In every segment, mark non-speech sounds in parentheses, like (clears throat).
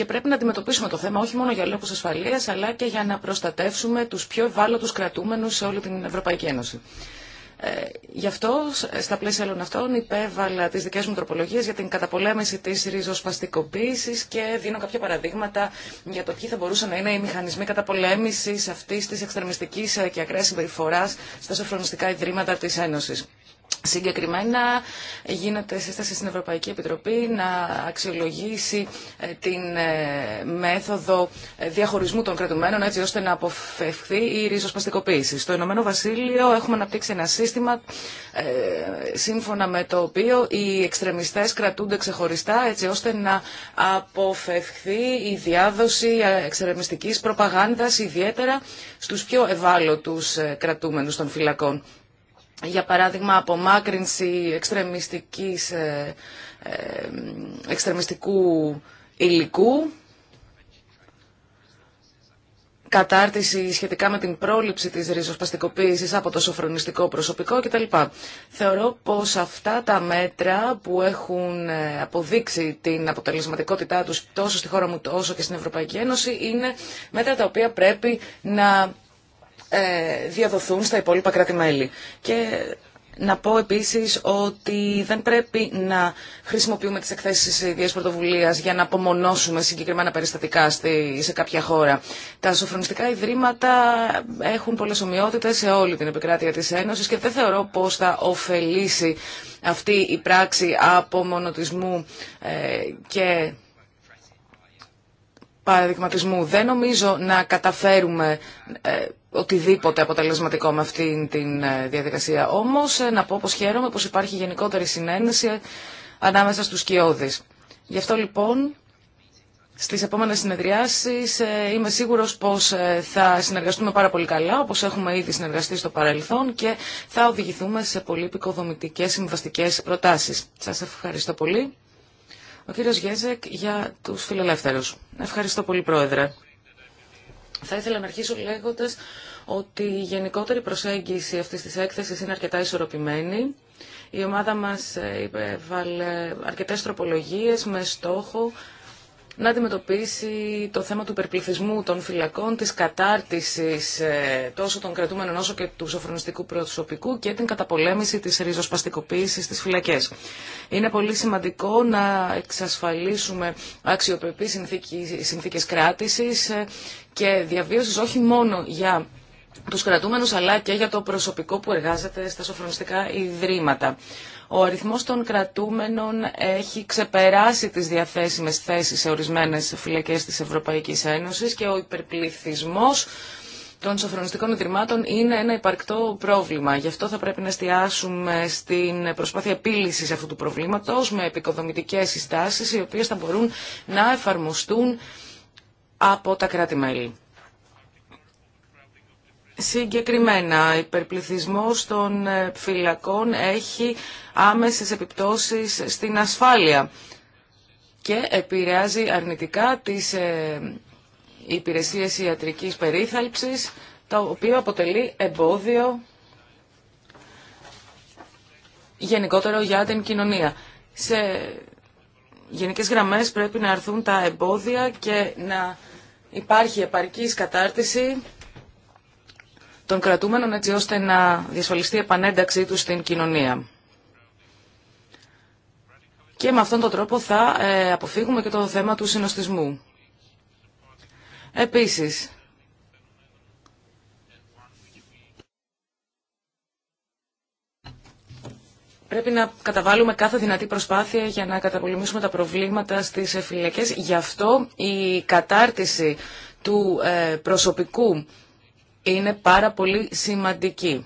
Και πρέπει να αντιμετωπίσουμε το θέμα όχι μόνο για λόγου ασφαλεία, αλλά και για να προστατεύσουμε του πιο ευάλωτου κρατούμενου σε όλη την Ευρωπαϊκή Ένωση. Ε, γι' αυτό, στα πλαίσια όλων αυτών, υπέβαλα τι δικέ μου τροπολογίε για την καταπολέμηση τη ριζοσπαστικοποίηση και δίνω κάποια παραδείγματα για το ποιοι θα μπορούσαν να είναι οι μηχανισμοί καταπολέμηση αυτή τη εξτρεμιστική και ακραία συμπεριφορά στα σοφρονιστικά ιδρύματα τη Ένωση. Συγκεκριμένα γίνεται σύσταση στην Ευρωπαϊκή Επιτροπή να αξιολογήσει ε, την ε, μέθοδο ε, διαχωρισμού των κρατουμένων έτσι ώστε να αποφευχθεί η ριζοσπαστικοποίηση. Στο Ηνωμένο Βασίλειο έχουμε αναπτύξει ένα σύστημα σύμφωνα με το οποίο οι εξτρεμιστές κρατούνται ξεχωριστά έτσι ώστε να αποφευχθεί η διάδοση εξτρεμιστικής προπαγάνδας ιδιαίτερα στους πιο ευάλωτους κρατούμενους των φυλακών για παράδειγμα απομάκρυνση εξτρεμιστικής, ε, ε, εξτρεμιστικού υλικού, κατάρτιση σχετικά με την πρόληψη της ριζοσπαστικοποίησης από το σοφρονιστικό προσωπικό κτλ. Θεωρώ πως αυτά τα μέτρα που έχουν ε, αποδείξει την αποτελεσματικότητά τους τόσο στη χώρα μου όσο και στην Ευρωπαϊκή Ένωση είναι μέτρα τα οποία πρέπει να ε, διαδοθούν στα υπόλοιπα κράτη-μέλη. Και να πω επίσης ότι δεν πρέπει να χρησιμοποιούμε τις εκθέσεις ιδίας πρωτοβουλίας για να απομονώσουμε συγκεκριμένα περιστατικά σε κάποια χώρα. Τα σοφρονιστικά ιδρύματα έχουν πολλές ομοιότητες σε όλη την επικράτεια της Ένωσης και δεν θεωρώ πώς θα ωφελήσει αυτή η πράξη απομονωτισμού ε, και παραδειγματισμού. Δεν νομίζω να καταφέρουμε ε, οτιδήποτε αποτελεσματικό με αυτή την ε, διαδικασία. Όμως ε, να πω πως χαίρομαι πως υπάρχει γενικότερη συνένεση ανάμεσα στους κοιόδης. Γι' αυτό λοιπόν στις επόμενες συνεδριάσεις είμαι σίγουρος πως θα συνεργαστούμε πάρα πολύ καλά, όπως έχουμε ήδη συνεργαστεί στο παρελθόν και θα οδηγηθούμε σε πολύ επικοδομητικές συμβαστικές προτάσεις. Σας ευχαριστώ πολύ. Ο κύριος Γέζεκ για τους φιλελεύθερους. Ευχαριστώ πολύ πρόεδρε. Θα ήθελα να αρχίσω λέγοντας ότι η γενικότερη προσέγγιση αυτής της έκθεσης είναι αρκετά ισορροπημένη. Η ομάδα μας ε, βάλε αρκετές τροπολογίες με στόχο να αντιμετωπίσει το θέμα του υπερπληθυσμού των φυλακών, της κατάρτισης ε, τόσο των κρατούμενων όσο και του σοφρονιστικού προσωπικού και την καταπολέμηση της ριζοσπαστικοποίησης στις φυλακές. Είναι πολύ σημαντικό να εξασφαλίσουμε αξιοπρεπή συνθήκες κράτησης ε, και διαβίωσης όχι μόνο για τους κρατούμενους αλλά και για το προσωπικό που εργάζεται στα σοφρονιστικά ιδρύματα. Ο αριθμός των κρατούμενων έχει ξεπεράσει τις διαθέσιμες θέσεις σε ορισμένες φυλακές της Ευρωπαϊκής Ένωσης και ο υπερπληθυσμός των σοφρονιστικών ιδρυμάτων είναι ένα υπαρκτό πρόβλημα. Γι' αυτό θα πρέπει να εστιάσουμε στην προσπάθεια επίλυση αυτού του προβλήματο με επικοδομητικέ συστάσει, οι οποίε θα μπορούν να εφαρμοστούν από τα κράτη-μέλη. Συγκεκριμένα, υπερπληθυσμός των ε, φυλακών έχει άμεσες επιπτώσεις στην ασφάλεια και επηρεάζει αρνητικά τις ε, υπηρεσίες ιατρικής περίθαλψης, το οποίο αποτελεί εμπόδιο γενικότερο για την κοινωνία. Σε γενικές γραμμές πρέπει να αρθούν τα εμπόδια και να υπάρχει επαρκής κατάρτιση των κρατούμενων έτσι ώστε να διασφαλιστεί η επανένταξή τους στην κοινωνία. Και με αυτόν τον τρόπο θα ε, αποφύγουμε και το θέμα του συνοστισμού. Επίσης, πρέπει να καταβάλουμε κάθε δυνατή προσπάθεια για να καταπολεμήσουμε τα προβλήματα στις φυλακές. Γι' αυτό η κατάρτιση του ε, προσωπικού είναι πάρα πολύ σημαντική.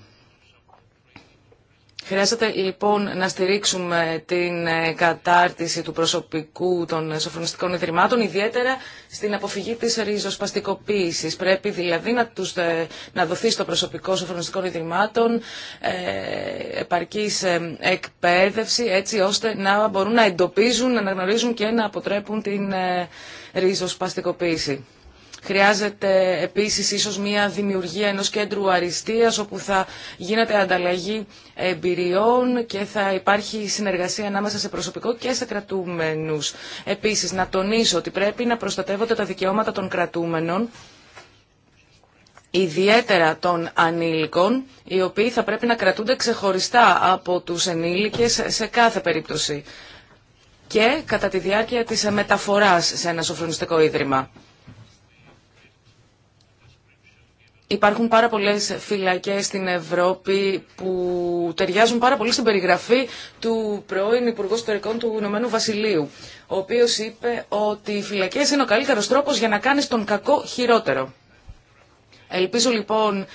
Χρειάζεται λοιπόν να στηρίξουμε την ε, κατάρτιση του προσωπικού των σοφρονιστικών ιδρυμάτων, ιδιαίτερα στην αποφυγή της ριζοσπαστικοποίησης. Πρέπει δηλαδή να, τους, ε, να δοθεί στο προσωπικό σοφρονιστικών ιδρυμάτων ε, επαρκής ε, εκπαίδευση, έτσι ώστε να μπορούν να εντοπίζουν, να αναγνωρίζουν και να αποτρέπουν την ριζοσπαστικοποίηση. Χρειάζεται επίσης ίσως μια δημιουργία ενός κέντρου αριστείας όπου θα γίνεται ανταλλαγή εμπειριών και θα υπάρχει συνεργασία ανάμεσα σε προσωπικό και σε κρατούμενους. Επίσης να τονίσω ότι πρέπει να προστατεύονται τα δικαιώματα των κρατούμενων ιδιαίτερα των ανήλικων, οι οποίοι θα πρέπει να κρατούνται ξεχωριστά από τους ενήλικες σε κάθε περίπτωση και κατά τη διάρκεια της μεταφοράς σε ένα σοφρονιστικό ίδρυμα. Υπάρχουν πάρα πολλέ φυλακέ στην Ευρώπη που ταιριάζουν πάρα πολύ στην περιγραφή του πρώην Υπουργού Ιστορικών του Ηνωμένου Βασιλείου, ο οποίος είπε ότι οι φυλακέ είναι ο καλύτερο τρόπο για να κάνεις τον κακό χειρότερο. Ελπίζω λοιπόν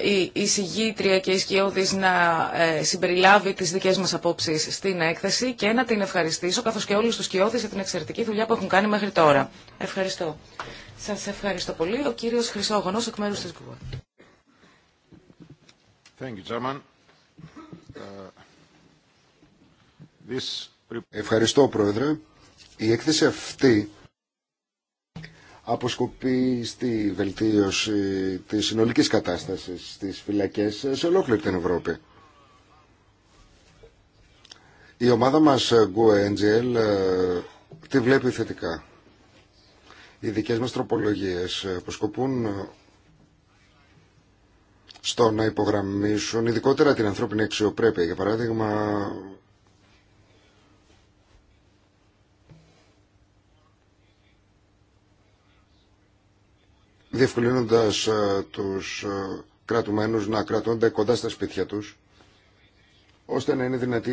η εισηγήτρια και η σκιώδης να ε, συμπεριλάβει τις δικές μας απόψεις στην έκθεση και να την ευχαριστήσω καθώς και όλους τους σκιώδης για την εξαιρετική δουλειά που έχουν κάνει μέχρι τώρα. Ευχαριστώ. Σας ευχαριστώ πολύ. Ο κύριος Χρυσόγονος εκ μέρους της uh, this... Ευχαριστώ, Πρόεδρε. Η έκθεση αυτή αποσκοπεί στη βελτίωση της συνολικής κατάστασης στις φυλακές σε ολόκληρη την Ευρώπη. Η ομάδα μας ε, GUNGL ε, τη βλέπει θετικά. Οι δικές μας τροπολογίες αποσκοπούν ε, στο να υπογραμμίσουν ειδικότερα την ανθρώπινη αξιοπρέπεια. Για παράδειγμα, διευκολύνοντας ε, τους ε, κρατουμένους να κρατώνται κοντά στα σπίτια τους ώστε να είναι δυνατή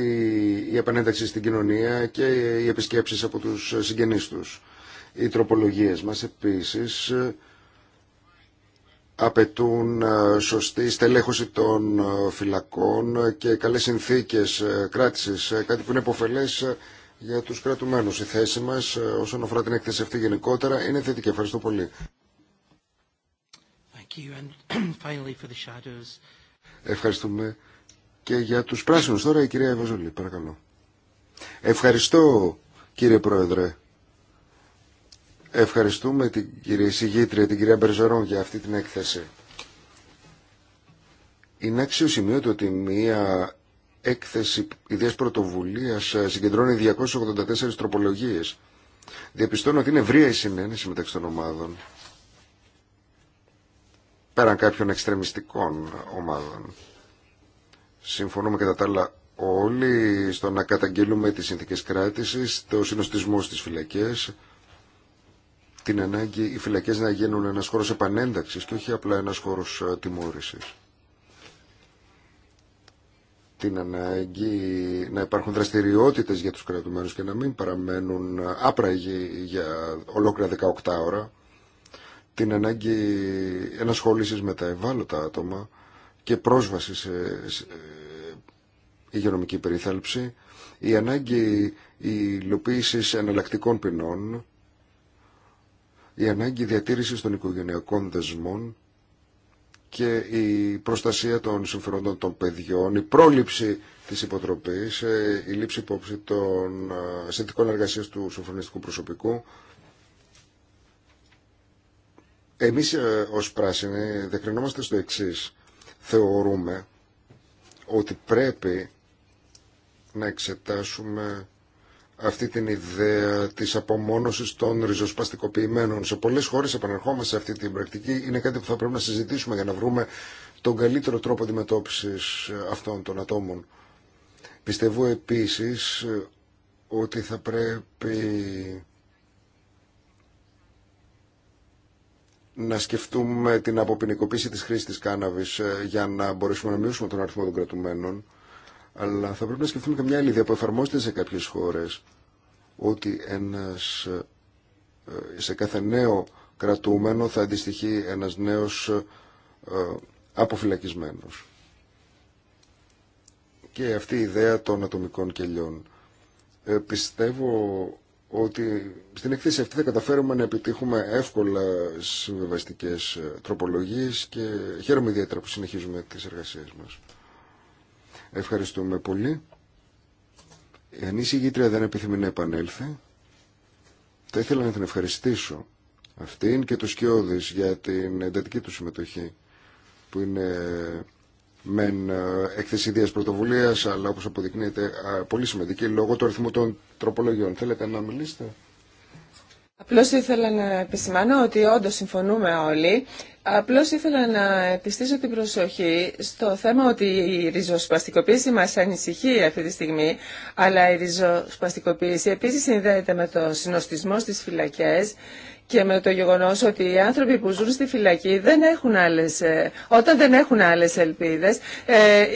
η επανένταξη στην κοινωνία και οι επισκέψεις από τους συγγενείς τους. Οι τροπολογίες μας επίσης ε, απαιτούν σωστή στελέχωση των φυλακών και καλές συνθήκες κράτησης, κάτι που είναι υποφελές για τους κρατουμένους. Η θέση μας όσον αφορά την έκθεση αυτή γενικότερα είναι θετική. Ευχαριστώ πολύ. (clears throat) Ευχαριστούμε και για τους πράσινους. Τώρα η κυρία Ευαζολή, παρακαλώ. Ευχαριστώ κύριε Πρόεδρε. Ευχαριστούμε την κυρία Συγήτρια, την κυρία Μπερζερόν για αυτή την έκθεση. Είναι αξιοσημείωτο ότι μία έκθεση ιδέας πρωτοβουλίας συγκεντρώνει 284 τροπολογίες. Διαπιστώνω ότι είναι ευρία η συνένεση μεταξύ των ομάδων πέραν κάποιων εξτρεμιστικών ομάδων. Συμφωνούμε κατά τα άλλα όλοι στο να καταγγελούμε τις συνθήκες κράτησης, το συνοστισμό στις φυλακές, την ανάγκη οι φυλακές να γίνουν ένας χώρος επανένταξης και όχι απλά ένας χώρος ε, τιμώρησης. Την ανάγκη να υπάρχουν δραστηριότητες για τους κρατουμένους και να μην παραμένουν ε, άπραγοι για ολόκληρα 18 ώρα την ανάγκη ενασχόλησης με τα ευάλωτα άτομα και πρόσβαση σε υγειονομική περιθάλψη, η ανάγκη υλοποίηση εναλλακτικών ποινών, η ανάγκη διατήρησης των οικογενειακών δεσμών και η προστασία των συμφερόντων των παιδιών, η πρόληψη της υποτροπής, ε, η λήψη υπόψη των ε, συνθηκών εργασίας του συμφωνιστικού προσωπικού, εμείς ε, ως πράσινοι δεκρινόμαστε στο εξή. Θεωρούμε ότι πρέπει να εξετάσουμε αυτή την ιδέα της απομόνωσης των ριζοσπαστικοποιημένων. Σε πολλές χώρες επαναρχόμαστε σε αυτή την πρακτική. Είναι κάτι που θα πρέπει να συζητήσουμε για να βρούμε τον καλύτερο τρόπο αντιμετώπισης ε, αυτών των ατόμων. Πιστεύω επίσης ε, ότι θα πρέπει να σκεφτούμε την αποποινικοποίηση της χρήσης της κάναβης ε, για να μπορέσουμε να μειώσουμε τον αριθμό των κρατουμένων. Αλλά θα πρέπει να σκεφτούμε και μια άλλη ιδέα που εφαρμόζεται σε κάποιες χώρες ότι ένας, ε, σε κάθε νέο κρατούμενο θα αντιστοιχεί ένας νέος ε, αποφυλακισμένος. Και αυτή η ιδέα των ατομικών κελιών. πιστεύω ότι στην εκθέση αυτή θα καταφέρουμε να επιτύχουμε εύκολα συμβεβαστικέ ε, τροπολογίες και χαίρομαι ιδιαίτερα που συνεχίζουμε τις εργασίες μας. Ευχαριστούμε πολύ. Η η συγγήτρια δεν επιθυμεί να επανέλθει, θα ήθελα να την ευχαριστήσω αυτήν και τους Σκιώδης για την εντατική του συμμετοχή που είναι μεν ε, έκθεση πρωτοβουλίας, αλλά όπως αποδεικνύεται ε, πολύ σημαντική λόγω του αριθμού των τροπολογιών. Θέλετε να μιλήσετε. Απλώς ήθελα να επισημάνω ότι όντω συμφωνούμε όλοι. Απλώς ήθελα να επιστήσω την προσοχή στο θέμα ότι η ριζοσπαστικοποίηση μας ανησυχεί αυτή τη στιγμή, αλλά η ριζοσπαστικοποίηση επίσης συνδέεται με το συνοστισμό στις φυλακές και με το γεγονός ότι οι άνθρωποι που ζουν στη φυλακή δεν έχουν άλλες, ε, όταν δεν έχουν άλλες ελπίδες, ε,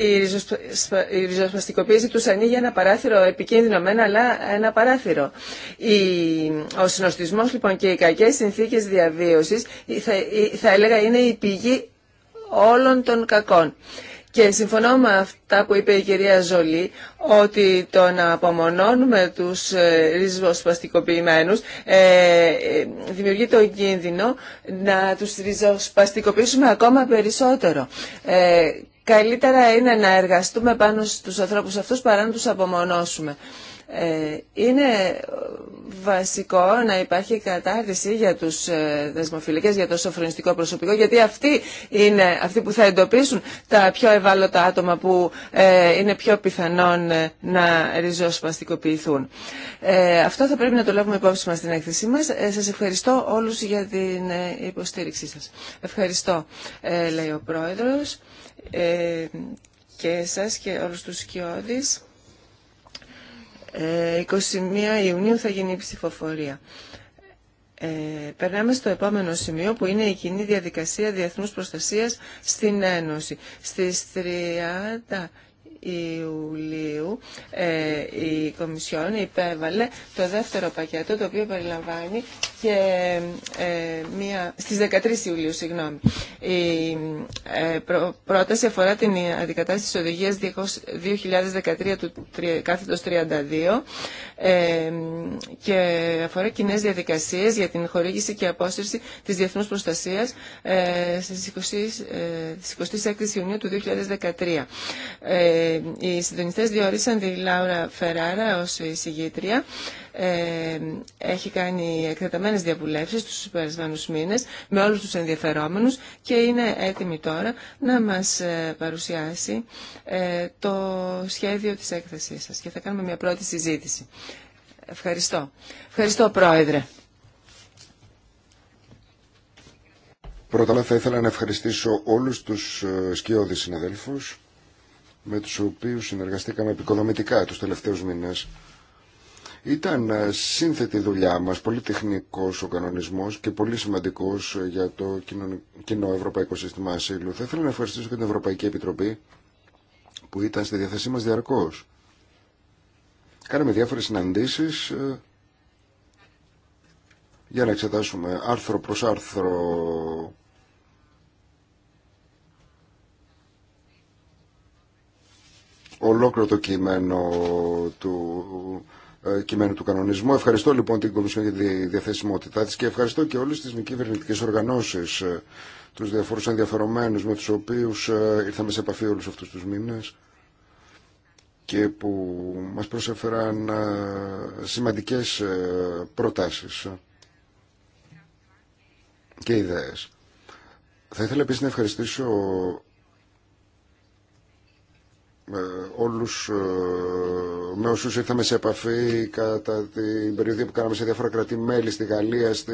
η ριζοσπαστικοποίηση τους ανοίγει ένα παράθυρο επικίνδυνο μένα, αλλά ένα παράθυρο. Ο συνοστισμός λοιπόν και οι κακές συνθήκες διαβίωσης θα, θα έλεγα είναι η πηγή όλων των κακών. Και συμφωνώ με αυτά που είπε η κυρία Ζολή, ότι το να απομονώνουμε τους ε, ριζοσπαστικοποιημένους ε, ε, δημιουργεί το κίνδυνο να τους ριζοσπαστικοποιήσουμε ακόμα περισσότερο. Καλύτερα είναι να εργαστούμε πάνω στους ανθρώπους αυτούς παρά να τους απομονώσουμε. Ε, είναι βασικό να υπάρχει κατάρτιση για τους ε, δεσμοφιλικές, για το σοφρονιστικό προσωπικό, γιατί αυτοί είναι αυτοί που θα εντοπίσουν τα πιο ευάλωτα άτομα που ε, είναι πιο πιθανόν να ριζοσπαστικοποιηθούν. Αυτό θα πρέπει να το λάβουμε υπόψη μας στην έκθεσή μας. Σας ευχαριστώ όλους για την υποστήριξή σας. Ευχαριστώ, λέει ο Πρόεδρος και εσάς και όλους τους σκιώδεις. 21 ε, Ιουνίου θα γίνει η ψηφοφορία. Ε, περνάμε στο επόμενο σημείο που είναι η κοινή διαδικασία διεθνούς προστασίας στην Ένωση. Στις 30 Ιουλίου ε, η Κομισιόν υπέβαλε το δεύτερο πακέτο το οποίο περιλαμβάνει και ε, μία, στις 13 Ιουλίου συγγνώμη. η ε, πρόταση αφορά την αντικατάσταση της οδηγίας 2013 του κάθετος 32 και αφορά κοινέ διαδικασίες για την χορήγηση και απόσυρση της διεθνούς προστασίας στις 26 Ιουνίου του 2013 οι συντονιστές διορίσαν τη Λάουρα Φεράρα ως εισηγήτρια. Ε, έχει κάνει εκτεταμένες διαβουλεύσεις τους περασμένου μήνες με όλους τους ενδιαφερόμενους και είναι έτοιμη τώρα να μας ε, παρουσιάσει ε, το σχέδιο της έκθεσής σας και θα κάνουμε μια πρώτη συζήτηση. Ευχαριστώ. Ευχαριστώ Πρόεδρε. Πρώτα απ' όλα θα ήθελα να ευχαριστήσω όλους τους σκιώδεις συναδέλφους με τους οποίους συνεργαστήκαμε επικοδομητικά τους τελευταίους μήνες. Ήταν ε, σύνθετη δουλειά μας, πολύ τεχνικός ο κανονισμός και πολύ σημαντικός για το κοινό ευρωπαϊκό σύστημα ασύλου. Θα ήθελα να ευχαριστήσω και την Ευρωπαϊκή Επιτροπή που ήταν στη διαθεσή μας διαρκώς. Κάναμε διάφορες συναντήσεις ε, για να εξετάσουμε άρθρο προς άρθρο ολόκληρο το κείμενο του ε, κειμένου του κανονισμού. Ευχαριστώ λοιπόν την Κομισιόν για τη διαθεσιμότητά της και ευχαριστώ και όλες τις μη κυβερνητικέ οργανώσεις, ε, τους διαφορούς ενδιαφερομένους με τους οποίους ε, ήρθαμε σε επαφή όλους αυτούς τους μήνες και που μας προσέφεραν σημαντικές προτάσεις και ιδέες. Θα ήθελα επίσης να ευχαριστήσω όλους ε, με όσους ήρθαμε σε επαφή κατά την περίοδο που κάναμε σε διάφορα κρατή-μέλη στη Γαλλία, στη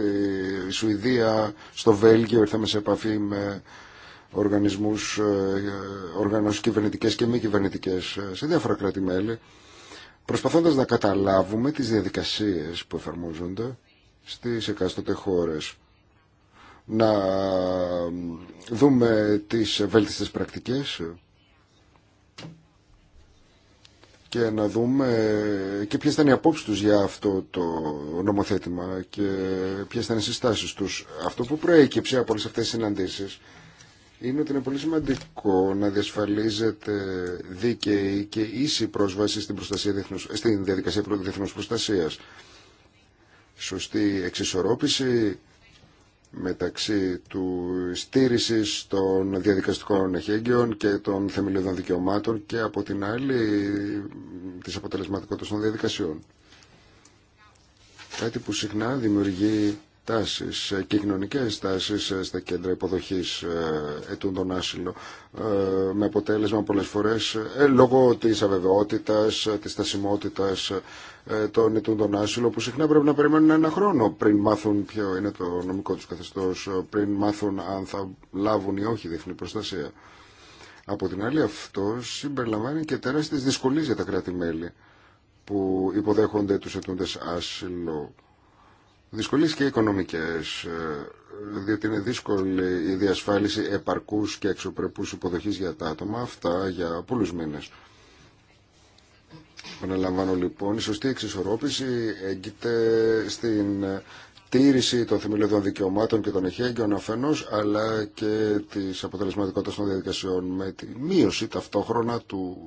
Σουηδία, στο Βέλγιο ήρθαμε σε επαφή με οργανισμούς, ε, οργανώσεις κυβερνητικές και μη κυβερνητικές ε, σε διάφορα κράτη-μέλη προσπαθώντας να καταλάβουμε τις διαδικασίες που εφαρμόζονται στις εκάστοτε χώρες να δούμε τις βέλτιστες πρακτικές και να δούμε και ποιες ήταν οι απόψεις τους για αυτό το νομοθέτημα και ποιες ήταν οι συστάσεις τους. Αυτό που προέκυψε από όλες αυτές τις συναντήσεις είναι ότι είναι πολύ σημαντικό να διασφαλίζεται δίκαιη και ίση πρόσβαση στην, προστασία διεθνούς, στην διαδικασία διεθνούς προστασίας. Σωστή εξισορρόπηση μεταξύ του στήρισης των διαδικαστικών εχέγγυων και των θεμελιωδών δικαιωμάτων και από την άλλη της αποτελεσματικότητας των διαδικασιών. Κάτι που συχνά δημιουργεί τάσεις και κοινωνικέ τάσεις στα κέντρα υποδοχής ε, ετούντων άσυλο ε, με αποτέλεσμα πολλές φορές ε, λόγω της αβεβαιότητας, της στασιμότητας των ετούντων άσυλο που συχνά πρέπει να περιμένουν ένα χρόνο πριν μάθουν ποιο είναι το νομικό τους καθεστώς, πριν μάθουν αν θα λάβουν ή όχι διεθνή προστασία. Από την άλλη αυτό συμπεριλαμβάνει και τεράστιες δυσκολίες για τα κράτη-μέλη που υποδέχονται τους ετούντε άσυλο δυσκολίες και οικονομικές, ε, διότι είναι δύσκολη η διασφάλιση επαρκούς και εξωπρεπούς υποδοχής για τα άτομα αυτά για πολλούς μήνες. Παναλαμβάνω λοιπόν, η σωστή εξισορρόπηση έγκυται στην τήρηση των θεμελιωδών δικαιωμάτων και των εχέγγυων αφενό, αλλά και τη αποτελεσματικότητα των διαδικασιών με τη μείωση ταυτόχρονα του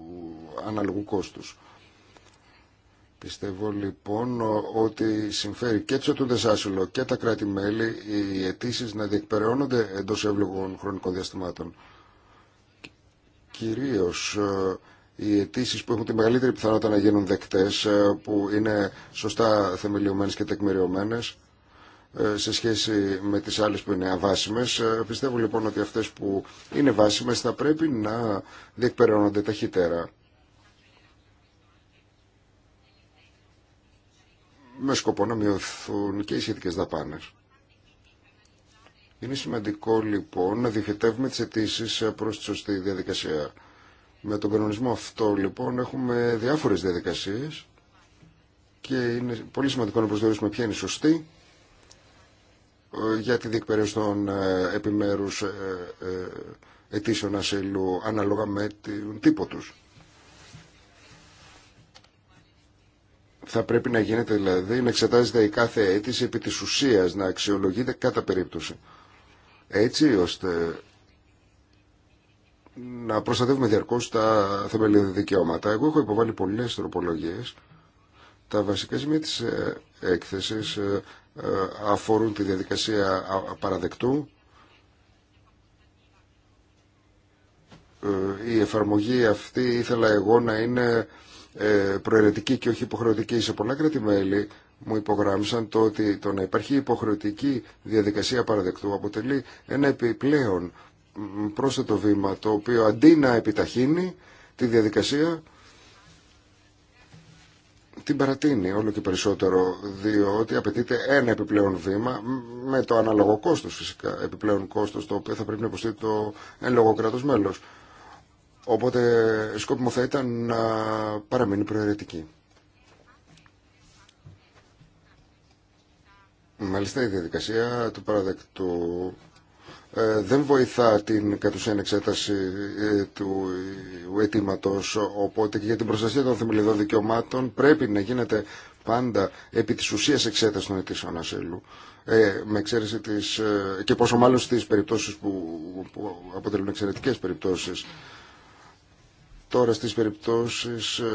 αναλογού κόστου. Πιστεύω λοιπόν ότι συμφέρει και τους του άσυλο και τα κράτη-μέλη οι αιτήσει να διεκπεραιώνονται εντό εύλογων χρονικών διαστημάτων. Κυρίως ε, οι αιτήσει που έχουν τη μεγαλύτερη πιθανότητα να γίνουν δεκτές, ε, που είναι σωστά θεμελιωμένες και τεκμηριωμένες ε, σε σχέση με τις άλλες που είναι αβάσιμες. Πιστεύω λοιπόν ότι αυτές που είναι βάσιμε θα πρέπει να διεκπεραιώνονται ταχύτερα. με σκοπό να μειωθούν και οι σχετικές δαπάνες. Είναι σημαντικό λοιπόν να διοχετεύουμε τις αιτήσει προς τη σωστή διαδικασία. Με τον κανονισμό αυτό λοιπόν έχουμε διάφορες διαδικασίες και είναι πολύ σημαντικό να προσδιορίσουμε ποια είναι η σωστή ε, για τη διεκπαιρέωση των ε, επιμέρους ε, αιτήσεων ασύλου ανάλογα με τον τύπο τους. Θα πρέπει να γίνεται δηλαδή να εξετάζεται η κάθε αίτηση επί της ουσίας, να αξιολογείται κατά περίπτωση. Έτσι ώστε να προστατεύουμε διαρκώς τα θεμελιώδη δικαιώματα. Εγώ έχω υποβάλει πολλές τροπολογίες. Τα βασικά σημεία της ε, έκθεσης ε, ε, αφορούν τη διαδικασία παραδεκτού, η εφαρμογή αυτή ήθελα εγώ να είναι ε, προαιρετική και όχι υποχρεωτική σε πολλά κράτη-μέλη μου υπογράμμισαν το ότι το να υπάρχει υποχρεωτική διαδικασία παραδεκτού αποτελεί ένα επιπλέον πρόσθετο βήμα το οποίο αντί να επιταχύνει τη διαδικασία την παρατείνει όλο και περισσότερο διότι απαιτείται ένα επιπλέον βήμα με το αναλογό κόστος φυσικά επιπλέον κόστος το οποίο θα πρέπει να υποστεί το εν λόγω κράτος μέλος. Οπότε σκόπιμο θα ήταν να παραμείνει προαιρετική. Μάλιστα η διαδικασία του παραδεκτού ε, δεν βοηθά την κατουσίαν εξέταση ε, του αιτήματο, οπότε και για την προστασία των θεμελιδών δικαιωμάτων πρέπει να γίνεται πάντα επί της ουσίας εξέταση των αιτήσεων ασύλου. Ε, με της, και πόσο μάλλον στις περιπτώσεις που, που αποτελούν εξαιρετικές περιπτώσεις Τώρα στις περιπτώσεις ε,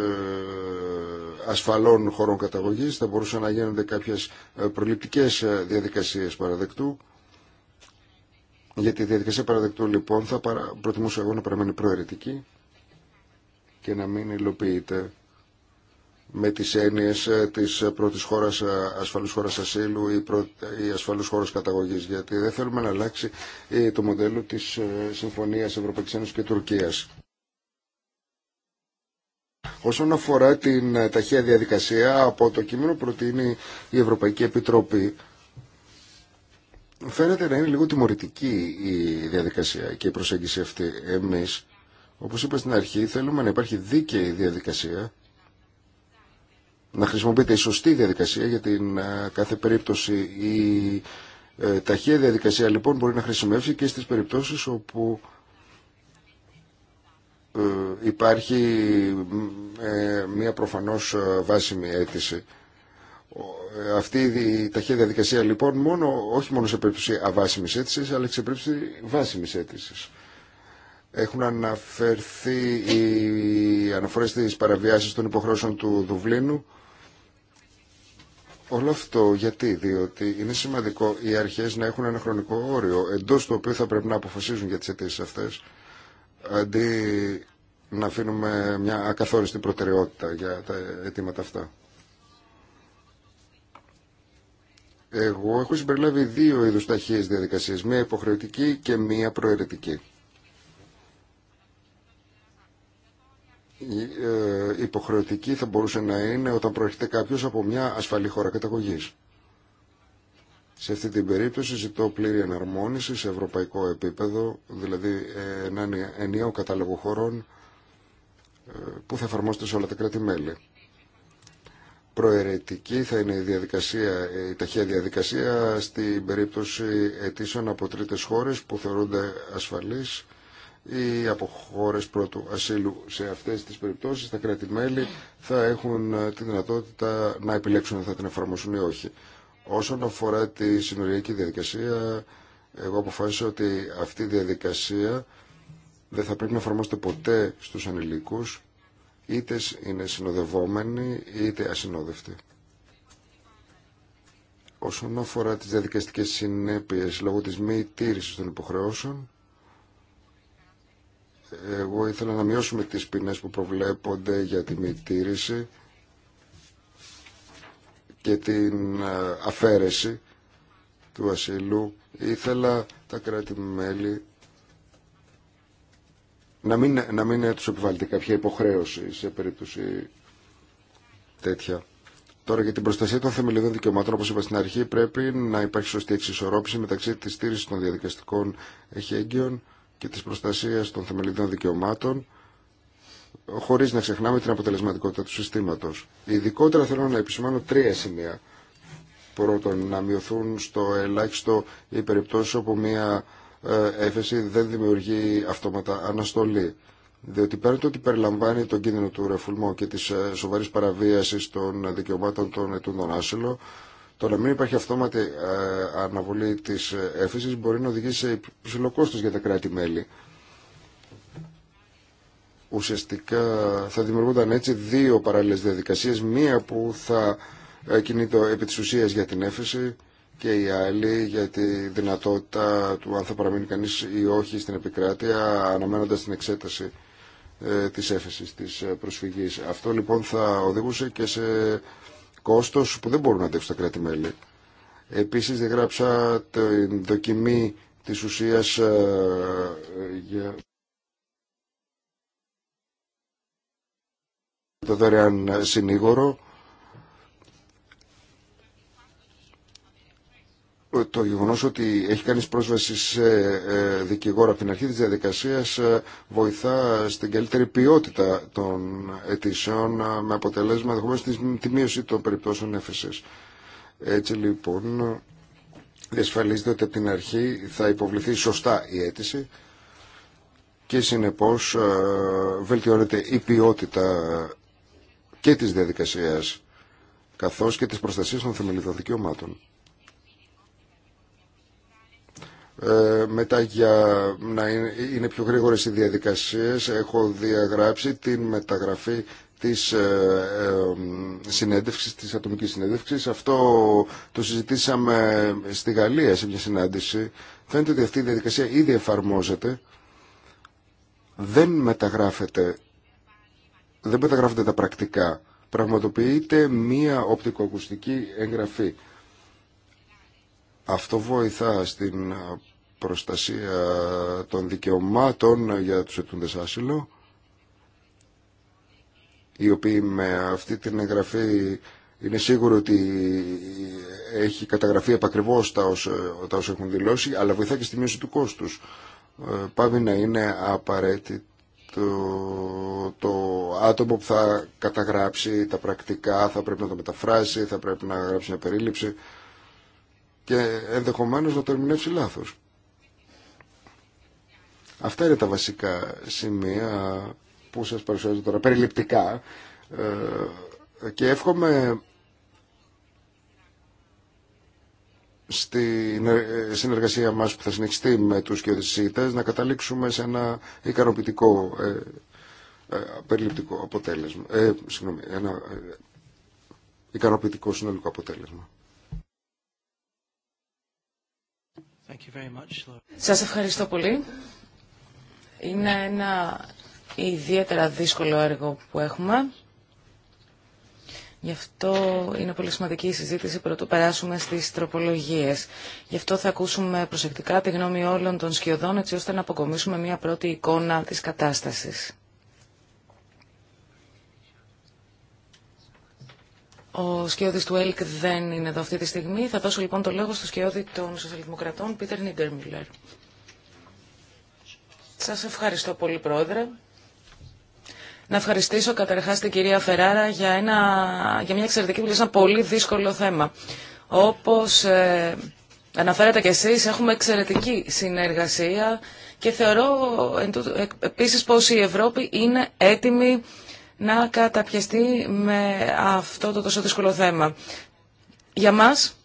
ασφαλών χωρών καταγωγής θα μπορούσαν να γίνονται κάποιες ε, προληπτικές ε, διαδικασίες παραδεκτού. γιατί η διαδικασία παραδεκτού λοιπόν θα προτιμούσα εγώ να παραμένει προαιρετική και να μην υλοποιείται με τις έννοιες της πρώτης χώρας, ασφαλούς χώρας ασύλου ή, προ, ή ασφαλούς χώρας καταγωγής, γιατί δεν θέλουμε να αλλάξει το μοντέλο της Συμφωνίας Ευρωπαϊκής Ένωσης και Τουρκίας. Όσον αφορά την ε, ταχεία διαδικασία, από το κείμενο προτείνει η Ευρωπαϊκή Επιτροπή. Φαίνεται να είναι λίγο τιμωρητική η διαδικασία και η προσέγγιση αυτή. Εμείς, όπως είπα στην αρχή, θέλουμε να υπάρχει δίκαιη διαδικασία, να χρησιμοποιείται η σωστή διαδικασία για την ε, κάθε περίπτωση. Η ε, ταχεία διαδικασία λοιπόν μπορεί να χρησιμεύσει και στις περιπτώσεις όπου ε, υπάρχει ε, μια προφανώς ε, βάσιμη αίτηση. Αυτή η ταχεία διαδικασία λοιπόν μόνο, όχι μόνο σε περίπτωση αβάσιμης αίτησης αλλά και σε περίπτωση βάσιμης αίτησης. Έχουν αναφερθεί οι αναφορές της παραβιάσης των υποχρεώσεων του Δουβλίνου. Όλο αυτό γιατί, διότι είναι σημαντικό οι αρχές να έχουν ένα χρονικό όριο εντός του οποίου θα πρέπει να αποφασίζουν για τις αιτήσει αυτές αντί να αφήνουμε μια ακαθόριστη προτεραιότητα για τα αιτήματα αυτά. Εγώ έχω συμπεριλάβει δύο είδους ταχείες διαδικασίες, μία υποχρεωτική και μία προαιρετική. Η ε, υποχρεωτική θα μπορούσε ταχύες προέρχεται κάποιος από μια ασφαλή χώρα καταγωγής. Σε αυτή την περίπτωση ζητώ πλήρη εναρμόνιση σε ευρωπαϊκό επίπεδο, δηλαδή ε, έναν ενιαίο κατάλογο χωρών ε, που θα εφαρμόζεται σε όλα τα κράτη-μέλη. Προαιρετική θα είναι η, διαδικασία, ε, η ταχεία διαδικασία στην περίπτωση αιτήσεων από τρίτες χώρες που θεωρούνται ασφαλείς ή από χώρες πρώτου ασύλου. Σε αυτές τις περιπτώσεις τα κράτη-μέλη θα έχουν τη δυνατότητα να επιλέξουν αν θα την εφαρμόσουν ή όχι. Όσον αφορά τη συνοριακή διαδικασία, εγώ αποφάσισα ότι αυτή η διαδικασία δεν θα πρέπει να εφαρμόζεται ποτέ στους ανηλίκους, είτε είναι συνοδευόμενοι είτε ασυνόδευτοι. Όσον αφορά τις διαδικαστικές συνέπειες λόγω της μη τήρησης των υποχρεώσεων, εγώ ήθελα να μειώσουμε τις ποινές που προβλέπονται για τη μη τήρηση και την ε, αφαίρεση του ασύλου ήθελα τα κράτη-μέλη να μην, να μην τους επιβάλλεται κάποια υποχρέωση σε περίπτωση τέτοια. Τώρα για την προστασία των θεμελιωδών δικαιωμάτων, όπως είπα στην αρχή, πρέπει να υπάρχει σωστή εξισορρόπηση μεταξύ της στήριξης των διαδικαστικών εχέγγυων και της προστασίας των θεμελιωδών δικαιωμάτων χωρί να ξεχνάμε την αποτελεσματικότητα του συστήματο. Ειδικότερα θέλω να επισημάνω τρία σημεία. Πρώτον, να μειωθούν στο ελάχιστο οι περιπτώσει όπου μια ε, έφεση δεν δημιουργεί αυτόματα αναστολή. Διότι πέραν το ότι περιλαμβάνει τον κίνδυνο του ρεφουλμού και της ε, σοβαρή παραβίαση των δικαιωμάτων των ετούντων άσυλο, το να μην υπάρχει αυτόματη ε, αναβολή της έφεσης μπορεί να οδηγήσει σε υψηλό για τα κράτη-μέλη. Ουσιαστικά θα δημιουργούνταν έτσι δύο παράλληλες διαδικασίες, μία που θα κινείται το επί της ουσίας για την έφεση και η άλλη για τη δυνατότητα του αν θα παραμείνει κανείς ή όχι στην επικράτεια αναμένοντας την εξέταση ε, της έφεσης, της προσφυγής. Αυτό λοιπόν θα οδηγούσε και σε κόστος που δεν μπορούν να αντέξουν τα κράτη-μέλη. Επίσης διαγράψα την δοκιμή της ουσίας ε, για το δωρεάν συνήγορο. Το γεγονό ότι έχει κανεί πρόσβαση σε ε, δικηγόρο από την αρχή της διαδικασία ε, βοηθά στην καλύτερη ποιότητα των αιτήσεων ε, με αποτελέσμα δεχομένω τη μείωση των περιπτώσεων έφεση. Έτσι λοιπόν διασφαλίζεται ότι από την αρχή θα υποβληθεί σωστά η αίτηση και συνεπώς βελτιώνεται η ποιότητα και της διαδικασίας καθώς και της προστασίας των θεμελιδών δικαιωμάτων. Ε, μετά για να είναι, πιο γρήγορες οι διαδικασίες έχω διαγράψει την μεταγραφή της ε, ε, ε, συνέντευξης, της ατομικής συνέντευξης. Αυτό το συζητήσαμε στη Γαλλία σε μια συνάντηση. Φαίνεται ότι αυτή η διαδικασία ήδη εφαρμόζεται. Δεν μεταγράφεται δεν μεταγράφονται τα πρακτικά. Πραγματοποιείται μία οπτικοακουστική εγγραφή. Αυτό βοηθά στην προστασία των δικαιωμάτων για τους ετούντες άσυλο, οι οποίοι με αυτή την εγγραφή είναι σίγουρο ότι έχει καταγραφεί επακριβώς τα όσα, έχουν δηλώσει, αλλά βοηθά και στη μείωση του κόστους. Ε, πάμε να είναι απαραίτητο το, το άτομο που θα καταγράψει τα πρακτικά θα πρέπει να το μεταφράσει, θα πρέπει να γράψει μια περίληψη και ενδεχομένως να το ερμηνεύσει λάθος. Αυτά είναι τα βασικά σημεία που σας παρουσιάζω τώρα περιληπτικά ε, και εύχομαι στη συνεργασία μας που θα συνεχιστεί με τους κοιοδησίτες να καταλήξουμε σε ένα ικανοποιητικό ε, ε περιληπτικό αποτέλεσμα. Ε, ένα ε, ικανοποιητικό συνολικό αποτέλεσμα. Thank Σας ευχαριστώ πολύ. Είναι ένα ιδιαίτερα δύσκολο έργο που έχουμε. Γι' αυτό είναι πολύ σημαντική η συζήτηση πρωτού περάσουμε στις τροπολογίες. Γι' αυτό θα ακούσουμε προσεκτικά τη γνώμη όλων των σκιωδών έτσι ώστε να αποκομίσουμε μια πρώτη εικόνα της κατάστασης. Ο σκιώδης του ΕΛΚ δεν είναι εδώ αυτή τη στιγμή. Θα δώσω λοιπόν το λόγο στο σκιώδη των Σοσιαλδημοκρατών, Πίτερ Νίντερμιλερ. Σας ευχαριστώ πολύ, Πρόεδρε. Να ευχαριστήσω καταρχάς την κυρία Φεράρα για, ένα, για μια εξαιρετική δουλειά, ένα πολύ δύσκολο θέμα. Όπως ε, αναφέρατε και εσείς, έχουμε εξαιρετική συνεργασία και θεωρώ ε, επίσης πως η Ευρώπη είναι έτοιμη να καταπιαστεί με αυτό το τόσο δύσκολο θέμα. Για μας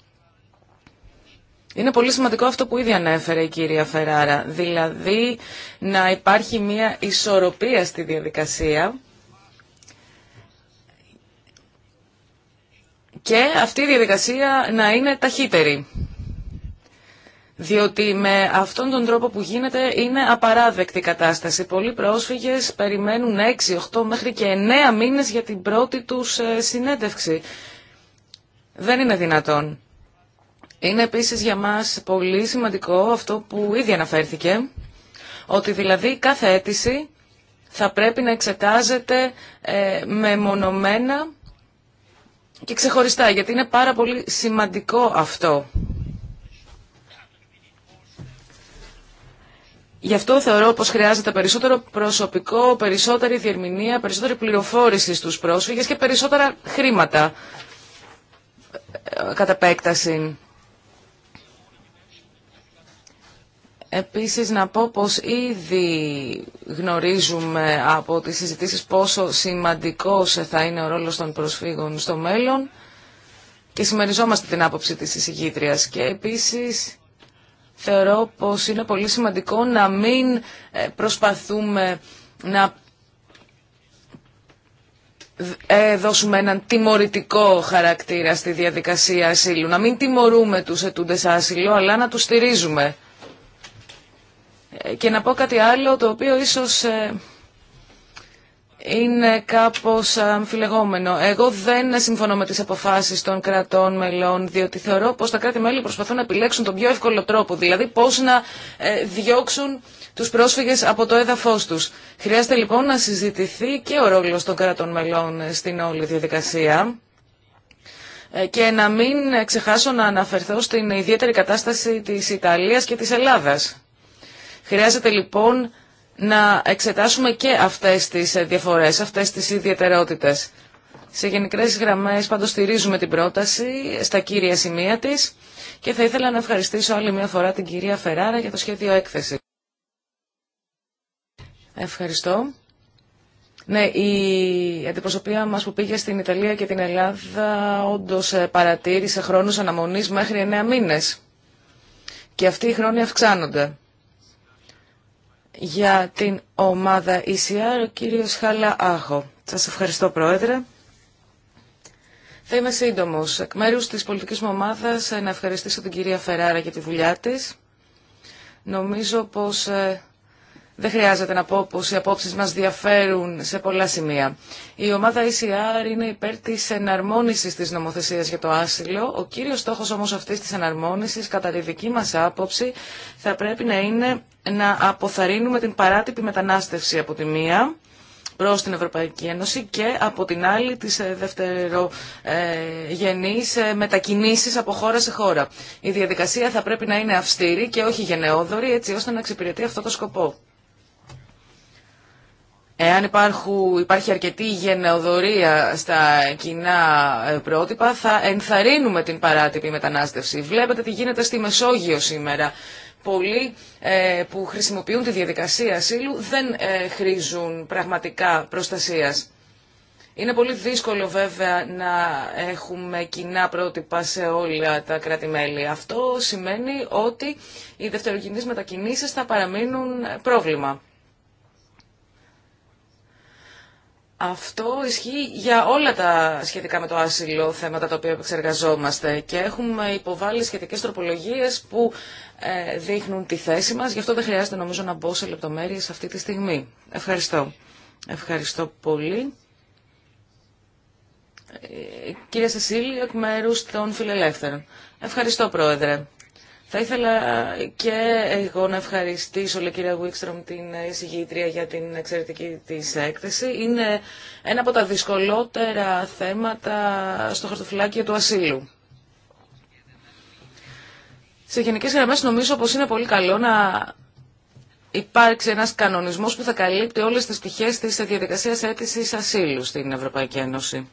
είναι πολύ σημαντικό αυτό που ήδη ανέφερε η κυρία Φεράρα, δηλαδή να υπάρχει μια ισορροπία στη διαδικασία και αυτή η διαδικασία να είναι ταχύτερη. Διότι με αυτόν τον τρόπο που γίνεται είναι απαράδεκτη κατάσταση. Πολλοί πρόσφυγες περιμένουν 6, 8 μέχρι και 9 μήνες για την πρώτη τους ε, συνέντευξη. Δεν είναι δυνατόν. Είναι επίσης για μας πολύ σημαντικό αυτό που ήδη αναφέρθηκε, ότι δηλαδή κάθε αίτηση θα πρέπει να εξετάζεται ε, μεμονωμένα και ξεχωριστά, γιατί είναι πάρα πολύ σημαντικό αυτό. Γι' αυτό θεωρώ πως χρειάζεται περισσότερο προσωπικό, περισσότερη διερμηνία, περισσότερη πληροφόρηση στους πρόσφυγες και περισσότερα χρήματα ε, κατά επέκταση. Επίσης να πω πως ήδη γνωρίζουμε από τις συζητήσεις πόσο σημαντικός θα είναι ο ρόλος των προσφύγων στο μέλλον και συμμεριζόμαστε την άποψη της εισηγήτριας και επίσης θεωρώ πως είναι πολύ σημαντικό να μην ε, προσπαθούμε να ε, δώσουμε έναν τιμωρητικό χαρακτήρα στη διαδικασία ασύλου, να μην τιμωρούμε τους ετούντες άσυλο αλλά να τους στηρίζουμε. Και να πω κάτι άλλο το οποίο ίσως ε, είναι κάπως αμφιλεγόμενο. Εγώ δεν συμφωνώ με τις αποφάσεις των κρατών μελών, διότι θεωρώ πως τα κράτη-μέλη προσπαθούν να επιλέξουν τον πιο εύκολο τρόπο, δηλαδή πώς να ε, διώξουν τους πρόσφυγες από το έδαφος τους. Χρειάζεται λοιπόν να συζητηθεί και ο ρόλος των κρατών μελών στην όλη διαδικασία. Ε, και να μην ξεχάσω να αναφερθώ στην ιδιαίτερη κατάσταση της Ιταλίας και της Ελλάδας. Χρειάζεται λοιπόν να εξετάσουμε και αυτές τις διαφορές, αυτές τις ιδιαιτερότητες. Σε γενικές γραμμές πάντως στηρίζουμε την πρόταση στα κύρια σημεία της και θα ήθελα να ευχαριστήσω άλλη μια φορά την κυρία Φεράρα για το σχέδιο έκθεση. Ευχαριστώ. Ναι, η αντιπροσωπεία μας που πήγε στην Ιταλία και την Ελλάδα όντως ε, παρατήρησε χρόνους αναμονής μέχρι 9 μήνες. Και αυτοί οι χρόνοι αυξάνονται για την ομάδα ECR, ο κύριος Χαλά Άχο. Σας ευχαριστώ, Πρόεδρε. Θα είμαι σύντομο. Εκ μέρου τη πολιτική μου ομάδα, ε, να ευχαριστήσω την κυρία Φεράρα για τη δουλειά τη. Νομίζω πω ε, δεν χρειάζεται να πω πως οι απόψεις μας διαφέρουν σε πολλά σημεία. Η ομάδα ECR είναι υπέρ της εναρμόνισης της νομοθεσίας για το άσυλο. Ο κύριος στόχος όμως αυτής της εναρμόνισης, κατά τη δική μας άποψη, θα πρέπει να είναι να αποθαρρύνουμε την παράτυπη μετανάστευση από τη μία προς την Ευρωπαϊκή Ένωση και από την άλλη τις ε, δευτερογενείς ε, ε, μετακινήσεις από χώρα σε χώρα. Η διαδικασία θα πρέπει να είναι αυστήρη και όχι γενναιόδορη έτσι ώστε να εξυπηρετεί αυτό το σκοπό. Εάν υπάρχει αρκετή γενναιοδορία στα κοινά ε, πρότυπα, θα ενθαρρύνουμε την παράτυπη μετανάστευση. Βλέπετε τι γίνεται στη Μεσόγειο σήμερα. Πολλοί ε, που χρησιμοποιούν τη διαδικασία ασύλου δεν ε, χρήζουν πραγματικά προστασίας. Είναι πολύ δύσκολο βέβαια να έχουμε κοινά πρότυπα σε όλα τα κράτη-μέλη. Αυτό σημαίνει ότι οι δευτερογενείς μετακινήσεις θα παραμείνουν πρόβλημα. Αυτό ισχύει για όλα τα σχετικά με το άσυλο θέματα τα οποία επεξεργαζόμαστε και έχουμε υποβάλει σχετικές τροπολογίες που ε, δείχνουν τη θέση μας. Γι' αυτό δεν χρειάζεται νομίζω να μπω σε λεπτομέρειες αυτή τη στιγμή. Ευχαριστώ. Ευχαριστώ πολύ. Κύριε Σεσίλη, εκ μέρους των Φιλελεύθερων. Ευχαριστώ, Πρόεδρε. Θα ήθελα και εγώ να ευχαριστήσω, λέει κυρία Βίξτρομ, την εισηγήτρια για την εξαιρετική της έκθεση. Είναι ένα από τα δυσκολότερα θέματα στο χαρτοφυλάκιο του ασύλου. Σε γενικές γραμμές νομίζω πως είναι πολύ καλό να υπάρξει ένας κανονισμός που θα καλύπτει όλες τις πτυχές της διαδικασίας αίτησης ασύλου στην Ευρωπαϊκή Ένωση.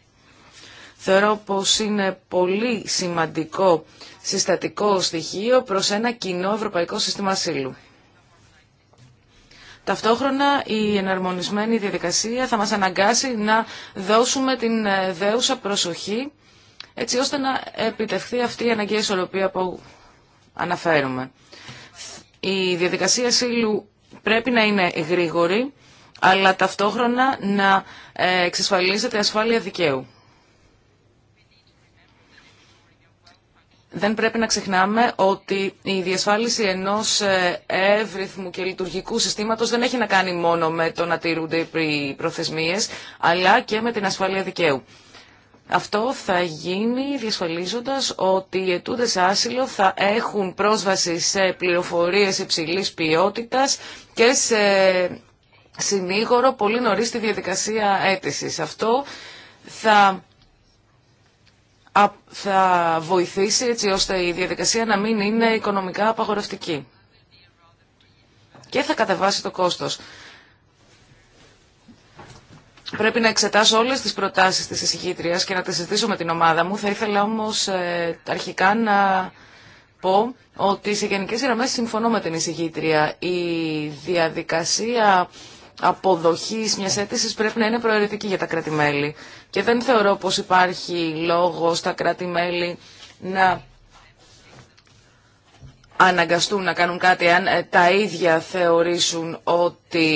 Θεωρώ πως είναι πολύ σημαντικό συστατικό στοιχείο προς ένα κοινό ευρωπαϊκό σύστημα ασύλου. Ταυτόχρονα η εναρμονισμένη διαδικασία θα μας αναγκάσει να δώσουμε την ε, δέουσα προσοχή έτσι ώστε να επιτευχθεί αυτή η αναγκαία ισορροπία που αναφέρουμε. Η διαδικασία ασύλου πρέπει να είναι γρήγορη αλλά ταυτόχρονα να ε, εξασφαλίζεται ασφάλεια δικαίου. δεν πρέπει να ξεχνάμε ότι η διασφάλιση ενός ε, εύρυθμου και λειτουργικού συστήματος δεν έχει να κάνει μόνο με το να τηρούνται οι προθεσμίες, αλλά και με την ασφάλεια δικαίου. Αυτό θα γίνει διασφαλίζοντας ότι οι αιτούντες άσυλο θα έχουν πρόσβαση σε πληροφορίες υψηλής ποιότητας και σε συνήγορο πολύ νωρίς τη διαδικασία αίτησης. Αυτό θα θα βοηθήσει έτσι ώστε η διαδικασία να μην είναι οικονομικά απαγορευτική. Και θα κατεβάσει το κόστος. Πρέπει να εξετάσω όλες τις προτάσεις της εισηγήτριας και να τις συζητήσω με την ομάδα μου. Θα ήθελα όμως ε, αρχικά να πω ότι σε γενικές γραμμές συμφωνώ με την εισηγήτρια. Η διαδικασία Αποδοχή μια αίτηση πρέπει να είναι προαιρετική για τα κράτη-μέλη. Και δεν θεωρώ πως υπάρχει λόγο στα κράτη-μέλη να αναγκαστούν να κάνουν κάτι αν ε, τα ίδια θεωρήσουν ότι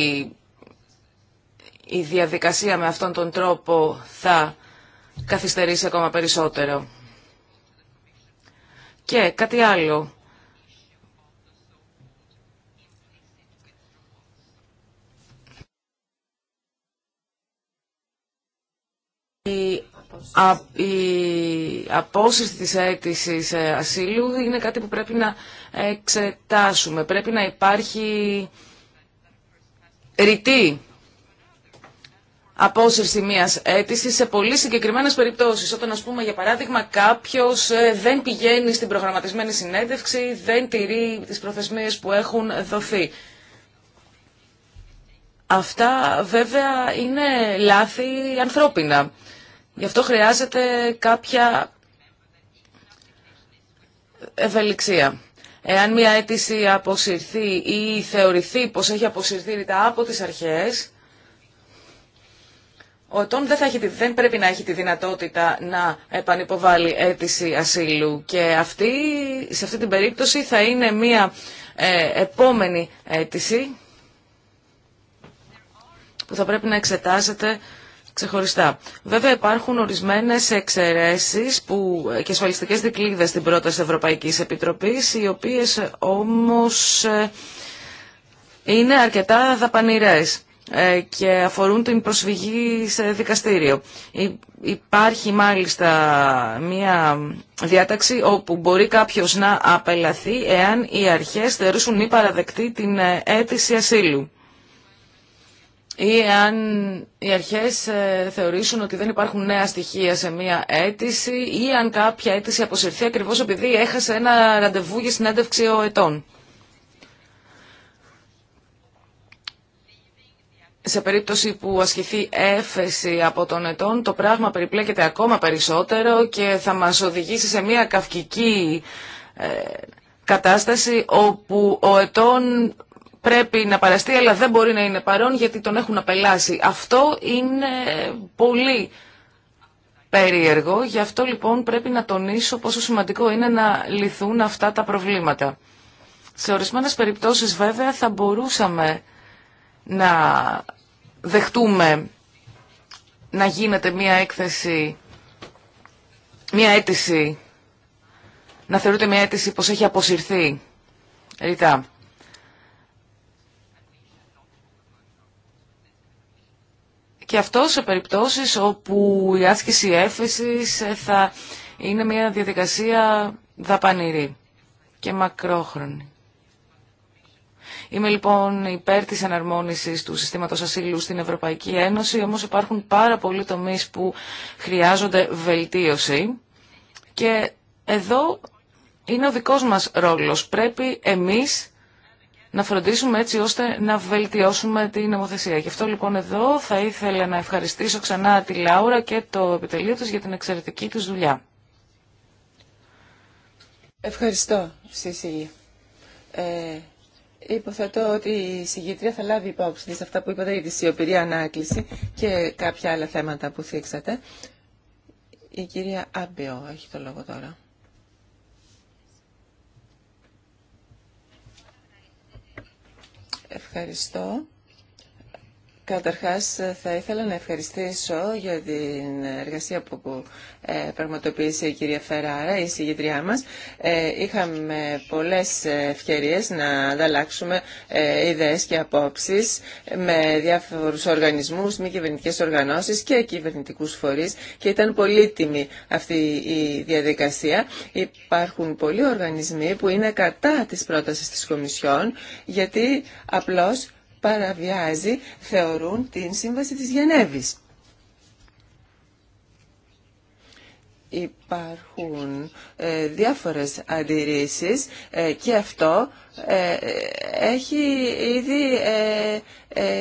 η διαδικασία με αυτόν τον τρόπο θα καθυστερήσει ακόμα περισσότερο. Και κάτι άλλο. η απόσυρση της αίτηση ε, ασύλου είναι κάτι που πρέπει να εξετάσουμε. Πρέπει να υπάρχει ρητή απόσυρση μιας αίτησης σε πολύ συγκεκριμένες περιπτώσεις. Όταν, ας πούμε, για παράδειγμα, κάποιος ε, δεν πηγαίνει στην προγραμματισμένη συνέντευξη, δεν τηρεί τις προθεσμίες που έχουν δοθεί. Αυτά βέβαια είναι λάθη ανθρώπινα. Γι' αυτό χρειάζεται κάποια ευελιξία. Εάν μια αίτηση αποσυρθεί ή θεωρηθεί πως έχει αποσυρθεί ρητά από τις αρχές, ο ετών δεν, θα έχει, δεν πρέπει να έχει τη δυνατότητα να επανυποβάλει αίτηση ασύλου και αυτή, σε αυτή την περίπτωση θα είναι μια ε, επόμενη αίτηση που θα πρέπει να εξετάζεται ξεχωριστά. Βέβαια υπάρχουν ορισμένες εξαιρέσεις που, και ασφαλιστικές δικλείδες στην πρόταση Ευρωπαϊκής Επιτροπής, οι οποίες όμως ε, είναι αρκετά δαπανηρές ε, και αφορούν την προσφυγή σε δικαστήριο. Υπάρχει μάλιστα μία διάταξη όπου μπορεί κάποιος να απελαθεί εάν οι αρχές θεωρήσουν μη παραδεκτή την ε, αίτηση ασύλου ή αν οι αρχές ε, θεωρήσουν ότι δεν υπάρχουν νέα στοιχεία σε μία αίτηση ή αν κάποια αίτηση αποσυρθεί ακριβώς επειδή έχασε ένα ραντεβού για συνέντευξη ο ετών. σε περίπτωση που ασχηθεί έφεση από τον ετών, το πράγμα περιπλέκεται ακόμα περισσότερο και θα μας οδηγήσει σε μια καυκική ε, κατάσταση όπου ο ετών πρέπει να παραστεί αλλά δεν μπορεί να είναι παρόν γιατί τον έχουν απελάσει. Αυτό είναι πολύ περίεργο, γι' αυτό λοιπόν πρέπει να τονίσω πόσο σημαντικό είναι να λυθούν αυτά τα προβλήματα. Σε ορισμένες περιπτώσεις βέβαια θα μπορούσαμε να δεχτούμε να γίνεται μία έκθεση, μία αίτηση, να θεωρείται μία αίτηση πως έχει αποσυρθεί. Ρητά. Και αυτό σε περιπτώσεις όπου η άσκηση έφεσης θα είναι μια διαδικασία δαπανηρή και μακρόχρονη. Είμαι λοιπόν υπέρ της εναρμόνισης του συστήματος ασύλου στην Ευρωπαϊκή Ένωση, όμως υπάρχουν πάρα πολλοί τομείς που χρειάζονται βελτίωση και εδώ είναι ο δικός μας ρόλος. Πρέπει εμείς να φροντίσουμε έτσι ώστε να βελτιώσουμε την νομοθεσία. Γι' αυτό λοιπόν εδώ θα ήθελα να ευχαριστήσω ξανά τη Λάουρα και το επιτελείο τους για την εξαιρετική τους δουλειά. Ευχαριστώ, Σίσιλη. Ε, υποθέτω ότι η συγγήτρια θα λάβει υπόψη σε αυτά που είπατε για τη σιωπηρή ανάκληση και κάποια άλλα θέματα που θίξατε. Η κυρία Άμπιο έχει το λόγο τώρα. Ευχαριστώ. Καταρχάς θα ήθελα να ευχαριστήσω για την εργασία που ε, πραγματοποίησε η κυρία Φεράρα, η συγγετριά μας. Ε, είχαμε πολλές ευκαιρίες να ανταλλάξουμε ε, ιδέες και απόψεις με διάφορους οργανισμούς, μη κυβερνητικέ οργανώσεις και κυβερνητικούς φορείς και ήταν πολύτιμη αυτή η διαδικασία. Υπάρχουν πολλοί οργανισμοί που είναι κατά της πρότασης της Κομισιόν γιατί απλώς παραβιάζει, θεωρούν, την Σύμβαση της Γενέβης υπάρχουν ε, διάφορες αντιρρήσεις ε, και αυτό ε, έχει ήδη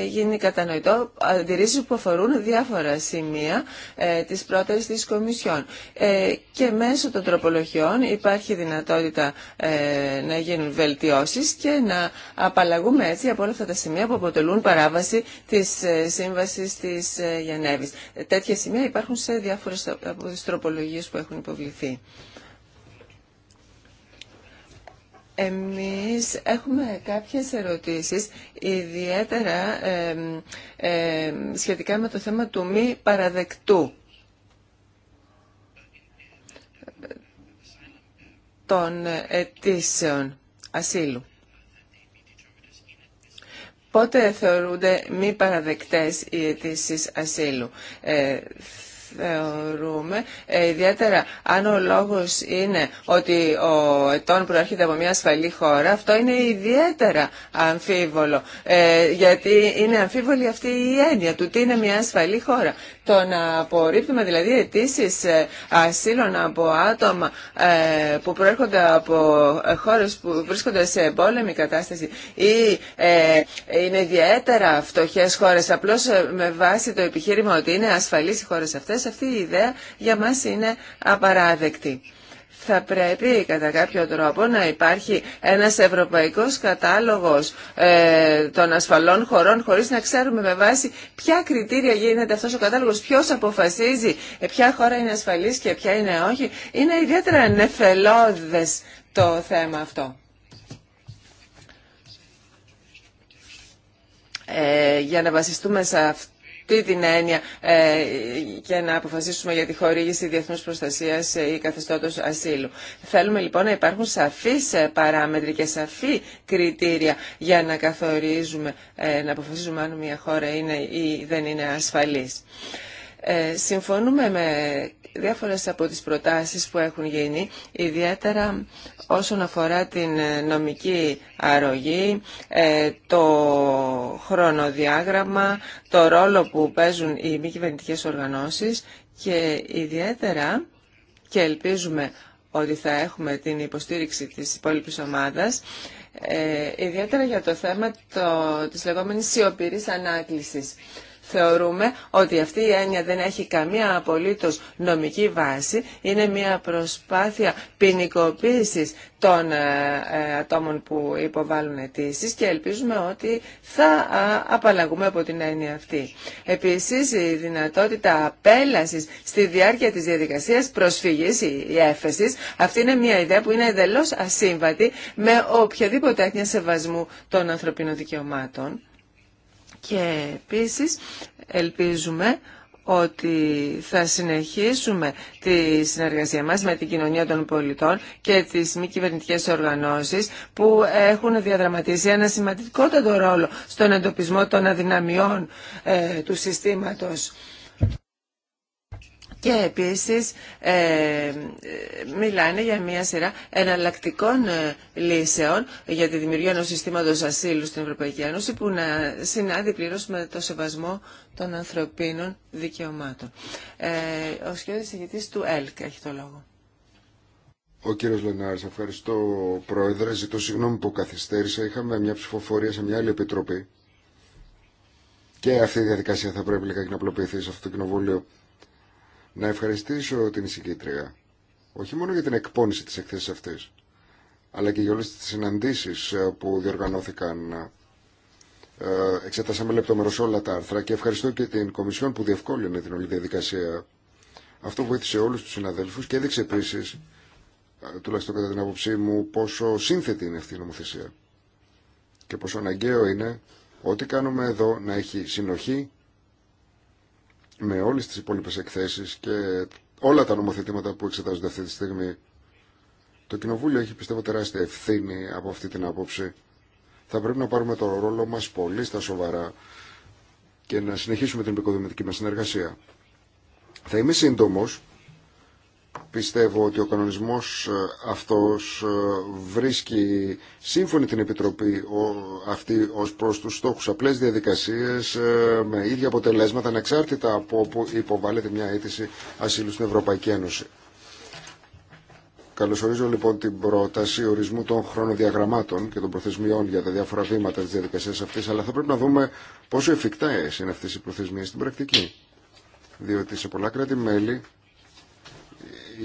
γίνει κατανοητό αντιρρήσεις που αφορούν διάφορα σημεία της πρότασης της Κομισιόν. Και μέσω των τροπολογιών υπάρχει δυνατότητα να γίνουν βελτιώσεις και να απαλλαγούμε έτσι από όλα αυτά τα σημεία που αποτελούν παράβαση της Σύμβασης της Γενέβης. Τέτοια σημεία υπάρχουν σε διάφορες από τροπολογίες που έχουν έχουν υποβληθεί. Εμείς έχουμε κάποιες ερωτήσεις, ιδιαίτερα ε, σχετικά με το θέμα του μη παραδεκτού. των αιτήσεων ασύλου. Πότε θεωρούνται μη παραδεκτές οι αιτήσει ασύλου. Ε, θεωρούμε, ε, ιδιαίτερα αν ο λόγος είναι ότι ο ετών προέρχεται από μια ασφαλή χώρα, αυτό είναι ιδιαίτερα αμφίβολο, ε, γιατί είναι αμφίβολη αυτή η έννοια του τι είναι μια ασφαλή χώρα. Το να απορρίπτουμε δηλαδή αιτήσει ε, ασύλων από άτομα που προέρχονται από χώρες που βρίσκονται σε πόλεμη κατάσταση ή είναι ιδιαίτερα φτωχέ χώρες απλώς με βάση το επιχείρημα ότι είναι ασφαλείς οι χώρες αυτές, αυτή η ιδέα για μας είναι απαράδεκτη. Θα πρέπει κατά κάποιο τρόπο να υπάρχει ένας ευρωπαϊκός κατάλογος ε, των ασφαλών χωρών χωρίς να ξέρουμε με βάση ποια κριτήρια γίνεται αυτός ο κατάλογος, ποιος αποφασίζει ε, ποια χώρα είναι ασφαλής και ποια είναι όχι. Είναι ιδιαίτερα νεφελώδες το θέμα αυτό. Ε, για να βασιστούμε σε αυτό τι την έννοια ε, και να αποφασίσουμε για τη χορήγηση διεθνούς προστασίας ε, ή καθεστώτος ασύλου. Θέλουμε λοιπόν να υπάρχουν σαφείς ε, παράμετροι και σαφή κριτήρια για να καθορίζουμε, να αποφασίζουμε αν μια χώρα είναι ή δεν είναι ασφαλής. Ε, συμφωνούμε με διάφορες από τις προτάσεις που έχουν γίνει, ιδιαίτερα όσον αφορά την ε, νομική αρρωγή, ε, το χρονοδιάγραμμα, το ρόλο που παίζουν οι μη κυβερνητικέ οργανώσεις και ιδιαίτερα και ελπίζουμε ότι θα έχουμε την υποστήριξη της υπόλοιπη ομάδας, ε, ιδιαίτερα για το θέμα το, της λεγόμενης σιωπηρής ανάκλησης. Θεωρούμε ότι αυτή η έννοια δεν έχει καμία απολύτως νομική βάση. Είναι μια προσπάθεια ποινικοποίηση των ε, ε, ατόμων που υποβάλλουν αιτήσει και ελπίζουμε ότι θα απαλλαγούμε από την έννοια αυτή. Επίσης, η δυνατότητα απέλασης στη διάρκεια της διαδικασίας προσφυγής ή έφεσης, αυτή είναι μια ιδέα που είναι εντελώ ασύμβατη με οποιαδήποτε έννοια σεβασμού των ανθρωπίνων δικαιωμάτων. Και επίσης ελπίζουμε ότι θα συνεχίσουμε τη συνεργασία μας με την κοινωνία των πολιτών και τις μη κυβερνητικές οργανώσεις που έχουν διαδραματίσει ένα σημαντικότατο ρόλο στον εντοπισμό των αδυναμιών ε, του συστήματος και επίσης ε, μιλάνε για μια σειρά εναλλακτικών ε, λύσεων για τη δημιουργία ενός συστήματος ασύλου στην Ευρωπαϊκή Ένωση που να συνάδει πλήρως με το σεβασμό των ανθρωπίνων δικαιωμάτων. Ε, ο σχεδόν ηγητής του ΕΛΚ έχει το λόγο. Ο κύριος Λενάρης, ευχαριστώ πρόεδρε. Ζητώ συγγνώμη που καθυστέρησα. Είχαμε μια ψηφοφορία σε μια άλλη επιτροπή. Και αυτή η διαδικασία θα πρέπει λίγα να απλοποιηθεί σε αυτό το κοινοβούλιο να ευχαριστήσω την εισηγήτρια, όχι μόνο για την εκπόνηση της εκθέσης αυτής, αλλά και για όλες τις συναντήσεις ε, που διοργανώθηκαν. Ε, εξετάσαμε λεπτομερώς όλα τα άρθρα και ευχαριστώ και την Κομισιόν που διευκόλυνε την όλη διαδικασία. Αυτό βοήθησε όλους τους συναδέλφους και έδειξε επίση, ε, τουλάχιστον κατά την άποψή μου, πόσο σύνθετη είναι αυτή η νομοθεσία και πόσο αναγκαίο είναι ό,τι κάνουμε εδώ να έχει συνοχή με όλες τις υπόλοιπες εκθέσεις και όλα τα νομοθετήματα που εξετάζονται αυτή τη στιγμή. Το Κοινοβούλιο έχει πιστεύω τεράστια ευθύνη από αυτή την άποψη. Θα πρέπει να πάρουμε το ρόλο μας πολύ στα σοβαρά και να συνεχίσουμε την επικοδομητική μας συνεργασία. Θα είμαι σύντομος πιστεύω ότι ο κανονισμός ε, αυτός ε, βρίσκει σύμφωνη την Επιτροπή αυτή ως προς τους στόχους απλές διαδικασίες ε, με ίδια αποτελέσματα ανεξάρτητα από όπου υποβάλλεται μια αίτηση ασύλου στην Ευρωπαϊκή Ένωση. Καλωσορίζω λοιπόν την πρόταση ορισμού των χρονοδιαγραμμάτων και των προθεσμιών για τα διάφορα βήματα της διαδικασίας αυτής, αλλά θα πρέπει να δούμε πόσο εφικτά είναι αυτές οι προθεσμίες στην πρακτική. Διότι σε πολλά κράτη-μέλη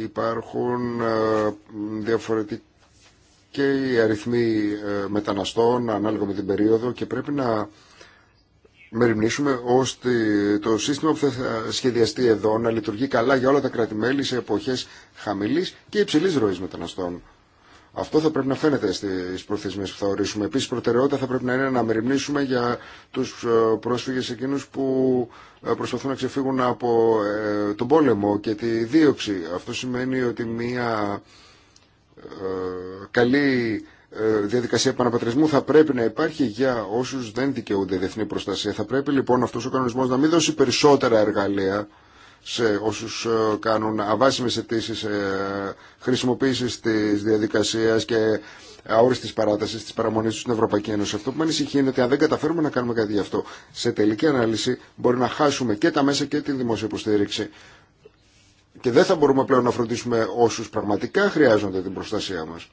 υπάρχουν ε, διαφορετικοί αριθμοί ε, μεταναστών ανάλογα με την περίοδο και πρέπει να μεριμνήσουμε ώστε το σύστημα που θα σχεδιαστεί εδώ να λειτουργεί καλά για όλα τα κράτη-μέλη σε εποχές χαμηλής και υψηλής ροής μεταναστών. Αυτό θα πρέπει να φαίνεται στι προθεσμίε που θα ορίσουμε. Επίση, προτεραιότητα θα πρέπει να είναι να μεριμνήσουμε για του ε, πρόσφυγε εκείνους που ε, προσπαθούν να ξεφύγουν από ε, τον πόλεμο και τη δίωξη. Αυτό σημαίνει ότι μια καλή διαδικασία επαναπατρισμού θα πρέπει να υπάρχει για όσου δεν δικαιούνται διεθνή προστασία. Θα πρέπει λοιπόν αυτό ο κανονισμό να μην δώσει περισσότερα εργαλεία σε όσους ε, κάνουν αβάσιμες αιτήσει ε, χρησιμοποίηση της διαδικασίας και αόριστη παράταση τη παραμονή του στην Ευρωπαϊκή Ένωση. Αυτό που με ανησυχεί είναι ότι αν δεν καταφέρουμε να κάνουμε κάτι γι' αυτό, σε τελική ανάλυση μπορεί να χάσουμε και τα μέσα και τη δημόσια υποστήριξη. Και δεν θα μπορούμε πλέον να φροντίσουμε όσους πραγματικά χρειάζονται την προστασία μας.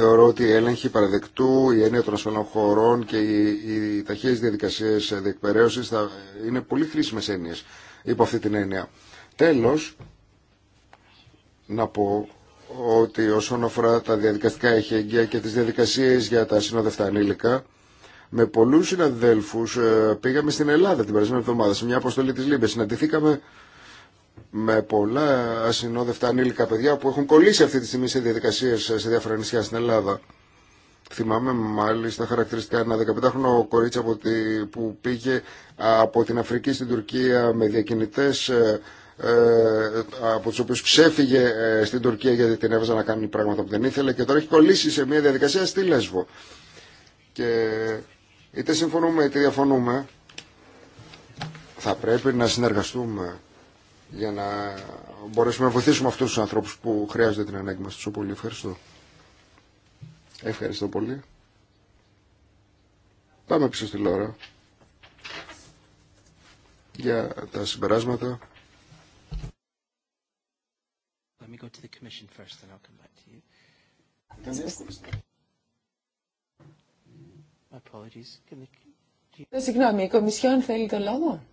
Θεωρώ ότι η έλεγχη παραδεκτού, η έννοια των ασφαλών χωρών και οι, οι διαδικασίες διαδικασίε διεκπαιρέωση θα είναι πολύ χρήσιμε έννοιε υπό αυτή την έννοια. Τέλο, να πω ότι όσον αφορά τα διαδικαστικά εχέγγυα και τι διαδικασίε για τα συνόδευτα ανήλικα, με πολλού συναδέλφου ε, πήγαμε στην Ελλάδα την περασμένη εβδομάδα σε μια αποστολή τη Λίμπε. Συναντηθήκαμε με πολλά ασυνόδευτα ανήλικα παιδιά που έχουν κολλήσει αυτή τη στιγμή σε διαδικασίες σε διάφορα νησιά στην Ελλάδα. Θυμάμαι μάλιστα χαρακτηριστικά ένα 15χρονο κορίτσι από τη, που πήγε από την Αφρική στην Τουρκία με διακινητές ε, ε από τους οποίους ξέφυγε ε, στην Τουρκία γιατί την έβαζα να κάνει πράγματα που δεν ήθελε και τώρα έχει κολλήσει σε μια διαδικασία στη Λέσβο. Και είτε συμφωνούμε είτε διαφωνούμε θα πρέπει να συνεργαστούμε για να μπορέσουμε να βοηθήσουμε αυτούς τους ανθρώπους που χρειάζονται την ανάγκη μας. Τόσο πολύ ευχαριστώ. Ευχαριστώ πολύ. Πάμε πίσω στη Λόρα για τα συμπεράσματα. Συγγνώμη, η Κομισιόν θέλει τον λόγο.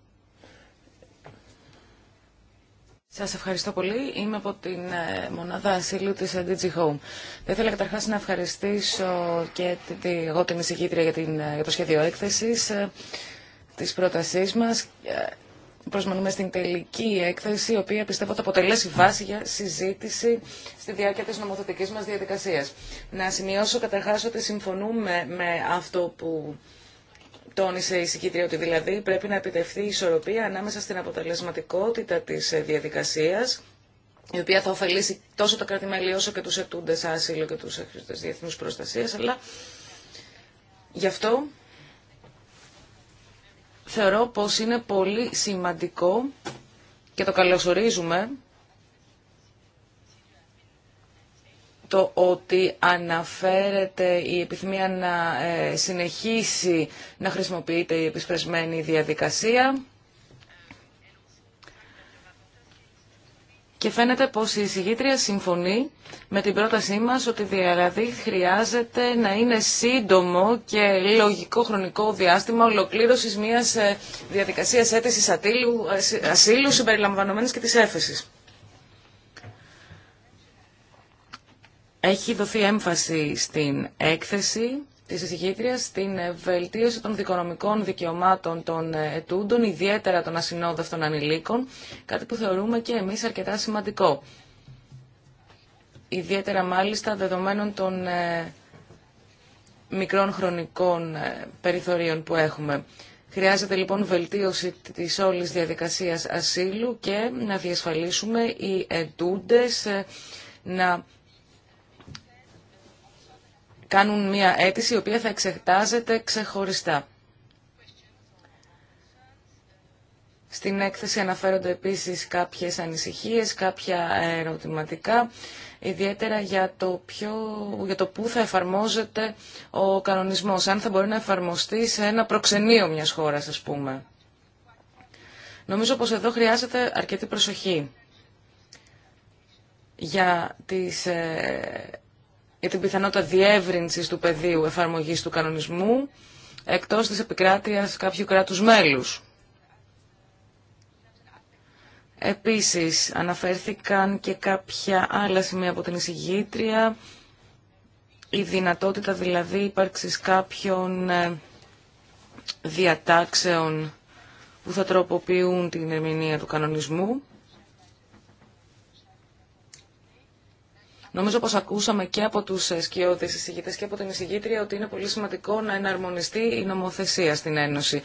Σας ευχαριστώ πολύ. Είμαι από την ε, μονάδα ασύλου της ε, DG Home. Θα ήθελα καταρχάς να ευχαριστήσω και εγώ την εισηγήτρια για, την, ε, για το σχέδιο έκθεσης της πρότασής μας. Προσμονούμε στην τελική έκθεση, η οποία πιστεύω θα αποτελέσει βάση για συζήτηση στη διάρκεια της νομοθετικής μας διαδικασίας. Να σημειώσω καταρχάς ότι συμφωνούμε με αυτό που τόνισε η συγκήτρια ότι δηλαδή πρέπει να επιτευχθεί η ισορροπία ανάμεσα στην αποτελεσματικότητα της ε, διαδικασίας η οποία θα ωφελήσει τόσο τα κράτη-μέλη όσο και τους ετούντες άσυλο και τους εκπληκτές διεθνούς προστασίας, αλλά γι' αυτό θεωρώ πως είναι πολύ σημαντικό και το καλωσορίζουμε ότι αναφέρεται η επιθυμία να ε, συνεχίσει να χρησιμοποιείται η επισπρεσμένη διαδικασία. Και φαίνεται πως η εισηγήτρια συμφωνεί με την πρότασή μας ότι δηλαδή χρειάζεται να είναι σύντομο και λογικό χρονικό διάστημα ολοκλήρωσης μιας ε, διαδικασίας αίτησης ε, ασύλου συμπεριλαμβανομένης και της έφεσης. Έχει δοθεί έμφαση στην έκθεση της εισηγήτριας, στην βελτίωση των δικονομικών δικαιωμάτων των ετούντων, ιδιαίτερα των ασυνόδευτων ανηλίκων, κάτι που θεωρούμε και εμείς αρκετά σημαντικό. Ιδιαίτερα μάλιστα δεδομένων των ε, μικρών χρονικών ε, περιθωρίων που έχουμε. Χρειάζεται λοιπόν βελτίωση της όλης διαδικασίας ασύλου και να διασφαλίσουμε οι ετούντες ε, να κάνουν μία αίτηση η οποία θα εξετάζεται ξεχωριστά. Στην έκθεση αναφέρονται επίσης κάποιες ανησυχίες, κάποια ερωτηματικά, ιδιαίτερα για το, για το πού θα εφαρμόζεται ο κανονισμός, αν θα μπορεί να εφαρμοστεί σε ένα προξενείο μιας χώρας, ας πούμε. Νομίζω πως εδώ χρειάζεται αρκετή προσοχή για τις ε, για την πιθανότητα διεύρυνση του πεδίου εφαρμογής του κανονισμού εκτός της επικράτειας κάποιου κράτους μέλους. Επίσης, αναφέρθηκαν και κάποια άλλα σημεία από την εισηγήτρια, η δυνατότητα δηλαδή ύπαρξη κάποιων ε, διατάξεων που θα τροποποιούν την ερμηνεία του κανονισμού. Νομίζω πως ακούσαμε και από τους ε, σκιώδεις εισηγητές και από την εισηγήτρια ότι είναι πολύ σημαντικό να εναρμονιστεί η νομοθεσία στην Ένωση.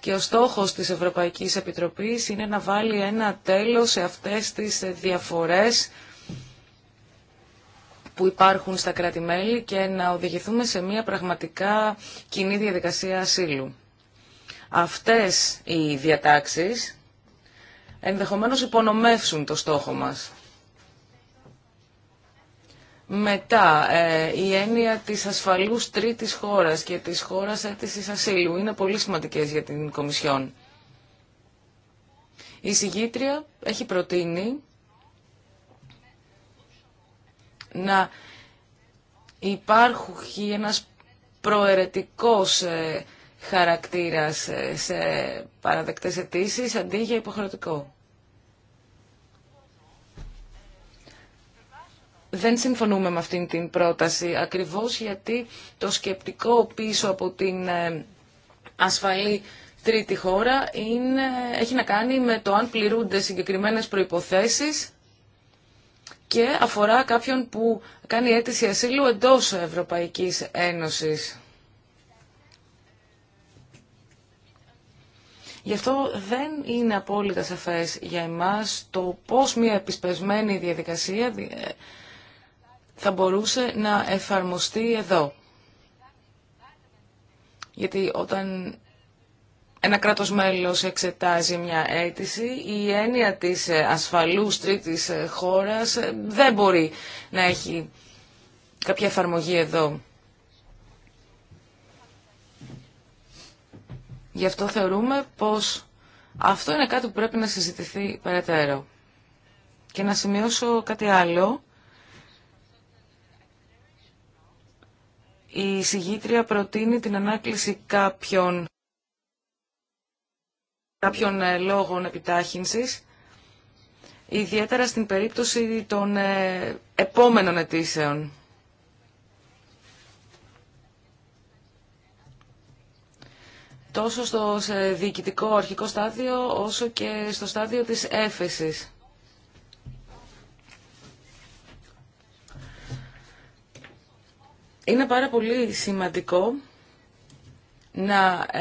Και ο στόχος της Ευρωπαϊκής Επιτροπής είναι να βάλει ένα τέλος σε αυτές τις ε, διαφορές που υπάρχουν στα κράτη-μέλη και να οδηγηθούμε σε μια πραγματικά κοινή διαδικασία ασύλου. Αυτές οι διατάξεις ενδεχομένως υπονομεύσουν το στόχο μας. Μετά, ε, η έννοια της ασφαλούς τρίτης χώρας και της χώρας αίτησης ασύλου είναι πολύ σημαντικές για την Κομισιόν. Η συγγήτρια έχει προτείνει να υπάρχει ένας προαιρετικός ε, χαρακτήρας ε, σε παραδεκτές αιτήσει αντί για υποχρεωτικό. δεν συμφωνούμε με αυτήν την πρόταση, ακριβώς γιατί το σκεπτικό πίσω από την ε, ασφαλή τρίτη χώρα είναι, έχει να κάνει με το αν πληρούνται συγκεκριμένες προϋποθέσεις και αφορά κάποιον που κάνει αίτηση ασύλου εντός Ευρωπαϊκής Ένωσης. Γι' αυτό δεν είναι απόλυτα σαφές για εμάς το πώς μια επισπεσμένη διαδικασία ε, θα μπορούσε να εφαρμοστεί εδώ. Γιατί όταν ένα κράτος μέλος εξετάζει μια αίτηση, η έννοια της ασφαλούς τρίτης χώρας δεν μπορεί να έχει κάποια εφαρμογή εδώ. Γι' αυτό θεωρούμε πως αυτό είναι κάτι που πρέπει να συζητηθεί περαιτέρω. Και να σημειώσω κάτι άλλο η συγγήτρια προτείνει την ανάκληση κάποιων, κάποιων ε, λόγων επιτάχυνσης, ιδιαίτερα στην περίπτωση των ε, επόμενων αιτήσεων. Τόσο στο διοικητικό αρχικό στάδιο, όσο και στο στάδιο της έφεσης. είναι πάρα πολύ σημαντικό να ε,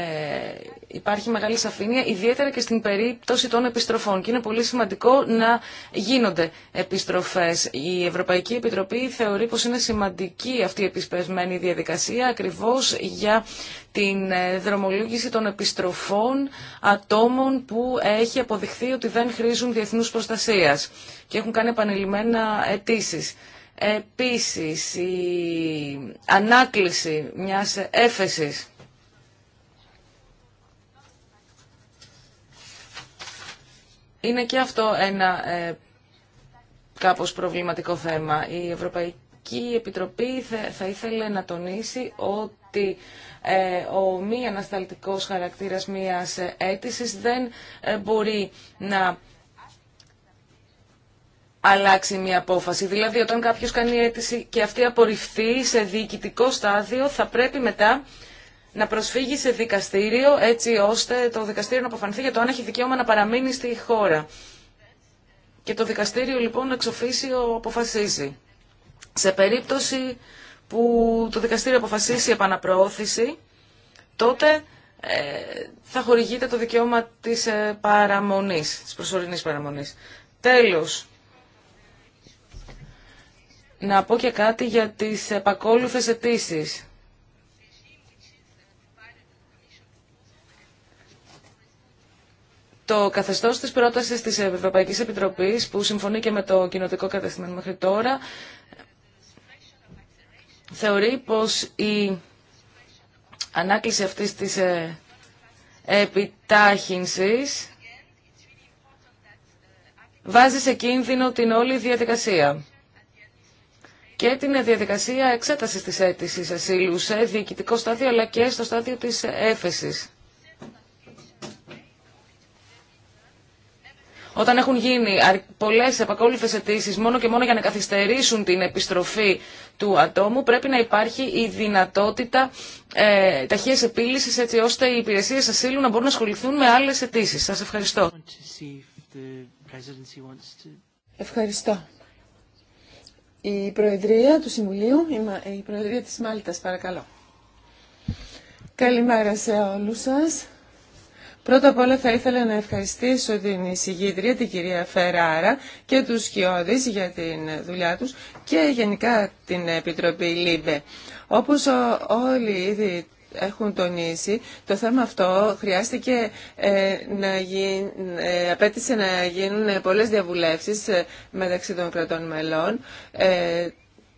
υπάρχει μεγάλη σαφήνεια, ιδιαίτερα και στην περίπτωση των επιστροφών. Και είναι πολύ σημαντικό να γίνονται επιστροφές. Η Ευρωπαϊκή Επιτροπή θεωρεί πως είναι σημαντική αυτή η επισπεσμένη διαδικασία ακριβώς για την ε, δρομολόγηση των επιστροφών ατόμων που έχει αποδειχθεί ότι δεν χρήζουν διεθνούς προστασίας και έχουν κάνει επανειλημμένα αιτήσει. Επίσης, η ανάκληση μιας έφεσης είναι και αυτό ένα ε, κάπως προβληματικό θέμα. Η Ευρωπαϊκή Επιτροπή θα ήθελε να τονίσει ότι ε, ο μη ανασταλτικός χαρακτήρας μιας αίτησης δεν ε, μπορεί να αλλάξει μια απόφαση. Δηλαδή, όταν κάποιο κάνει αίτηση και αυτή απορριφθεί σε διοικητικό στάδιο, θα πρέπει μετά να προσφύγει σε δικαστήριο, έτσι ώστε το δικαστήριο να αποφανθεί για το αν έχει δικαίωμα να παραμείνει στη χώρα. Και το δικαστήριο λοιπόν εξοφίσει ο αποφασίζει Σε περίπτωση που το δικαστήριο αποφασίσει επαναπροώθηση, τότε ε, θα χορηγείται το δικαίωμα της ε, παραμονής, της προσωρινής παραμονής. Τέλος, να πω και κάτι για τις επακόλουθες αιτήσει. Το καθεστώς της πρότασης της Ευρωπαϊκής Επιτροπής, που συμφωνεί και με το κοινοτικό κατεστημένο μέχρι τώρα, θεωρεί πως η ανάκληση αυτής της ε, επιτάχυνσης βάζει σε κίνδυνο την όλη διαδικασία και την διαδικασία εξέτασης της αίτηση ασύλου σε διοικητικό στάδιο αλλά και στο στάδιο της Έφεση. Όταν έχουν γίνει πολλέ επακόλουθες αιτήσει μόνο και μόνο για να καθυστερήσουν την επιστροφή του ατόμου, πρέπει να υπάρχει η δυνατότητα ε, ταχείας έτσι ώστε οι υπηρεσίε ασύλου να μπορούν να ασχοληθούν με άλλε αιτήσει. Σα ευχαριστώ. Ευχαριστώ. Η Προεδρία του Συμβουλίου, η Προεδρία της Μάλτας, παρακαλώ. Καλημέρα σε όλους σας. Πρώτα απ' όλα θα ήθελα να ευχαριστήσω την εισηγήτρια, την κυρία Φεράρα και τους Σκιώδης για την δουλειά τους και γενικά την Επιτροπή ΛΥΜΠΕ. Όπως όλοι ήδη έχουν τονίσει, το θέμα αυτό χρειάστηκε ε, να γίνει, απέτησε να γίνουν πολλές διαβουλεύσεις ε, μεταξύ των κρατών μελών. Ε,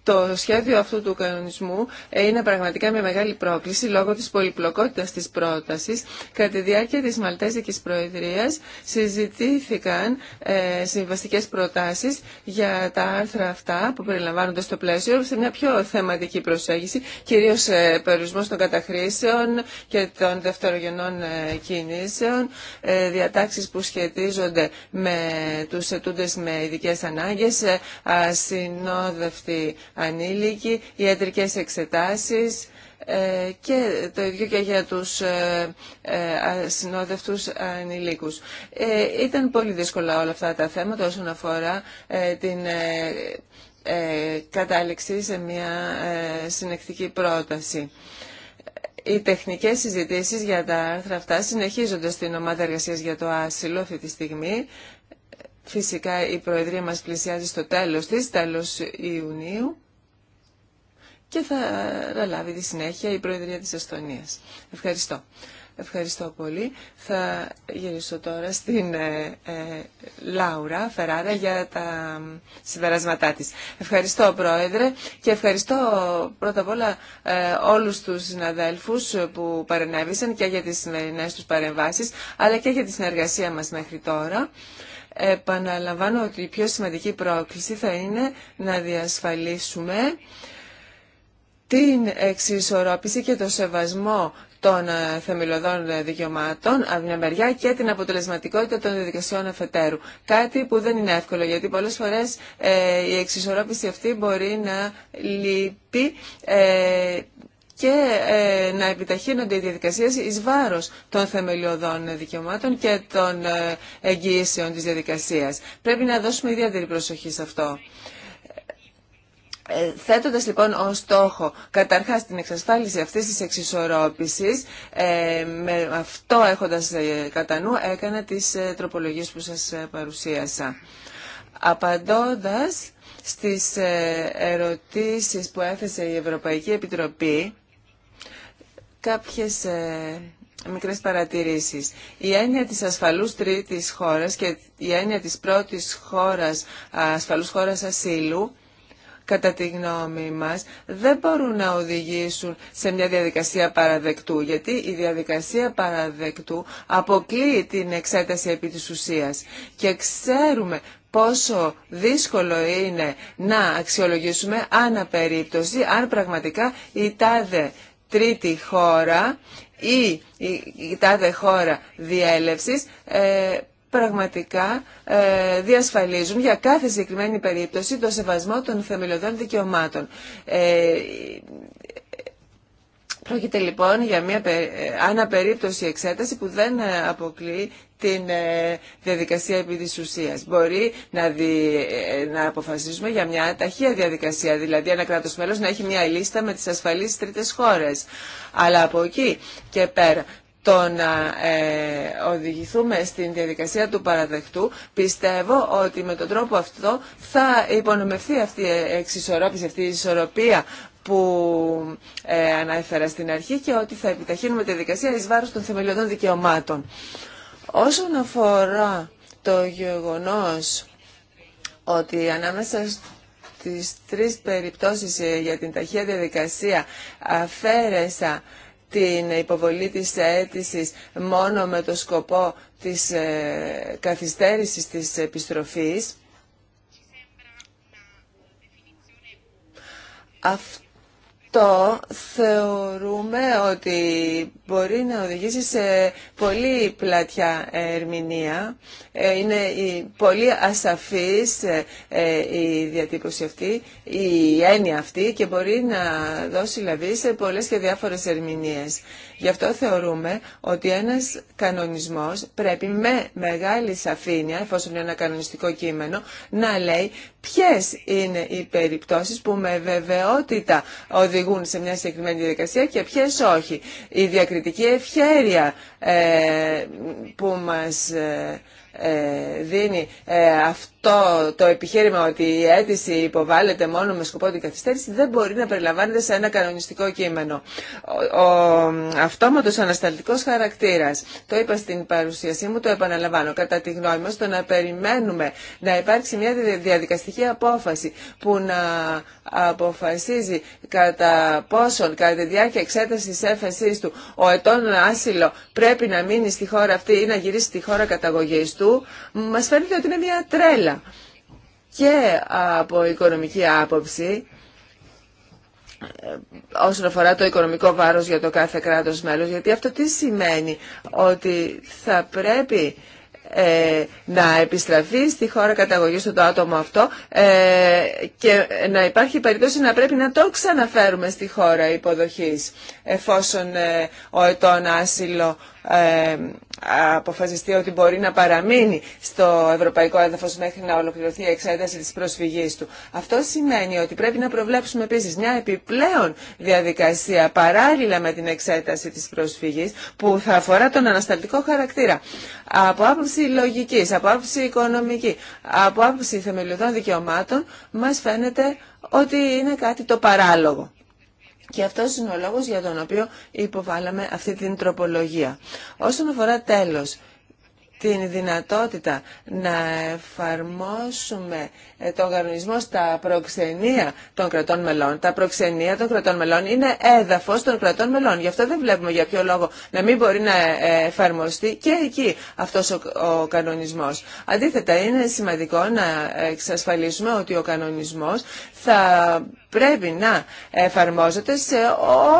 το σχέδιο αυτού του κανονισμού είναι πραγματικά μια μεγάλη πρόκληση λόγω της πολυπλοκότητας της πρότασης. Κατά τη διάρκεια της Μαλτέζικης Προεδρίας συζητήθηκαν ε, συμβαστικές προτάσεις για τα άρθρα αυτά που περιλαμβάνονται στο πλαίσιο σε μια πιο θεματική προσέγγιση, κυρίως ε, περιορισμός των καταχρήσεων και των δευτερογενών ε, κινήσεων, ε, διατάξεις που σχετίζονται με τους ετούντες με ειδικέ ανάγκες, ε, ασυνόδευτη ανήλικοι, ιατρικές εξετάσεις ε, και το ίδιο και για τους ε, ε, συνόδευτους ανηλίκους. Ήταν πολύ δύσκολα όλα αυτά τα θέματα όσον αφορά την κατάληξη σε μια συνεκτική πρόταση. Οι τεχνικές συζητήσεις για τα άρθρα αυτά συνεχίζονται στην ομάδα εργασίας για το άσυλο αυτή τη στιγμή. Φυσικά η Προεδρία μας πλησιάζει στο τέλος της, τέλος Ιουνίου και θα λάβει τη συνέχεια η Προεδρία της Εστονίας. Ευχαριστώ. Ευχαριστώ πολύ. Θα γυρίσω τώρα στην ε, ε, Λάουρα Φεράρα για τα συμπεράσματά της. Ευχαριστώ Πρόεδρε και ευχαριστώ πρώτα απ' όλα ε, όλους τους συναδέλφους που παρενέβησαν και για τις σημερινές τους παρεμβάσεις αλλά και για τη συνεργασία μας μέχρι τώρα. Επαναλαμβάνω ότι η πιο σημαντική πρόκληση θα είναι να διασφαλίσουμε την εξισορρόπηση και το σεβασμό των ε, θεμελιωδών δικαιωμάτων από μια μεριά και την αποτελεσματικότητα των διαδικασιών αφετέρου. Κάτι που δεν είναι εύκολο γιατί πολλές φορές ε, η εξισορρόπηση αυτή μπορεί να λείπει ε, και να επιταχύνονται οι διαδικασίες εις βάρος των θεμελιωδών δικαιωμάτων και των εγγυήσεων της διαδικασίας. Πρέπει να δώσουμε ιδιαίτερη προσοχή σε αυτό. Ε, θέτοντας λοιπόν ως στόχο καταρχάς την εξασφάλιση αυτής της εξισορρόπησης, ε, με αυτό έχοντας ε, κατά νου έκανα τις τροπολογίες που σας παρουσίασα. Απαντώντας στις ερωτήσεις που έθεσε η Ευρωπαϊκή Επιτροπή, κάποιες μικρές παρατηρήσεις. Η έννοια της ασφαλούς τρίτης χώρας και η έννοια της πρώτης χώρας, ασφαλούς χώρας ασύλου, κατά τη γνώμη μας, δεν μπορούν να οδηγήσουν σε μια διαδικασία παραδεκτού, γιατί η διαδικασία παραδεκτού αποκλείει την εξέταση επί της ουσίας. Και ξέρουμε πόσο δύσκολο είναι να αξιολογήσουμε ανά περίπτωση, αν πραγματικά η τάδε τρίτη χώρα ή η τάδε χώρα διέλευσης ε, πραγματικά ε, διασφαλίζουν για κάθε συγκεκριμένη περίπτωση το σεβασμό των θεμελιωδών δικαιωμάτων. Ε, Πρόκειται λοιπόν για μια ε, αναπερίπτωση εξέταση που δεν ε, αποκλεί την διαδικασία επί ουσίας. Μπορεί να, να αποφασίσουμε για μια ταχεία διαδικασία, δηλαδή ένα κράτος μέλος να έχει μια λίστα με τις ασφαλείς τρίτες χώρες. Αλλά από εκεί και πέρα το να ε, οδηγηθούμε στην διαδικασία του παραδεχτού πιστεύω ότι με τον τρόπο αυτό θα υπονομευθεί αυτή η εξισορρόπηση, αυτή η ισορροπία που ε, στην αρχή και ότι θα επιταχύνουμε τη διαδικασία εις βάρος των θεμελιωδών δικαιωμάτων. Όσον αφορά το γεγονός ότι ανάμεσα στις τρεις περιπτώσεις ε, για την ταχεία διαδικασία αφαίρεσα την υποβολή της αίτησης μόνο με το σκοπό της ε, καθυστέρησης της επιστροφής αυτό θεωρούμε ότι μπορεί να οδηγήσει σε πολύ πλατιά ερμηνεία. Ε, είναι πολύ ασαφής ε, ε, η διατύπωση αυτή, η έννοια αυτή και μπορεί να δώσει λαβή σε πολλές και διάφορες ερμηνείες. Γι' αυτό θεωρούμε ότι ένας κανονισμός πρέπει με μεγάλη σαφήνεια, εφόσον είναι ένα κανονιστικό κείμενο, να λέει ποιες είναι οι περιπτώσεις που με βεβαιότητα οδηγούν οδηγούν σε μια συγκεκριμένη διαδικασία και ποιε όχι. Η διακριτική ευχέρεια ε, που μας ε, ε, δίνει ε, αυτό το επιχείρημα ότι η αίτηση υποβάλλεται μόνο με σκοπό την καθυστέρηση δεν μπορεί να περιλαμβάνεται σε ένα κανονιστικό κείμενο. Ο, ο αυτόματος ανασταλτικός χαρακτήρας, το είπα στην παρουσίασή μου, το επαναλαμβάνω, κατά τη γνώμη μας, το να περιμένουμε να υπάρξει μια διαδικαστική απόφαση που να αποφασίζει κατά πόσον, κατά τη διάρκεια εξέτασης έφεσής του, ο ετών άσυλο πρέπει να μείνει στη χώρα αυτή ή να γυρίσει στη χώρα καταγωγής του, αυτού μας φαίνεται ότι είναι μια τρέλα. Και από οικονομική άποψη, ε, όσον αφορά το οικονομικό βάρος για το κάθε κράτος μέλος, γιατί αυτό τι σημαίνει, ότι θα πρέπει ε, να επιστραφεί στη χώρα καταγωγής του το άτομο αυτό ε, και να υπάρχει περίπτωση να πρέπει να το ξαναφέρουμε στη χώρα υποδοχής εφόσον ο ετών άσυλο ε, αποφασιστεί ότι μπορεί να παραμείνει στο ευρωπαϊκό έδαφος μέχρι να ολοκληρωθεί η εξέταση της προσφυγής του. Αυτό σημαίνει ότι πρέπει να προβλέψουμε επίσης μια επιπλέον διαδικασία παράλληλα με την εξέταση της προσφυγής που θα αφορά τον ανασταλτικό χαρακτήρα. Από άποψη λογικής, από άποψη οικονομική, από άποψη θεμελιωδών δικαιωμάτων μας φαίνεται ότι είναι κάτι το παράλογο. Και αυτό είναι ο λόγος για τον οποίο υποβάλαμε αυτή την τροπολογία. Όσον αφορά τέλος, την δυνατότητα να εφαρμόσουμε ε, τον κανονισμό στα προξενία των κρατών μελών. Τα προξενία των κρατών μελών είναι έδαφος των κρατών μελών. Γι' αυτό δεν βλέπουμε για ποιο λόγο να μην μπορεί να ε, εφαρμοστεί και εκεί αυτός ο κανονισμός. Αντίθετα, είναι σημαντικό να εξασφαλίσουμε ότι ο κανονισμός θα πρέπει να εφαρμόζεται σε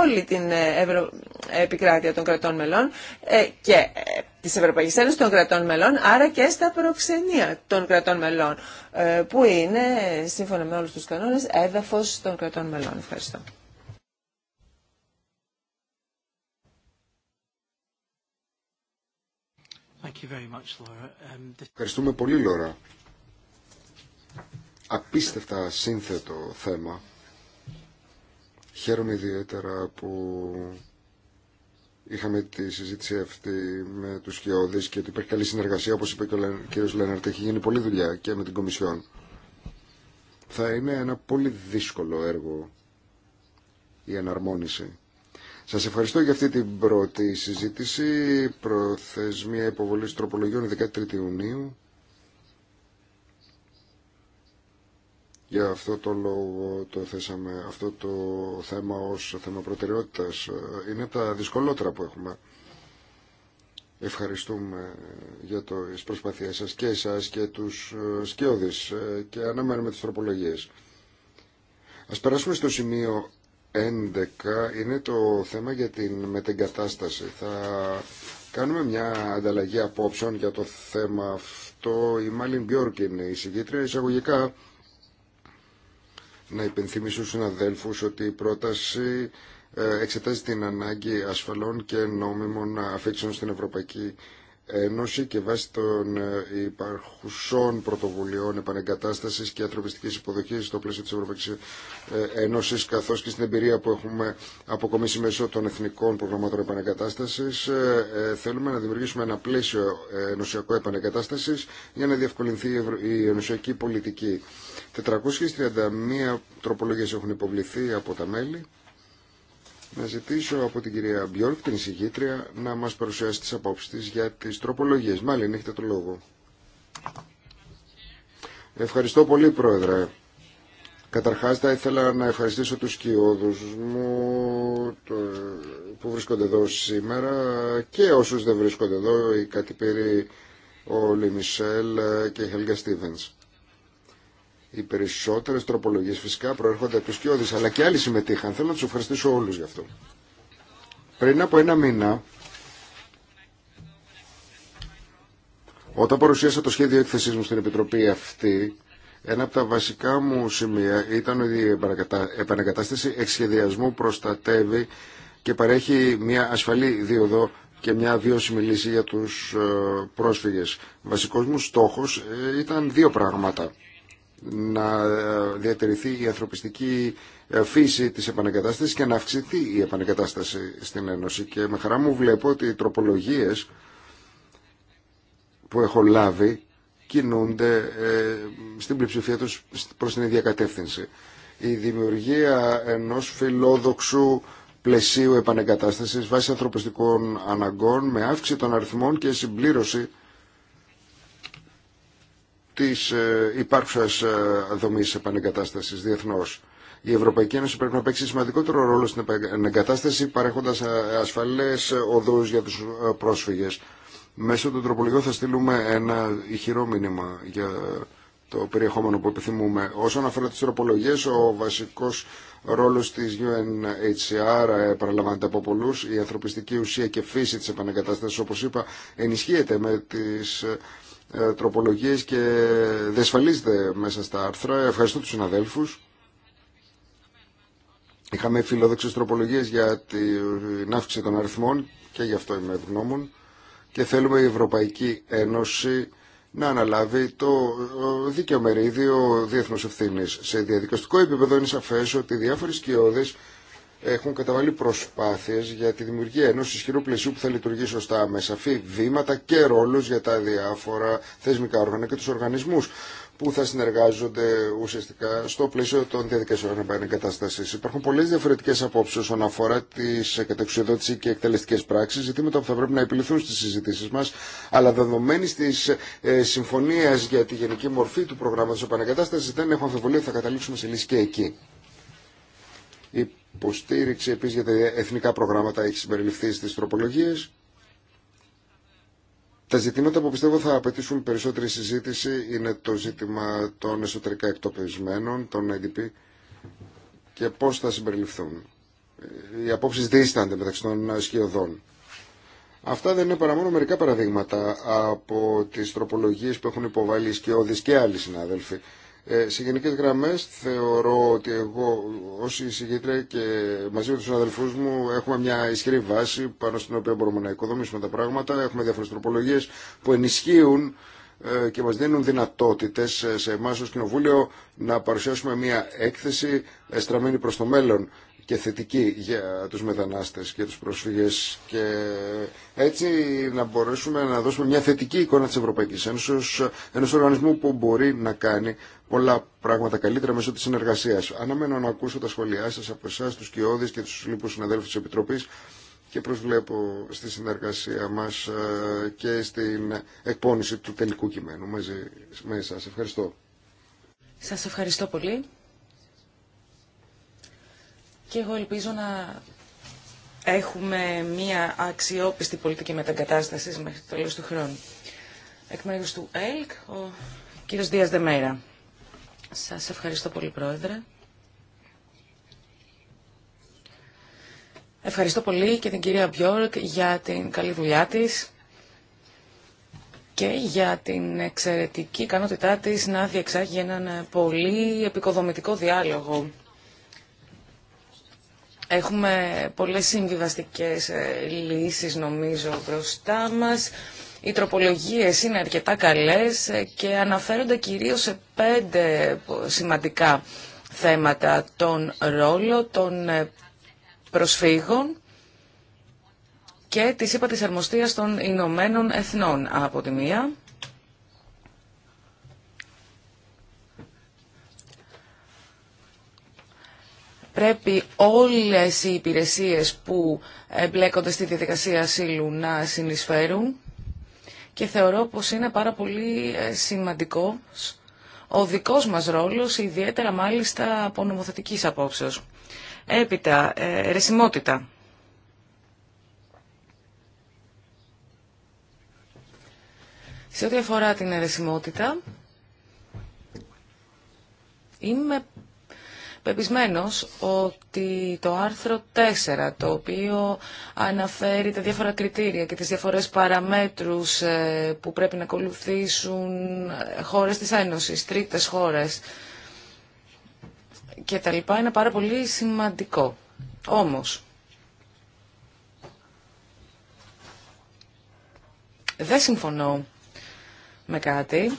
όλη την Ευρω... επικράτεια των κρατών μελών ε, και ε, της Ευρωπαϊκής ένωση των κρατών μελών, άρα και στα προξενία των κρατών μελών, ε, που είναι, σύμφωνα με όλους τους κανόνες, έδαφος των κρατών μελών. Ευχαριστώ. Um, Ευχαριστούμε πολύ, Λόρα απίστευτα σύνθετο θέμα. Χαίρομαι ιδιαίτερα που είχαμε τη συζήτηση αυτή με τους Χιώδης και ότι υπάρχει καλή συνεργασία, όπως είπε και ο κύριος Λέναρτ, έχει γίνει πολλή δουλειά και με την Κομισιόν. Θα είναι ένα πολύ δύσκολο έργο η εναρμόνιση. Σας ευχαριστώ για αυτή την πρώτη συζήτηση. Προθεσμία υποβολής τροπολογιών 13 Ιουνίου. Για αυτό το λόγο το θέσαμε αυτό το θέμα ως θέμα προτεραιότητας. Είναι τα δυσκολότερα που έχουμε. Ευχαριστούμε για το, τις σας και εσάς και τους ε, σκιώδεις ε, και αναμένουμε τις τροπολογίες. Ας περάσουμε στο σημείο 11. Είναι το θέμα για την μετεγκατάσταση. Θα κάνουμε μια ανταλλαγή απόψεων για το θέμα αυτό. Η Μάλιν Μπιόρκ η συγκήτρια εισαγωγικά να υπενθυμίσω στους συναδέλφους ότι η πρόταση ε, εξετάζει την ανάγκη ασφαλών και νόμιμων αφήξεων στην Ευρωπαϊκή Ένωση και βάσει των ε, υπαρχουσών πρωτοβουλειών επανεγκατάσταση και ανθρωπιστική υποδοχή στο πλαίσιο τη Ευρωπαϊκή ε, Ένωση, καθώ και στην εμπειρία που έχουμε αποκομίσει μέσω των εθνικών προγραμμάτων επανεγκατάσταση, ε, θέλουμε να δημιουργήσουμε ένα πλαίσιο ενωσιακό επανεγκατάσταση για να διευκολυνθεί η ενωσιακή πολιτική. 431 τροπολογίε έχουν υποβληθεί από τα μέλη να ζητήσω από την κυρία Μπιόρκ, την εισηγήτρια, να μας παρουσιάσει τις απόψεις της για τις τροπολογίες. Μάλλον, έχετε το λόγο. Ευχαριστώ πολύ, Πρόεδρε. Καταρχάς, θα ήθελα να ευχαριστήσω τους κοιόδους μου που βρίσκονται εδώ σήμερα και όσους δεν βρίσκονται εδώ, οι κατηπήροι ο Λιμισελ και η Χέλγα Στίβενς. Οι περισσότερε τροπολογίε φυσικά προέρχονται από του Κιώδη, αλλά και άλλοι συμμετείχαν. Θέλω να του ευχαριστήσω όλου γι' αυτό. Πριν από ένα μήνα, όταν παρουσίασα το σχέδιο έκθεσή μου στην Επιτροπή αυτή, ένα από τα βασικά μου σημεία ήταν ότι η επανακατάσταση εξχεδιασμού προστατεύει και παρέχει μια ασφαλή δίωδο και μια βιώσιμη λύση για τους ε, πρόσφυγες. Βασικός μου στόχος ε, ήταν δύο πράγματα να ε, διατηρηθεί η ανθρωπιστική ε, φύση της επανεκατάστασης και να αυξηθεί η επανεκατάσταση στην Ένωση. Και με χαρά μου βλέπω ότι οι τροπολογίες που έχω λάβει κινούνται ε, στην πλειοψηφία τους προς την ίδια κατεύθυνση. Η δημιουργία ενός φιλόδοξου πλαισίου επανεγκατάστασης βάσει ανθρωπιστικών αναγκών με αύξηση των αριθμών και συμπλήρωση της ε, υπάρχουσας ε, δομής επανεγκατάστασης διεθνώς. Η Ευρωπαϊκή Ένωση πρέπει να παίξει σημαντικότερο ρόλο στην επανεγκατάσταση παρέχοντας ε, ασφαλές οδούς για τους πρόσφυγες. Μέσω του τροπολογιών θα στείλουμε ένα ηχηρό μήνυμα για το περιεχόμενο που επιθυμούμε. Όσον αφορά τις τροπολογίες, ο βασικός ρόλος της UNHCR παραλαμβάνεται από πολλού Η ανθρωπιστική ουσία και φύση της επανεγκατάστασης, όπως είπα, ενισχύεται με τις ε, τροπολογίες και δεσφαλίστε μέσα στα άρθρα. Ευχαριστώ τους συναδέλφους. Είχαμε φιλόδοξες τροπολογίες για την αύξηση των αριθμών και γι' αυτό είμαι ευγνώμων και θέλουμε η Ευρωπαϊκή Ένωση να αναλάβει το ε, δίκαιο μερίδιο διεθνούς ευθύνης. Σε διαδικαστικό επίπεδο είναι σαφές ότι διάφορες κοιόδες έχουν καταβάλει προσπάθειε για τη δημιουργία ενό ισχυρού πλαισίου που θα λειτουργεί σωστά με σαφή βήματα και ρόλου για τα διάφορα θεσμικά όργανα και του οργανισμού που θα συνεργάζονται ουσιαστικά στο πλαίσιο των διαδικασιών επανεγκατάσταση. Υπάρχουν πολλέ διαφορετικέ απόψει όσον αφορά τι κατεξουδότηση και εκτελεστικέ πράξει, ζητήματα που θα πρέπει να επιληθούν στι συζητήσει μα, αλλά δεδομένη τη ε, συμφωνία για τη γενική μορφή του προγράμματο επανεγκατάσταση, δεν έχω αμφιβολία ότι θα καταλήξουμε σε λύση και εκεί υποστήριξη επίσης για τα εθνικά προγράμματα έχει συμπεριληφθεί στις τροπολογίες. Τα ζητήματα που πιστεύω θα απαιτήσουν περισσότερη συζήτηση είναι το ζήτημα των εσωτερικά εκτοπισμένων, των NDP και πώς θα συμπεριληφθούν. Οι απόψεις δίστανται μεταξύ των σκιωδών. Αυτά δεν είναι παρά μόνο μερικά παραδείγματα από τις τροπολογίες που έχουν υποβάλει οι σκιώδεις και άλλοι συνάδελφοι ε, σε γενικέ γραμμέ θεωρώ ότι εγώ ω εισηγήτρια και μαζί με του αδελφούς μου έχουμε μια ισχυρή βάση πάνω στην οποία μπορούμε να οικοδομήσουμε τα πράγματα. Έχουμε διάφορε τροπολογίε που ενισχύουν ε, και μας δίνουν δυνατότητες σε εμά ω Κοινοβούλιο να παρουσιάσουμε μια έκθεση ε, στραμμένη προς το μέλλον και θετική για τους μετανάστες και τους πρόσφυγες και έτσι να μπορέσουμε να δώσουμε μια θετική εικόνα της Ευρωπαϊκής Ένωσης, ενός οργανισμού που μπορεί να κάνει πολλά πράγματα καλύτερα μέσω της συνεργασίας. Αναμένω να ακούσω τα σχόλιά σας από εσάς, τους Κιώδης και τους λίπους συναδέλφους της Επιτροπής και προσβλέπω στη συνεργασία μας ε, και στην εκπόνηση του τελικού κειμένου μαζί με εσάς. Ευχαριστώ. Σας ευχαριστώ πολύ και εγώ ελπίζω να έχουμε μία αξιόπιστη πολιτική μεταγκατάσταση μέχρι το τέλος του χρόνου. Εκ μέρους του ΕΛΚ, ο κύριος Δίας Δεμέρα. Σας ευχαριστώ πολύ, Πρόεδρε. Ευχαριστώ πολύ και την κυρία Μπιόρκ για την καλή δουλειά της και για την εξαιρετική ικανότητά της να διεξάγει έναν πολύ επικοδομητικό διάλογο Έχουμε πολλές συμβιβαστικές ε, λύσεις νομίζω μπροστά μας. Οι τροπολογίες είναι αρκετά καλές ε, και αναφέρονται κυρίως σε πέντε ε, σημαντικά θέματα. Τον ρόλο των προσφύγων και της είπα της αρμοστίας των Ηνωμένων Εθνών από τη μία. πρέπει όλες οι υπηρεσίες που εμπλέκονται στη διαδικασία ασύλου να συνεισφέρουν και θεωρώ πως είναι πάρα πολύ ε, σημαντικό ο δικός μας ρόλος, ιδιαίτερα μάλιστα από νομοθετικής απόψεως. Έπειτα, ε, ρεσιμότητα. Σε ό,τι αφορά την αιρεσιμότητα, είμαι πεπισμένος ότι το άρθρο 4, το οποίο αναφέρει τα διάφορα κριτήρια και τις διαφορές παραμέτρους ε, που πρέπει να ακολουθήσουν ε, χώρες της Ένωσης, τρίτες χώρες και τα λοιπά, είναι πάρα πολύ σημαντικό. Όμως, δεν συμφωνώ με κάτι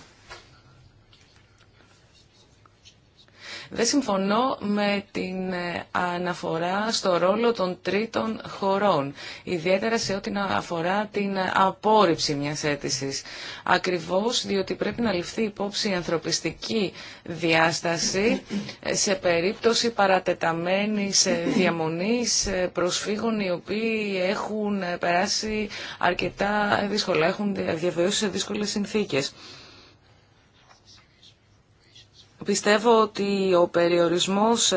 Δεν συμφωνώ με την ε, αναφορά στο ρόλο των τρίτων χωρών, ιδιαίτερα σε ό,τι αφορά την απόρριψη μιας αίτησης. Ακριβώς διότι πρέπει να ληφθεί υπόψη η ανθρωπιστική διάσταση σε περίπτωση παρατεταμένης διαμονής προσφύγων οι οποίοι έχουν περάσει αρκετά δύσκολα, έχουν διαβεβαιώσει σε δύσκολες συνθήκες. Πιστεύω ότι ο περιορισμός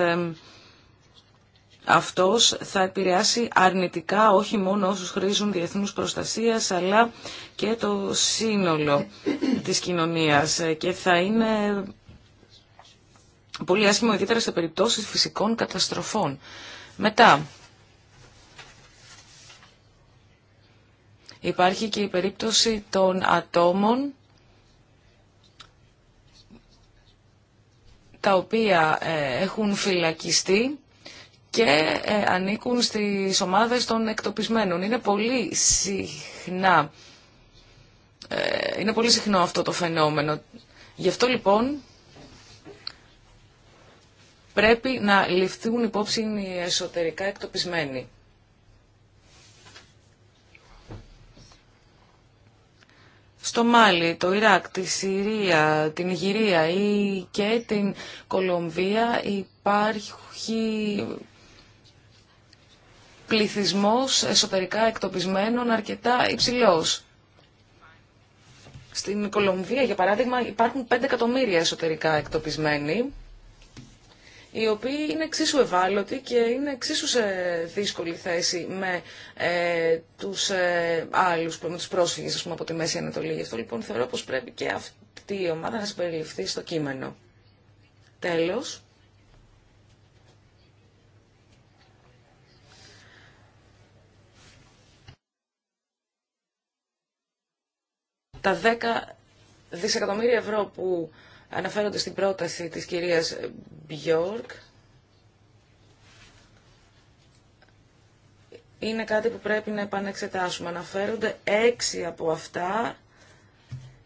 αυτός θα επηρεάσει αρνητικά όχι μόνο όσους χρήζουν διεθνούς προστασίας αλλά και το σύνολο της κοινωνίας και θα είναι πολύ άσχημο ιδιαίτερα σε περιπτώσεις φυσικών καταστροφών. Μετά, υπάρχει και η περίπτωση των ατόμων τα οποία ε, έχουν φυλακιστεί και ε, ανήκουν στις ομάδες των εκτοπισμένων. Είναι πολύ συχνά. Ε, είναι πολύ συχνό αυτό το φαινόμενο. Γι' αυτό λοιπόν πρέπει να ληφθούν υπόψη οι εσωτερικά εκτοπισμένοι. στο Μάλι, το Ιράκ, τη Συρία, την Ιγυρία ή και την Κολομβία υπάρχει πληθυσμός εσωτερικά εκτοπισμένων αρκετά υψηλός. Στην Κολομβία, για παράδειγμα, υπάρχουν 5 εκατομμύρια εσωτερικά εκτοπισμένοι οι οποίοι είναι εξίσου ευάλωτοι και είναι εξίσου σε δύσκολη θέση με ε, τους ε, άλλους, με τους πρόσφυγες πούμε, από τη Μέση Ανατολή. Γι' αυτό λοιπόν θεωρώ πως πρέπει και αυτή η ομάδα να συμπεριληφθεί στο κείμενο. Τέλος. Τα 10 δισεκατομμύρια ευρώ που αναφέρονται στην πρόταση της κυρίας Μπιόρκ. Είναι κάτι που πρέπει να επανεξετάσουμε. Αναφέρονται έξι από αυτά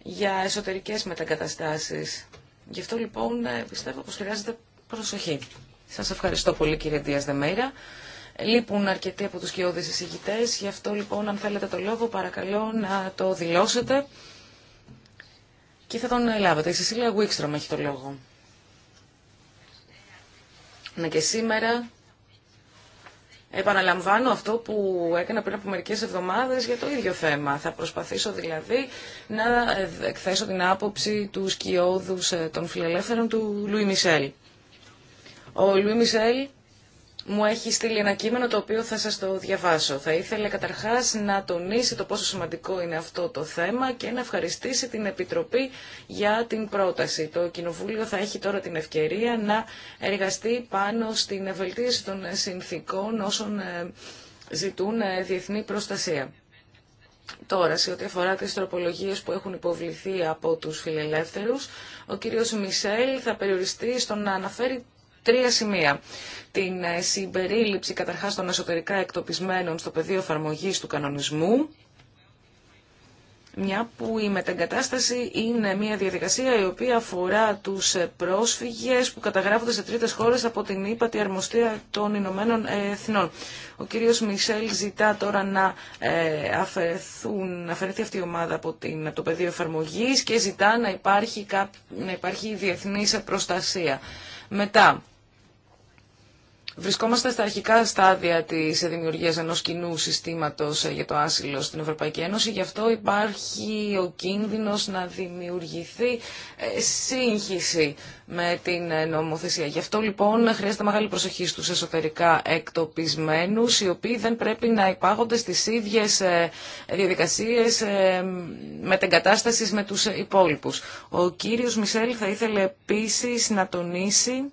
για εσωτερικές μετακαταστάσεις. Γι' αυτό λοιπόν πιστεύω πως χρειάζεται προσοχή. Σας ευχαριστώ πολύ κύριε Δίας Δεμέρα. Λείπουν αρκετοί από τους κοιόδης εισηγητές, γι' αυτό λοιπόν αν θέλετε το λόγο παρακαλώ να το δηλώσετε και θα τον λάβετε. Η Σεσίλια Γουίξτρομ έχει το λόγο. Να και σήμερα επαναλαμβάνω αυτό που έκανα πριν από μερικές εβδομάδες για το ίδιο θέμα. Θα προσπαθήσω δηλαδή να εκθέσω την άποψη του σκιώδους ε, των φιλελεύθερων του Λουί Μισελ. Ο Λουί Μισελ μου έχει στείλει ένα κείμενο το οποίο θα σας το διαβάσω. Θα ήθελε καταρχάς να τονίσει το πόσο σημαντικό είναι αυτό το θέμα και να ευχαριστήσει την Επιτροπή για την πρόταση. Το Κοινοβούλιο θα έχει τώρα την ευκαιρία να εργαστεί πάνω στην ευελτίωση των συνθήκων όσων ε, ζητούν ε, διεθνή προστασία. Τώρα, σε ό,τι αφορά τις τροπολογίες που έχουν υποβληθεί από τους φιλελεύθερους, ο κύριος Μισελ θα περιοριστεί στο να αναφέρει τρία σημεία. Την ε, συμπερίληψη καταρχά των εσωτερικά εκτοπισμένων στο πεδίο εφαρμογή του κανονισμού, μια που η μεταγκατάσταση είναι μια διαδικασία η οποία αφορά τους ε, πρόσφυγες που καταγράφονται σε τρίτες χώρες από την ύπατη αρμοστία των Ηνωμένων Εθνών. Ο κύριος Μισελ ζητά τώρα να ε, αφαιρεθούν, αφαιρεθεί αυτή η ομάδα από, το πεδίο εφαρμογής και ζητά να υπάρχει, να υπάρχει διεθνής προστασία. Μετά, Βρισκόμαστε στα αρχικά στάδια της δημιουργίας ενός κοινού συστήματος για το άσυλο στην Ευρωπαϊκή Ένωση, γι' αυτό υπάρχει ο κίνδυνος να δημιουργηθεί ε, σύγχυση με την ε, νομοθεσία. Γι' αυτό λοιπόν χρειάζεται μεγάλη προσοχή στους εσωτερικά εκτοπισμένους, οι οποίοι δεν πρέπει να υπάγονται στις ίδιες ε, διαδικασίες μετεγκατάστασης με τους υπόλοιπους. Ο κύριος Μισελ θα ήθελε επίσης να τονίσει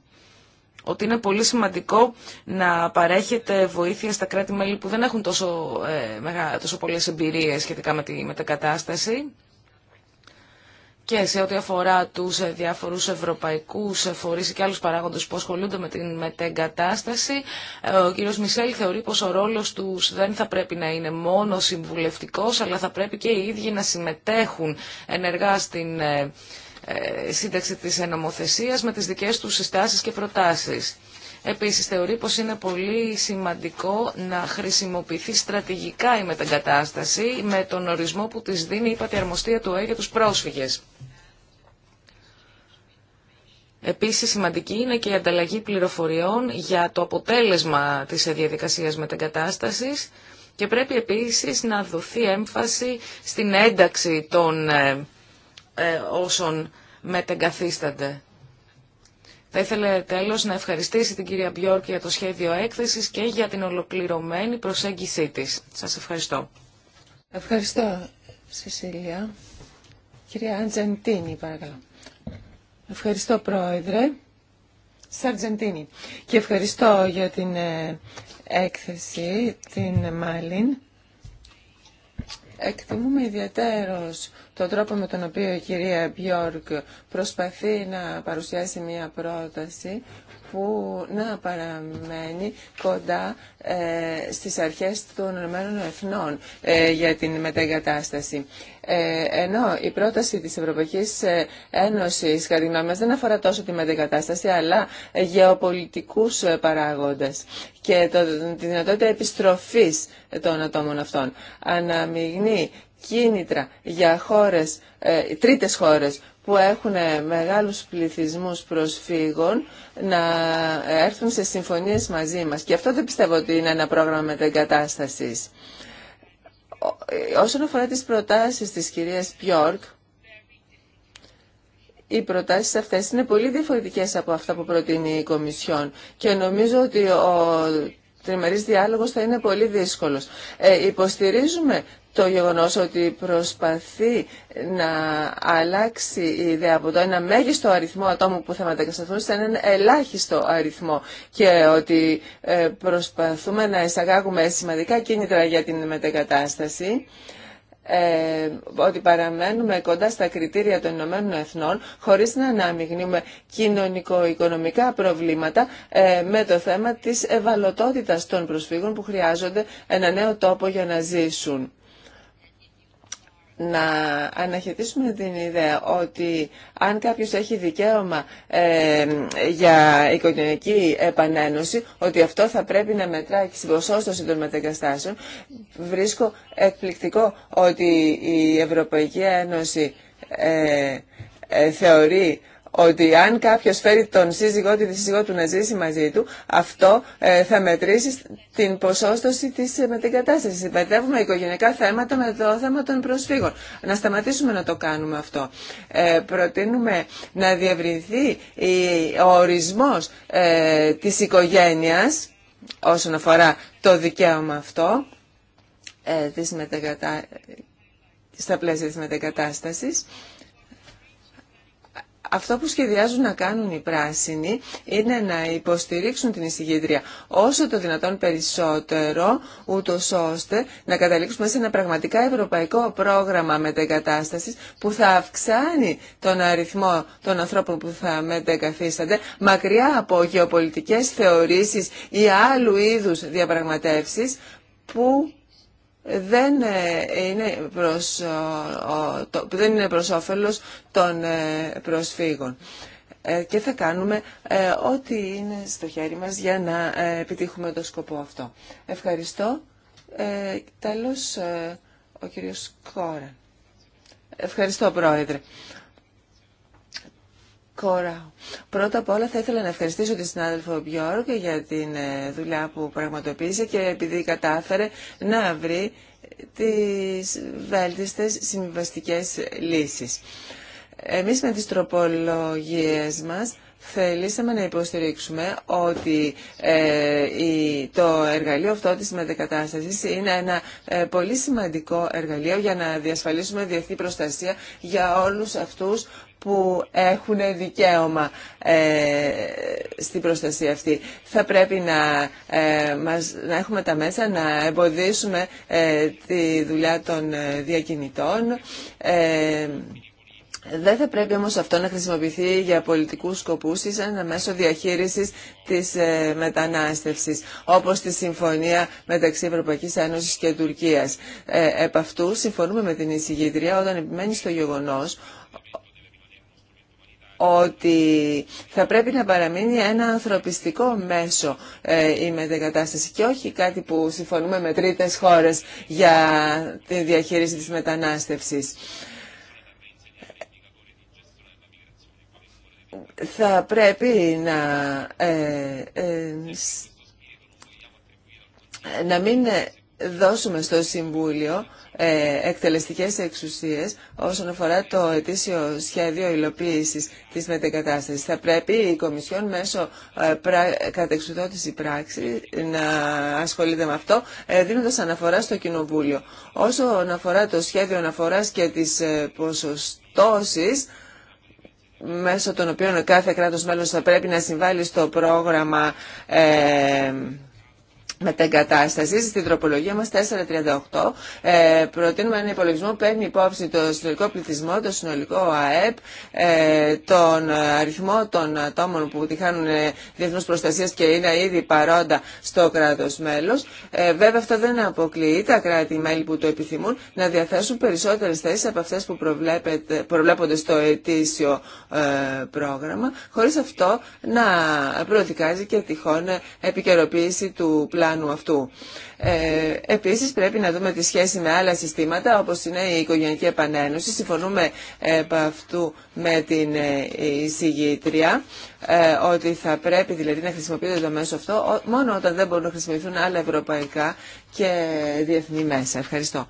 ότι είναι πολύ σημαντικό να παρέχεται βοήθεια στα κράτη-μέλη που δεν έχουν τόσο, ε, τόσο πολλές εμπειρίες σχετικά με τη μετακατάσταση και σε ό,τι αφορά τους ε, διάφορους ευρωπαϊκούς ε, φορείς και άλλους παράγοντες που ασχολούνται με την μετεγκατάσταση, ε, ο κύριος Μισελ θεωρεί πως ο ρόλος τους δεν θα πρέπει να είναι μόνο συμβουλευτικός, αλλά θα πρέπει και οι ίδιοι να συμμετέχουν ενεργά στην ε, σύνταξη της νομοθεσίας με τις δικές του συστάσεις και προτάσεις. Επίσης, θεωρεί πως είναι πολύ σημαντικό να χρησιμοποιηθεί στρατηγικά η μεταγκατάσταση με τον ορισμό που της δίνει η πατιαρμοστία του ΟΕ για τους πρόσφυγες. Επίσης, σημαντική είναι και η ανταλλαγή πληροφοριών για το αποτέλεσμα της διαδικασίας μεταγκατάστασης και πρέπει επίσης να δοθεί έμφαση στην ένταξη των ε, ε, όσων μετεγκαθίστανται. Θα ήθελα τέλος να ευχαριστήσει την κυρία Μπιόρκ για το σχέδιο έκθεσης και για την ολοκληρωμένη προσέγγισή της. Σας ευχαριστώ. Ευχαριστώ, Σεσίλια. Κυρία Αντζεντίνη, παρακαλώ. Ευχαριστώ, Πρόεδρε. Σαρτζεντίνη. Και ευχαριστώ για την ε, έκθεση, την Μάλιν. Εκτιμούμε ιδιαίτερος τον τρόπο με τον οποίο η κυρία Μπιόρκ προσπαθεί να παρουσιάσει μια πρόταση που να παραμένει κοντά ε, στις αρχές των Ηνωμένων Εθνών ε, για την μεταγκατάσταση. Ε, ενώ η πρόταση της Ευρωπαϊκής Ένωσης, κατά τη γνώμη μας, δεν αφορά τόσο τη μεταγκατάσταση, αλλά γεωπολιτικούς παράγοντες και το, τη δυνατότητα επιστροφής των ατόμων αυτών. Αναμειγνύει κίνητρα για χώρες, τρίτες χώρες που έχουν μεγάλους πληθυσμούς προσφύγων να έρθουν σε συμφωνίες μαζί μας. Και αυτό δεν πιστεύω ότι είναι ένα πρόγραμμα μετεγκατάστασης. Όσον αφορά τις προτάσεις της κυρίας Πιόρκ, οι προτάσεις αυτές είναι πολύ διαφορετικές από αυτά που προτείνει η Κομισιόν και νομίζω ότι ο τριμερής διάλογος θα είναι πολύ δύσκολος. Ε, υποστηρίζουμε το γεγονός ότι προσπαθεί να αλλάξει η ιδέα από το ένα μέγιστο αριθμό ατόμων που θα μετακατασταθούν σε έναν ελάχιστο αριθμό και ότι ε, προσπαθούμε να εισαγάγουμε σημαντικά κίνητρα για την μετακατάσταση ε, ότι παραμένουμε κοντά στα κριτήρια των Ηνωμένων Εθνών χωρίς να αναμειγνύουμε κοινωνικο-οικονομικά προβλήματα ε, με το θέμα της ευαλωτότητας των προσφύγων που χρειάζονται ένα νέο τόπο για να ζήσουν να αναχαιτήσουμε την ιδέα ότι αν κάποιος έχει δικαίωμα ε, για οικογενειακή επανένωση, ότι αυτό θα πρέπει να μετράει στην ποσόστοση των μετεγκαστάσεων, βρίσκω εκπληκτικό ότι η Ευρωπαϊκή Ένωση ε, ε, θεωρεί ότι αν κάποιος φέρει τον σύζυγό του ή τη σύζυγό του να ζήσει μαζί του, αυτό ε, θα μετρήσει την ποσόστοση της ε, μετεγκατάστασης. Συμπαιδεύουμε οικογενειακά θέματα με το θέμα των προσφύγων. Να σταματήσουμε να το κάνουμε αυτό. Ε, προτείνουμε να διευρυνθεί ο ορισμός ε, της οικογένειας όσον αφορά το δικαίωμα αυτό ε, της στα πλαίσια της μετεγκατάστασης. Αυτό που σχεδιάζουν να κάνουν οι πράσινοι είναι να υποστηρίξουν την εισηγήτρια όσο το δυνατόν περισσότερο, ούτω ώστε να καταλήξουμε σε ένα πραγματικά ευρωπαϊκό πρόγραμμα μετεγκατάσταση που θα αυξάνει τον αριθμό των ανθρώπων που θα μετεγκαθίστανται μακριά από γεωπολιτικέ θεωρήσει ή άλλου είδου διαπραγματεύσει, που δεν ε, είναι προς, δεν είναι προς όφελος των ε, προσφύγων. Ε, και θα κάνουμε ό,τι είναι στο χέρι μας για να επιτύχουμε το σκοπό αυτό. Ευχαριστώ. Τέλος, ο κύριος Κόρα. Ευχαριστώ, Πρόεδρε. Πρώτα απ' όλα θα ήθελα να ευχαριστήσω τη συνάδελφο Μπιόρκ για την ε, δουλειά που πραγματοποίησε και επειδή κατάφερε να βρει τις βέλτιστες συμβαστικές λύσεις. Εμείς με τις τροπολογίες μας θελήσαμε να υποστηρίξουμε ότι ε, το εργαλείο αυτό της μετεκατάστασης είναι ένα ε, πολύ σημαντικό εργαλείο για να διασφαλίσουμε διεθνή προστασία για όλους αυτούς που έχουν δικαίωμα ε, στην προστασία αυτή. Θα πρέπει να, ε, μας, να έχουμε τα μέσα να εμποδίσουμε ε, τη δουλειά των διακινητών. Δεν θα πρέπει όμως αυτό να χρησιμοποιηθεί για πολιτικούς σκοπούς ή σαν ένα μέσο διαχείρισης της μετανάστευσης, όπως τη συμφωνία μεταξύ Ευρωπαϊκής Ένωσης και Τουρκίας. Ε, επ' αυτού συμφωνούμε με την εισηγήτρια όταν επιμένει στο γεγονός ότι θα πρέπει να παραμείνει ένα ανθρωπιστικό μέσο ε, η μετεγκατάσταση και όχι κάτι που συμφωνούμε με τρίτες χώρες για τη διαχείριση της μετανάστευσης. Θα πρέπει να ε, ε, να μην δώσουμε στο Συμβούλιο ε, εκτελεστικές εξουσίες όσον αφορά το ετήσιο σχέδιο υλοποίησης της μετεγκατάστασης. Θα πρέπει η Κομισιόν μέσω ε, κατεξουδότηση πράξη να ασχολείται με αυτό, ε, δίνοντας αναφορά στο Κοινοβούλιο. Όσον αφορά το σχέδιο αναφοράς και τις ποσοστώσεις, μέσω των οποίων κάθε κράτος μέλος θα πρέπει να συμβάλλει στο πρόγραμμα κατάσταση Στην τροπολογία μας 438 ε, προτείνουμε ένα υπολογισμό που παίρνει υπόψη το συνολικό πληθυσμό, το συνολικό ΑΕΠ, ε, τον αριθμό των ατόμων που τυχάνουν ε, διεθνούς προστασίας και είναι ήδη παρόντα στο κράτος μέλος. Ε, βέβαια αυτό δεν αποκλείει τα κράτη-μέλη που το επιθυμούν να διαθέσουν περισσότερες θέσεις από αυτές που προβλέπονται στο ετήσιο ε, πρόγραμμα, χωρίς αυτό να προδικάζει και τυχόν επικαιροποίηση του πλάνου πλάνου αυτού. Ε, επίσης πρέπει να δούμε τη σχέση με άλλα συστήματα όπω είναι η οικογενειακή επανένωση. Συμφωνούμε ε, επ' αυτού με την ε, εισηγήτρια ε, ότι θα πρέπει δηλαδή να χρησιμοποιείται το μέσο αυτό μόνο όταν δεν μπορούν να χρησιμοποιηθούν άλλα ευρωπαϊκά και διεθνή μέσα. Ευχαριστώ.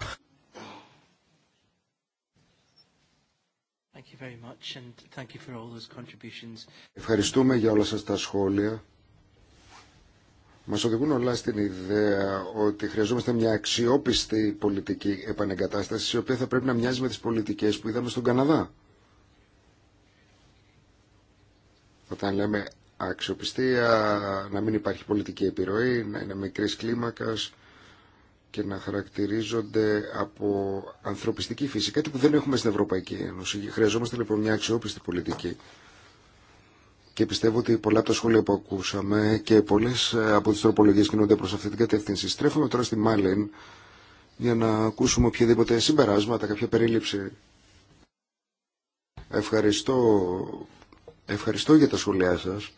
Ευχαριστούμε για όλα σας τα σχόλια μα οδηγούν όλα στην ιδέα ότι χρειαζόμαστε μια αξιόπιστη πολιτική επανεγκατάσταση η οποία θα πρέπει να μοιάζει με τις πολιτικές που είδαμε στον Καναδά. Όταν λέμε αξιοπιστία, να μην υπάρχει πολιτική επιρροή, να είναι μικρής κλίμακας και να χαρακτηρίζονται από ανθρωπιστική φύση, κάτι που δεν έχουμε στην Ευρωπαϊκή Ένωση. Χρειαζόμαστε λοιπόν μια αξιόπιστη πολιτική και πιστεύω ότι πολλά από τα σχόλια που ακούσαμε και πολλέ ε, από τις τροπολογίε κινούνται προ αυτή την κατεύθυνση. Στρέφουμε τώρα στη Μάλεν για να ακούσουμε οποιαδήποτε συμπεράσματα, κάποια περίληψη. Ευχαριστώ, ευχαριστώ για τα σχόλιά σας.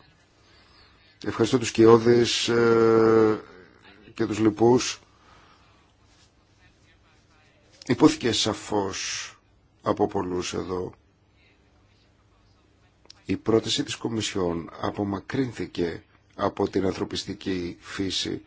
Ευχαριστώ τους ε, και τους λοιπού. Υπόθηκε σαφώ από πολλούς εδώ η πρόταση της Κομισιόν απομακρύνθηκε από την ανθρωπιστική φύση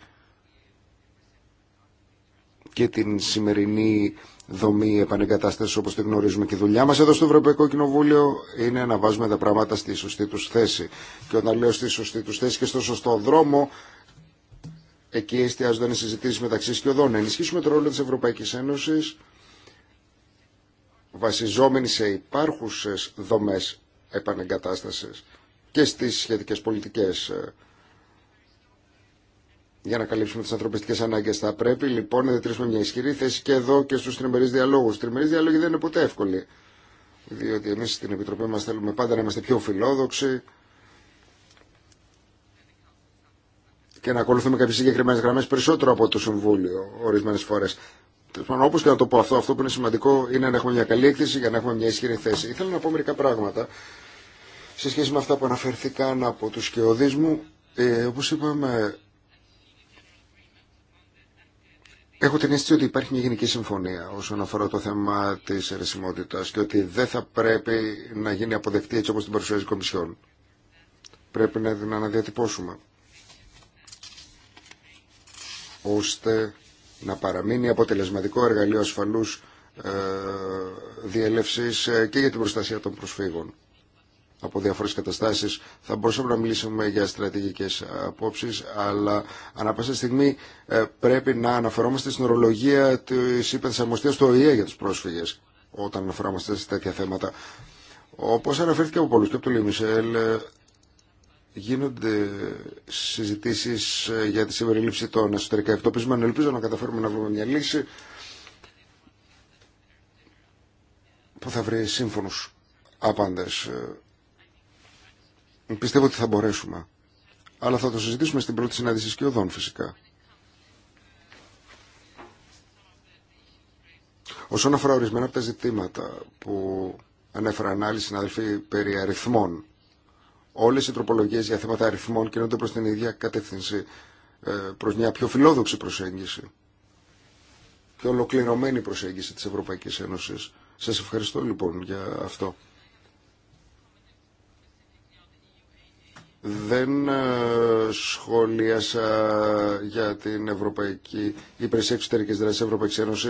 και την σημερινή δομή επανεγκατάσταση όπως τη γνωρίζουμε. Και η δουλειά μας εδώ στο Ευρωπαϊκό Κοινοβούλιο είναι να βάζουμε τα πράγματα στη σωστή τους θέση. Και όταν λέω στη σωστή τους θέση και στο σωστό δρόμο, εκεί εστιάζονται οι συζητήσεις μεταξύ σκιωδών. Να ενισχύσουμε το ρόλο της Ευρωπαϊκής Ένωσης βασιζόμενοι σε υπάρχουσες δομές επανεγκατάστασης και στις σχετικές πολιτικές για να καλύψουμε τι ανθρωπιστικέ ανάγκε. Θα πρέπει λοιπόν να διατηρήσουμε μια ισχυρή θέση και εδώ και στου τριμερεί διαλόγου. Οι τριμερεί διαλόγοι δεν είναι ποτέ εύκολοι. Διότι εμεί στην Επιτροπή μα θέλουμε πάντα να είμαστε πιο φιλόδοξοι και να ακολουθούμε κάποιε συγκεκριμένε γραμμέ περισσότερο από το Συμβούλιο ορισμένε φορέ. Όπω και να το πω αυτό, αυτό που είναι σημαντικό είναι να έχουμε μια καλή έκθεση για να έχουμε μια ισχυρή θέση. Ήθελα να πω μερικά πράγματα σε σχέση με αυτά που αναφερθήκαν από τους σκεωδείς μου, ε, όπως είπαμε, έχω την αίσθηση ότι υπάρχει μια γενική συμφωνία όσον αφορά το θέμα της αιρεσιμότητας και ότι δεν θα πρέπει να γίνει αποδεκτή έτσι όπως την παρουσιάζει η Κομισιόν. Πρέπει να την αναδιατυπώσουμε ώστε να παραμείνει αποτελεσματικό εργαλείο ασφαλούς ε, διέλευσης ε, και για την προστασία των προσφύγων από διάφορες καταστάσεις. Θα μπορούσαμε να μιλήσουμε για στρατηγικές απόψεις, αλλά ανά πάσα στιγμή ε, πρέπει να αναφερόμαστε στην ορολογία της υπενθυσαμοστίας του ΟΗΕ για τους πρόσφυγες, όταν αναφερόμαστε σε τέτοια θέματα. Όπως αναφέρθηκε από πολλούς και από το Λίμισελ ε, γίνονται συζητήσεις ε, για τη συμπεριλήψη των εσωτερικά ευτοπισμένων. Ελπίζω να καταφέρουμε να βρούμε μια λύση που θα βρει σύμφωνους άπαντες Πιστεύω ότι θα μπορέσουμε. Αλλά θα το συζητήσουμε στην πρώτη συνάντηση σκιωδών φυσικά. Όσον αφορά ορισμένα από τα ζητήματα που ανέφεραν άλλοι συναδελφοί περί αριθμών, όλες οι τροπολογίες για θέματα αριθμών κινούνται προς την ίδια κατεύθυνση, ε, προς μια πιο φιλόδοξη προσέγγιση και ολοκληρωμένη προσέγγιση της Ευρωπαϊκής Ένωσης. Σας ευχαριστώ λοιπόν για αυτό. Δεν ε, σχολίασα για την Ευρωπαϊκή Υπηρεσία Εξωτερική Δράση Ευρωπαϊκή Ένωση.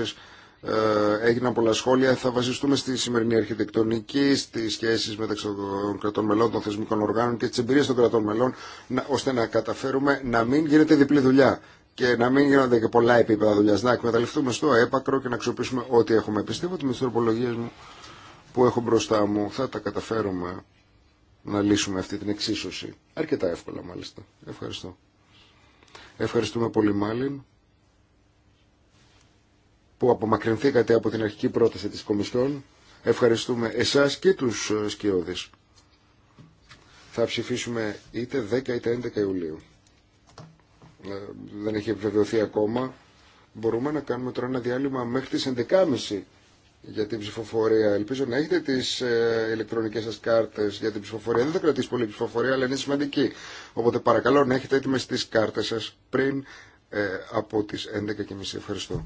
Ε, έγιναν πολλά σχόλια. Θα βασιστούμε στη σημερινή αρχιτεκτονική, στι σχέσει μεταξύ των κρατών μελών, των θεσμικών οργάνων και τι εμπειρίε των κρατών μελών, ώστε να καταφέρουμε να μην γίνεται διπλή δουλειά και να μην γίνονται και πολλά επίπεδα δουλειά. Να εκμεταλλευτούμε στο έπακρο και να αξιοποιήσουμε ό,τι έχουμε. Πιστεύω ότι με τι τροπολογίε μου που έχω μπροστά μου θα τα καταφέρουμε να λύσουμε αυτή την εξίσωση. Αρκετά εύκολα μάλιστα. Ευχαριστώ. Ευχαριστούμε πολύ Μάλιν που απομακρυνθήκατε από την αρχική πρόταση της Κομισιόν. Ευχαριστούμε εσάς και τους ε, σκιώδεις. Θα ψηφίσουμε είτε 10 είτε 11 Ιουλίου. Ε, δεν έχει επιβεβαιωθεί ακόμα. Μπορούμε να κάνουμε τώρα ένα διάλειμμα μέχρι τις 11.30 για την ψηφοφορία. Ελπίζω να έχετε τις ε, ηλεκτρονικές σας κάρτες για την ψηφοφορία. Δεν θα κρατήσει πολύ ψηφοφορία, αλλά είναι σημαντική. Οπότε παρακαλώ να έχετε έτοιμε τις κάρτες σας πριν ε, από τις 11.30. Ευχαριστώ.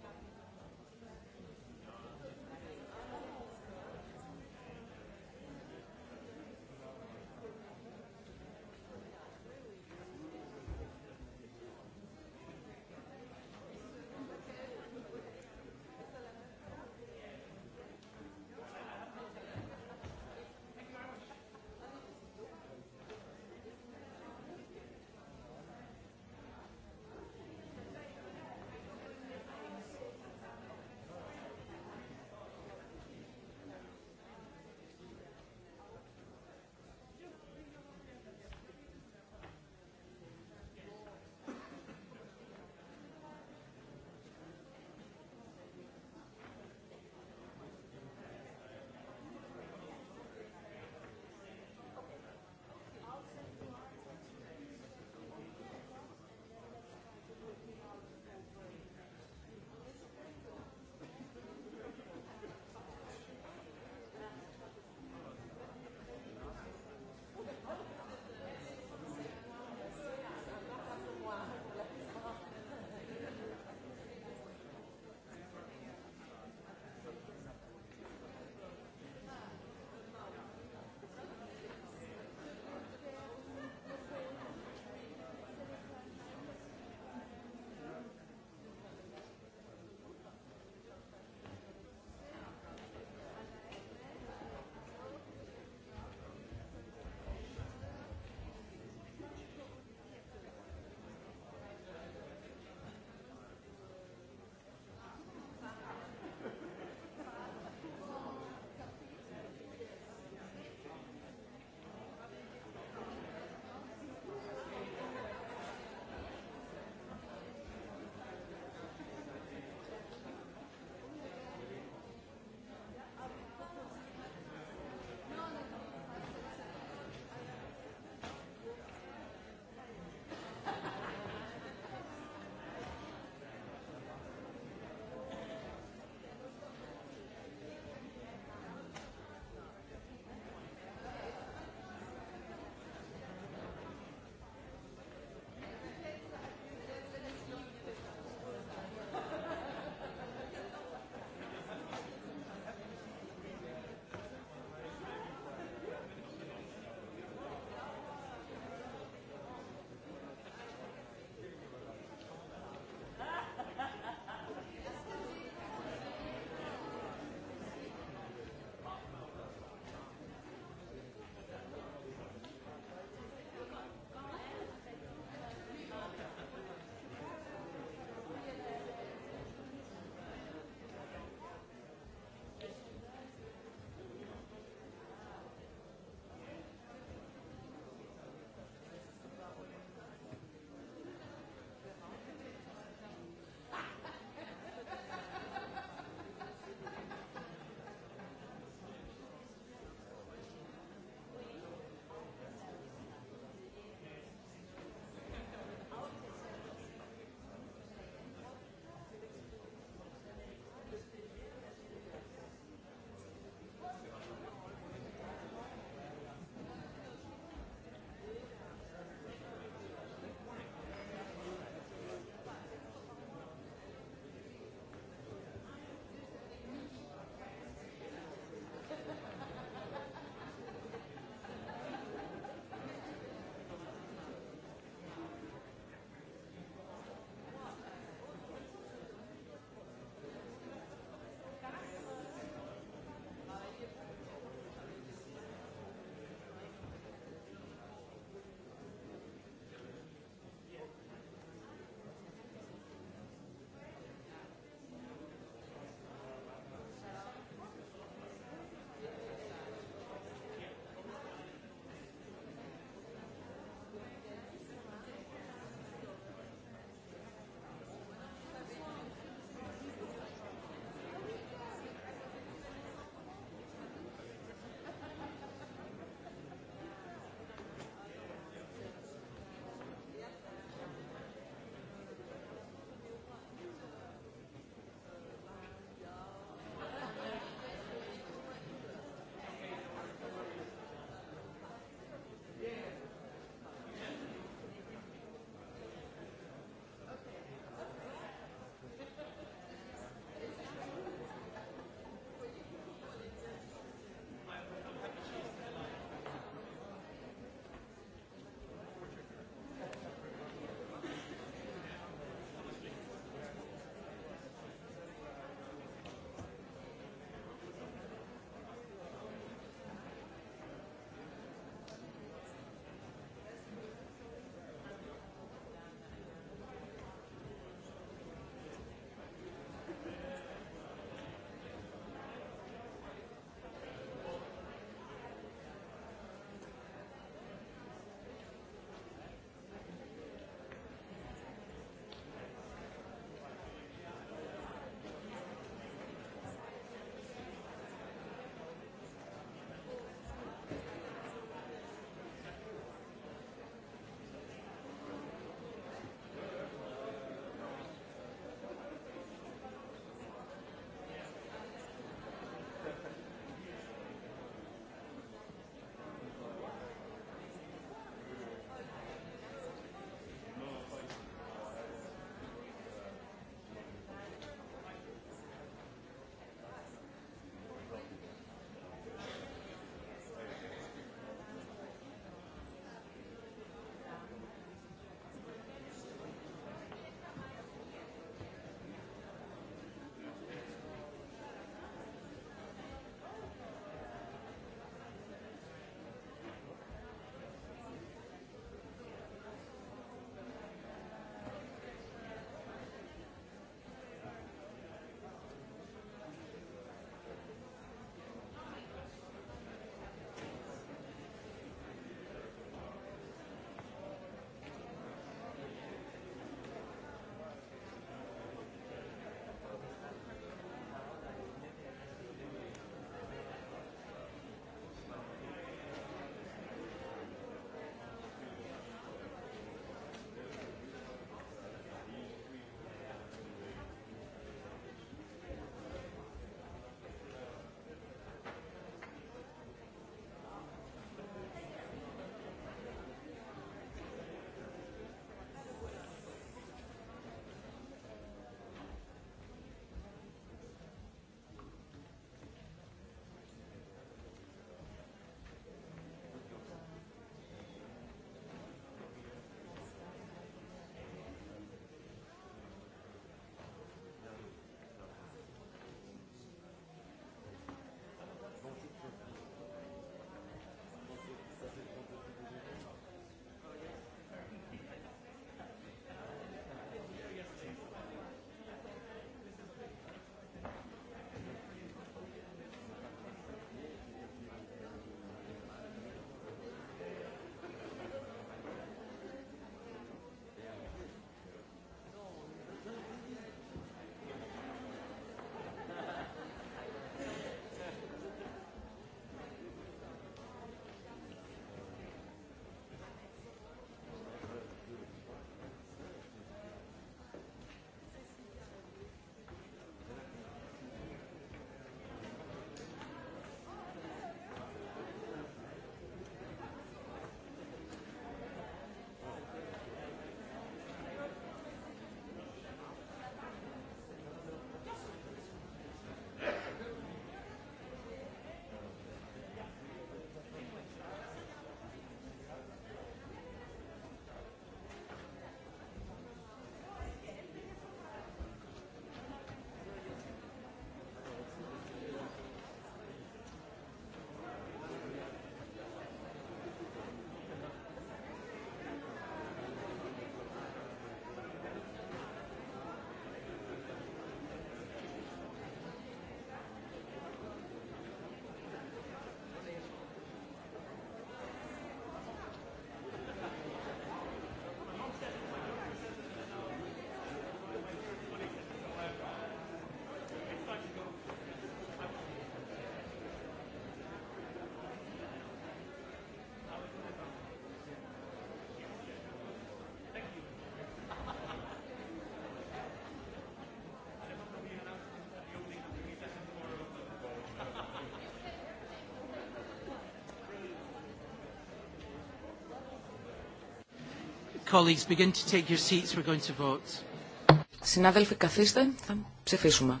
Συνάδελφοι, καθίστε. Θα ψηφίσουμε.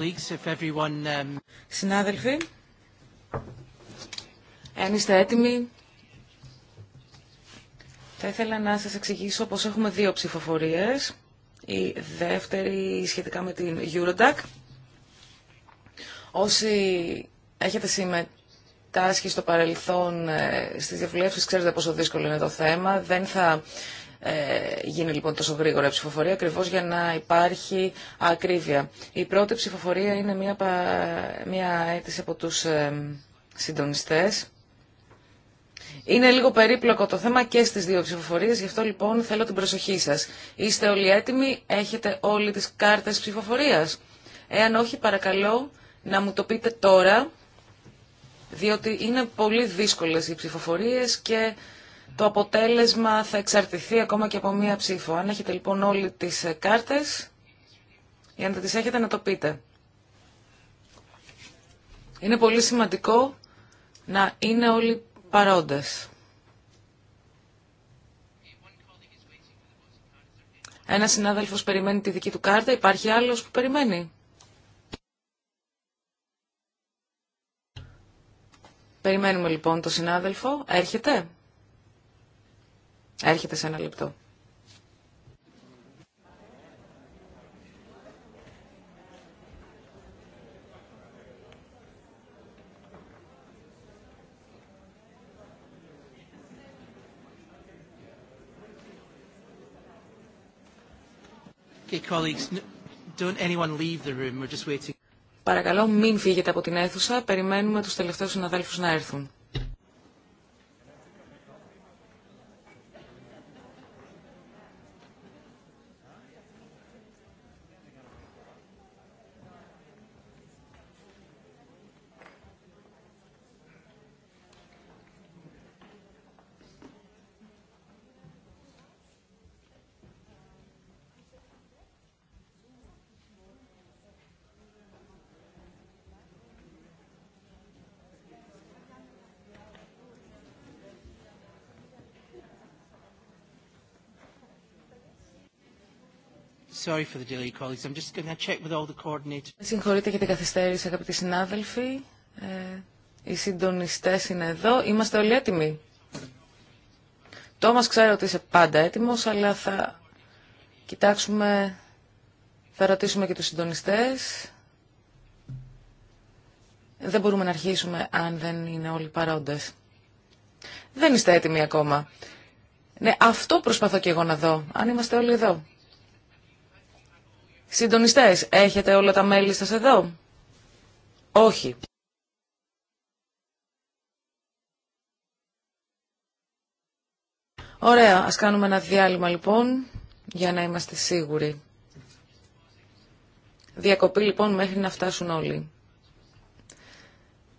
Um, Συνάδελφοι, εάν είστε έτοιμοι, θα ήθελα να σας εξηγήσω πως έχουμε δύο ψηφοφορίες. Η δεύτερη σχετικά με την Eurodac. Όσοι έχετε συμμετάσχει στο παρελθόν ε, στις διαβουλεύσεις, ξέρετε πόσο δύσκολο είναι το θέμα. Δεν θα ε, γίνει λοιπόν τόσο γρήγορα η ψηφοφορία, ακριβώ για να υπάρχει ακρίβεια. Η πρώτη ψηφοφορία είναι μια, μια αίτηση από τους ε, συντονιστές. Είναι λίγο περίπλοκο το θέμα και στις δύο ψηφοφορίες, γι' αυτό λοιπόν θέλω την προσοχή σας. Είστε όλοι έτοιμοι, έχετε όλοι τις κάρτες ψηφοφορίας. Εάν όχι, παρακαλώ να μου το πείτε τώρα, διότι είναι πολύ δύσκολες οι ψηφοφορίες και το αποτέλεσμα θα εξαρτηθεί ακόμα και από μία ψήφο. Αν έχετε λοιπόν όλοι τις ε, κάρτες, για να τις έχετε να το πείτε. Είναι πολύ σημαντικό να είναι όλοι παρόντες. Ένα συνάδελφος περιμένει τη δική του κάρτα, υπάρχει άλλος που περιμένει. Περιμένουμε λοιπόν το συνάδελφο, έρχεται. Έρχεται σε ένα λεπτό. Παρακαλώ μην φύγετε από την αίθουσα. Περιμένουμε τους τελευταίους συναδέλφους να έρθουν. Sorry for the delay, colleagues. I'm just going to check with all the coordinators. Συγχωρείτε για την καθυστέρηση, αγαπητοί συνάδελφοι. Ε, οι συντονιστές είναι εδώ. Είμαστε όλοι έτοιμοι. Τόμας ξέρω ότι είσαι πάντα έτοιμος, αλλά θα κοιτάξουμε, θα ρωτήσουμε και τους συντονιστές. Δεν μπορούμε να αρχίσουμε αν δεν είναι όλοι παρόντες. Δεν είστε έτοιμοι ακόμα. Ναι, αυτό προσπαθώ και εγώ να δω, αν είμαστε όλοι εδώ. Συντονιστές, έχετε όλα τα μέλη σας εδώ. Όχι. Ωραία, ας κάνουμε ένα διάλειμμα λοιπόν, για να είμαστε σίγουροι. Διακοπή λοιπόν μέχρι να φτάσουν όλοι.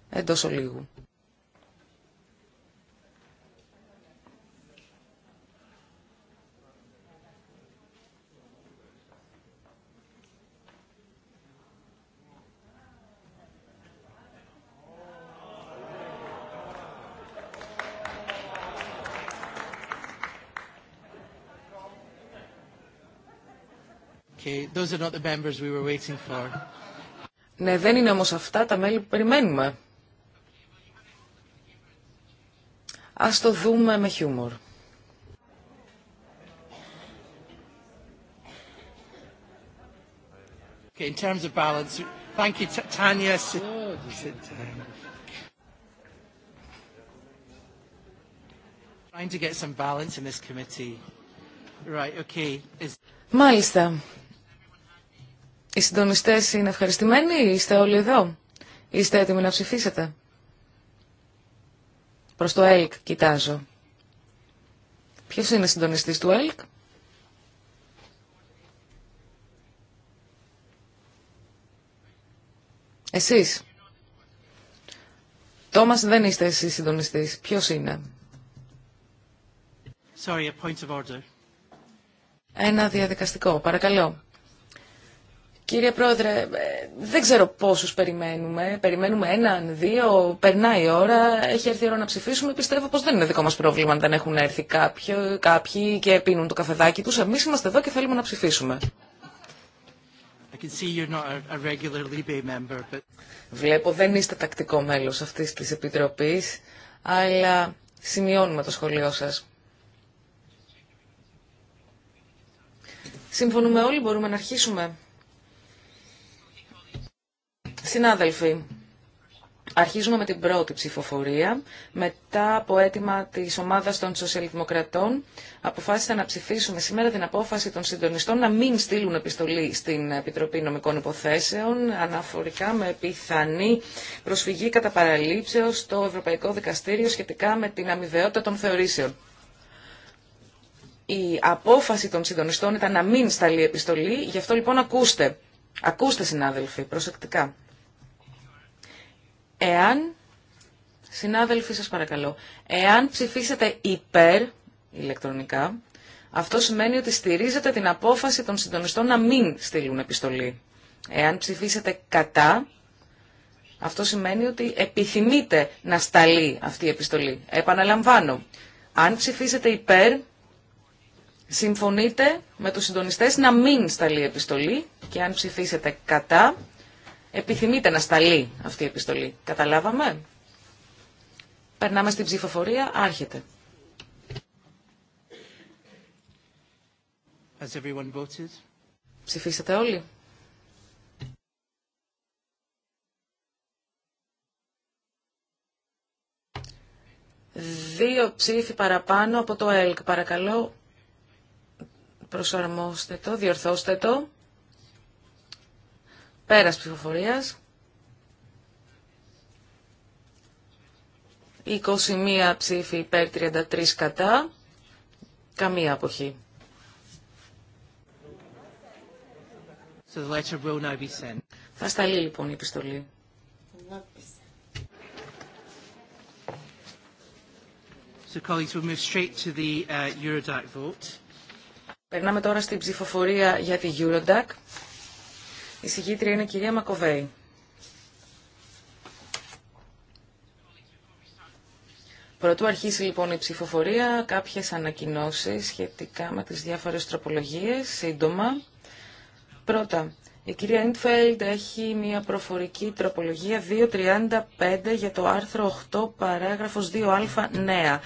Εντός ολίγου. Okay, those are not the members we were waiting for. Ναι, δεν είναι όμως αυτά τα μέλη που περιμένουμε. Ας το δούμε με χιούμορ. Okay, in terms of balance, thank you, Tanya. Trying to get some balance in this committee. Right, okay. Is... Μάλιστα. Οι συντονιστέ είναι ευχαριστημένοι, είστε όλοι εδώ. Είστε έτοιμοι να ψηφίσετε. Προ το ΕΛΚ κοιτάζω. Ποιο είναι συντονιστή του ΕΛΚ? Εσείς. Τόμας δεν είστε εσείς συντονιστής. Ποιος είναι? Sorry, a point of order. Ένα διαδικαστικό. Παρακαλώ. Κύριε Πρόεδρε, ε, δεν ξέρω πόσους περιμένουμε. Περιμένουμε έναν, δύο, περνάει η ώρα, έχει έρθει η ώρα να ψηφίσουμε. Πιστεύω πως δεν είναι δικό μας πρόβλημα αν δεν έχουν έρθει κάποιο, κάποιοι και πίνουν το καφεδάκι τους. Εμείς είμαστε εδώ και θέλουμε να ψηφίσουμε. Βλέπω δεν είστε τακτικό μέλος αυτής της Επιτροπής, αλλά σημειώνουμε το σχολείο σας. Συμφωνούμε όλοι, μπορούμε να αρχίσουμε. Συνάδελφοι, αρχίζουμε με την πρώτη ψηφοφορία. Μετά από αίτημα τη ομάδα των Σοσιαλδημοκρατών, αποφάσισα να ψηφίσουμε σήμερα την απόφαση των συντονιστών να μην στείλουν επιστολή στην Επιτροπή Νομικών Υποθέσεων αναφορικά με πιθανή προσφυγή κατά παραλήψεω στο Ευρωπαϊκό Δικαστήριο σχετικά με την αμοιβαιότητα των θεωρήσεων. Η απόφαση των συντονιστών ήταν να μην σταλεί επιστολή, γι' αυτό λοιπόν ακούστε. Ακούστε συνάδελφοι, προσεκτικά. Εάν, συνάδελφοι σας παρακαλώ, εάν ψηφίσετε υπέρ ηλεκτρονικά, αυτό σημαίνει ότι στηρίζετε την απόφαση των συντονιστών να μην στείλουν επιστολή. Εάν ψηφίσετε κατά, αυτό σημαίνει ότι επιθυμείτε να σταλεί αυτή η επιστολή. Επαναλαμβάνω, αν ψηφίσετε υπέρ, συμφωνείτε με τους συντονιστές να μην σταλεί επιστολή και αν ψηφίσετε κατά, επιθυμείτε να σταλεί αυτή η επιστολή. Καταλάβαμε. Περνάμε στην ψηφοφορία. Άρχεται. Ψηφίσατε όλοι. Δύο ψήφοι παραπάνω από το ΕΛΚ. Παρακαλώ, προσαρμόστε το, διορθώστε το. Πέρας ψηφοφορίας. 21 ψηφί υπέρ 33 κατά. Καμία αποχή. Θα σταλεί λοιπόν η επιστολή. So colleagues, move straight to the uh, Eurodac vote. Περνάμε τώρα στην ψηφοφορία για τη Eurodac. Η συγγήτρια είναι η κυρία Μακοβέη. Πρωτού αρχίσει λοιπόν η ψηφοφορία, κάποιες ανακοινώσεις σχετικά με τις διάφορες τροπολογίες, σύντομα. Πρώτα, η κυρία Ιντφέλντ έχει μια προφορική τροπολογία 2.35 για το άρθρο 8 παράγραφος 2α νέα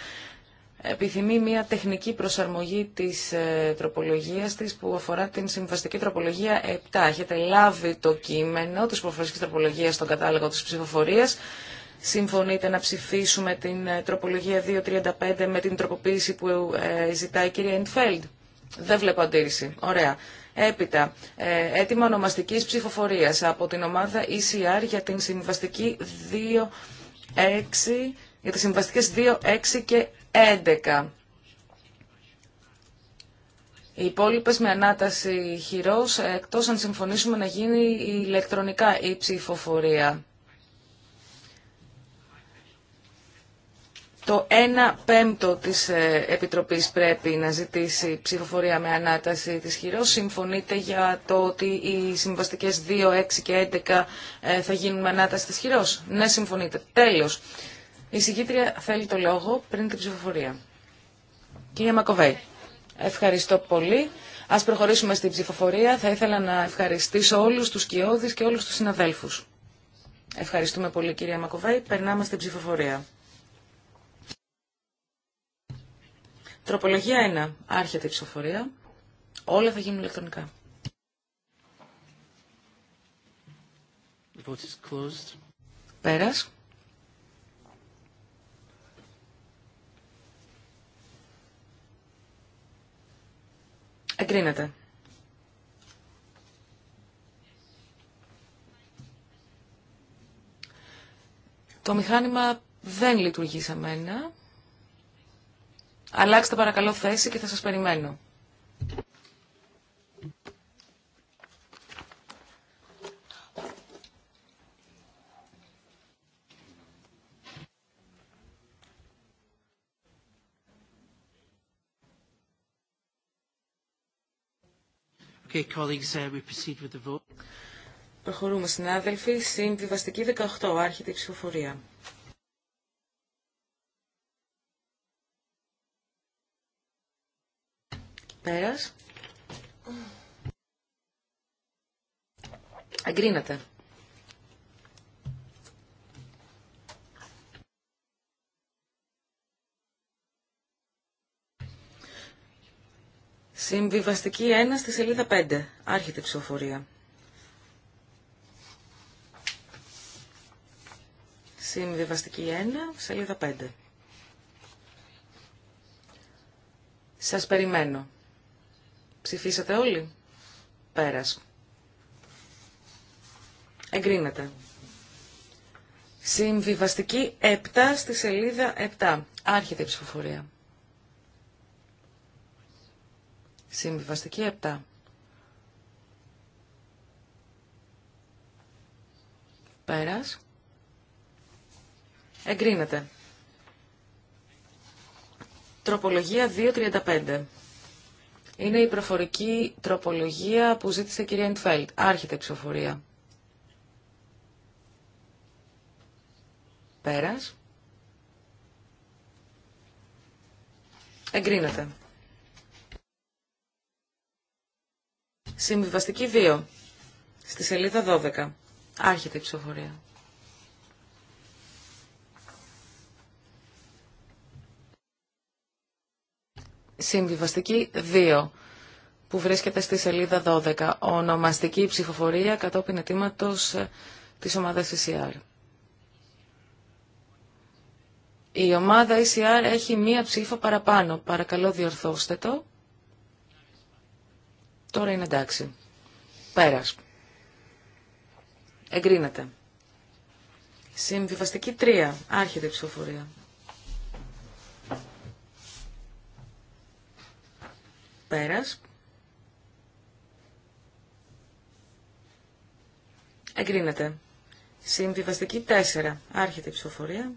επιθυμεί μια τεχνική προσαρμογή της ε, τροπολογίας της που αφορά την συμβαστική τροπολογία 7. Έχετε λάβει το κείμενο της προφορικής τροπολογίας στον κατάλογο της ψηφοφορίας. Συμφωνείτε να ψηφίσουμε την ε, τροπολογία 235 με την τροποποίηση που ε, ζητάει η κυρία Ιντφέλντ. Δεν βλέπω αντίρρηση. Ωραία. Έπειτα, έτοιμα ονομαστικής ψηφοφορίας από την ομάδα ECR για την συμβαστική 2.6 για τις συμβαστικές 2, 6 και 11. Οι υπόλοιπε με ανάταση χειρός, εκτός αν συμφωνήσουμε να γίνει η ηλεκτρονικά η ψηφοφορία. Το 1 πέμπτο της ε, Επιτροπής πρέπει να ζητήσει ψηφοφορία με ανάταση της χειρός. Συμφωνείτε για το ότι οι συμβαστικές 2, 6 και 11 ε, θα γίνουν με ανάταση της χειρός. Ναι, συμφωνείτε. Τέλος. Η συγκήτρια θέλει το λόγο πριν την ψηφοφορία. Κυρία Μακοβέη, ευχαριστώ πολύ. Ας προχωρήσουμε στην ψηφοφορία. Θα ήθελα να ευχαριστήσω όλους τους κοιόδης και όλους τους συναδέλφους. Ευχαριστούμε πολύ κυρία Μακοβέη. Περνάμε στην ψηφοφορία. Τροπολογία 1. Άρχεται η ψηφοφορία. Όλα θα γίνουν ηλεκτρονικά. Πέρας. Εγκρίνεται. Το μηχάνημα δεν λειτουργεί σε μένα. Αλλάξτε παρακαλώ θέση και θα σας περιμένω. Okay, colleagues, uh, we proceed with the vote. Προχωρούμε, συνάδελφοι. Συμβιβαστική 18. Άρχεται η ψηφοφορία. Πέρας. Αγκρίνατε. Συμβιβαστική 1 στη σελίδα 5. Άρχεται η ψηφοφορία. Συμβιβαστική 1, σελίδα 5. Σας περιμένω. Ψηφίσατε όλοι. Πέρας. Εγκρίνεται. Συμβιβαστική 7 στη σελίδα 7. Άρχεται η ψηφοφορία. Συμβιβαστική 7. Πέρας. Εγκρίνεται. Τροπολογία 2.35. Είναι η προφορική τροπολογία που ζήτησε η κυρία Ντφέλτ. Άρχεται η ψηφοφορία. Πέρας. Εγκρίνεται. Συμβιβαστική 2. Στη σελίδα 12. Άρχεται η ψηφοφορία. Συμβιβαστική 2 που βρίσκεται στη σελίδα 12. Ονομαστική ψηφοφορία κατόπιν αιτήματος ε, της ομάδας ECR. Η ομάδα ECR έχει μία ψήφο παραπάνω. Παρακαλώ διορθώστε το. Τώρα είναι εντάξει. Πέρας. Εγκρίνεται. Συμβιβαστική 3. Άρχεται η ψηφοφορία. Πέρας. Εγκρίνεται. Συμβιβαστική 4. Άρχεται η ψηφοφορία.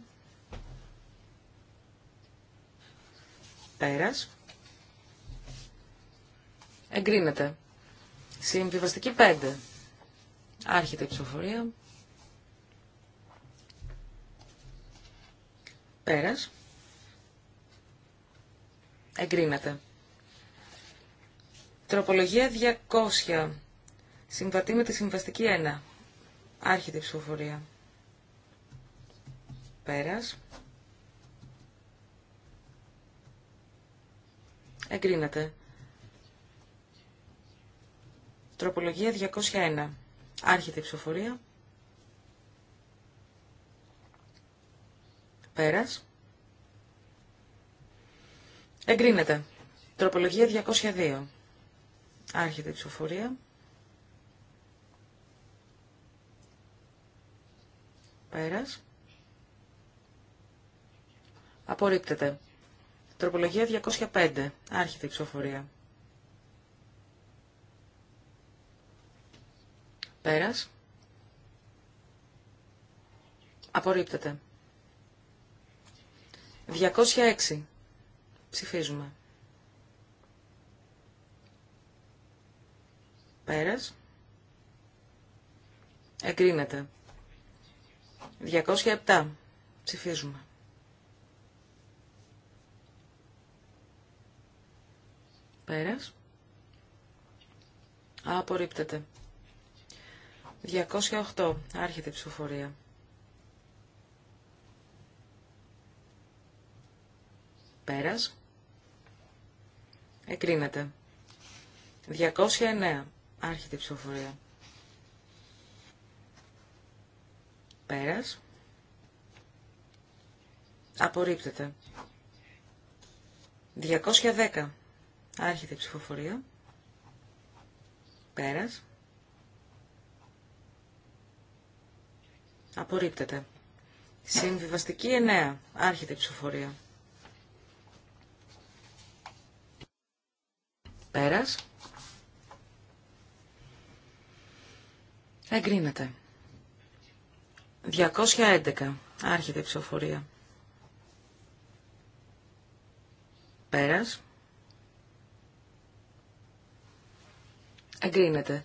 Πέρας. Εγκρίνεται. Συμβιβαστική 5. Άρχεται η ψηφοφορία. Πέρας. Εγκρίνεται. Τροπολογία 200. Συμβατεί με τη συμβαστική 1. Άρχεται η ψηφοφορία. Πέρας. Εγκρίνεται. Τροπολογία 201. Άρχεται η ψηφοφορία. Πέρας. Εγκρίνεται. Τροπολογία 202. Άρχεται η ψηφοφορία. Πέρας. Απορρίπτεται. Τροπολογία 205. Άρχεται η ψηφοφορία. Πέρας. Απορρίπτεται. 206. Ψηφίζουμε. Πέρας. Εγκρίνεται. 207. Ψηφίζουμε. Πέρας. Απορρίπτεται. 208. Άρχεται η ψηφοφορία. Πέρας. Εκρίνεται. 209. Άρχεται η ψηφοφορία. Πέρας. Απορρίπτεται. 210. Άρχεται η ψηφοφορία. Πέρας. Απορρίπτεται. Συμβιβαστική 9. Άρχεται η ψηφοφορία. Πέρας. Εγκρίνεται. 211. Άρχεται η ψηφοφορία. Πέρας. Εγκρίνεται.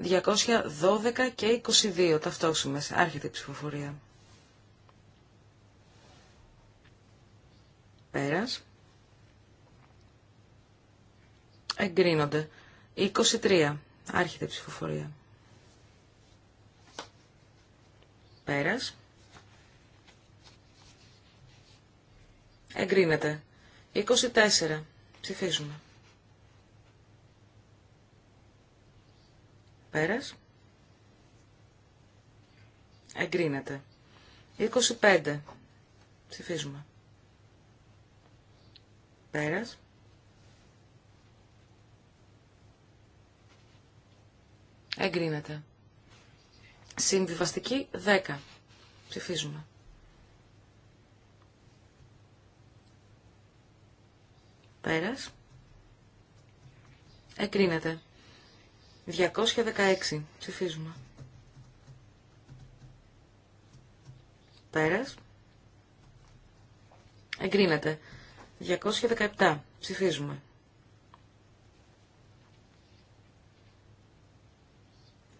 212 και 22 ταυτόσιμες. Άρχεται η ψηφοφορία. Πέρας. Εγκρίνονται. 23. Άρχεται η ψηφοφορία. Πέρας. Εγκρίνεται. 24. Ψηφίζουμε. Πέρας. Εγκρίνεται. 25. Ψηφίζουμε. Πέρας. Εγκρίνεται. Συμβιβαστική 10. Ψηφίζουμε. Πέρας. Εγκρίνεται. 216. Ψηφίζουμε. Πέρας. Εγκρίνεται. 217. Ψηφίζουμε.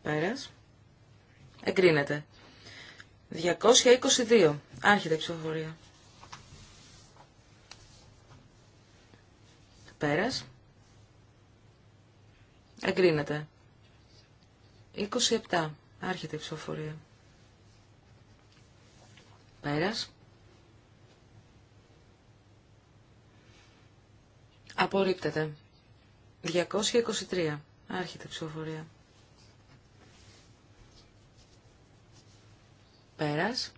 Πέρας. Εγκρίνεται. 222. Άρχεται η ψηφοφορία. Πέρας. Εγκρίνεται. 27. Άρχεται η ψηφοφορία. Πέρας. Απορρίπτεται. 223. Άρχεται η ψηφοφορία. Πέρας.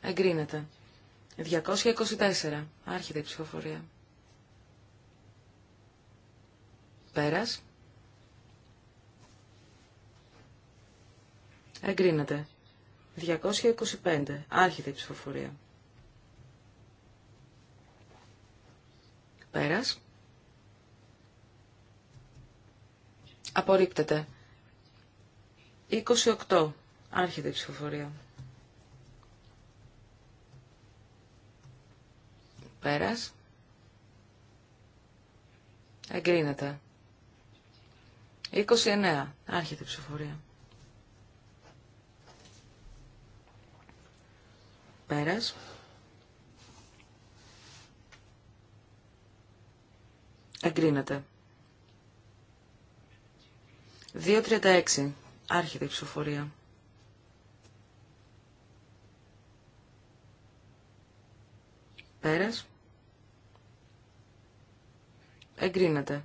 Εγκρίνεται. 224. Άρχεται η ψηφοφορία. Πέρας. Εγκρίνεται. 225. Άρχεται η ψηφοφορία. Πέρας. Απορρίπτεται. 28. Άρχεται η ψηφοφορία. Πέρας. Εγκρίνεται. 29. Άρχεται η ψηφοφορία. Πέρας. Εγκρίνεται. 2.36. Άρχεται η ψηφοφορία. Πέρας. Εγκρίνεται.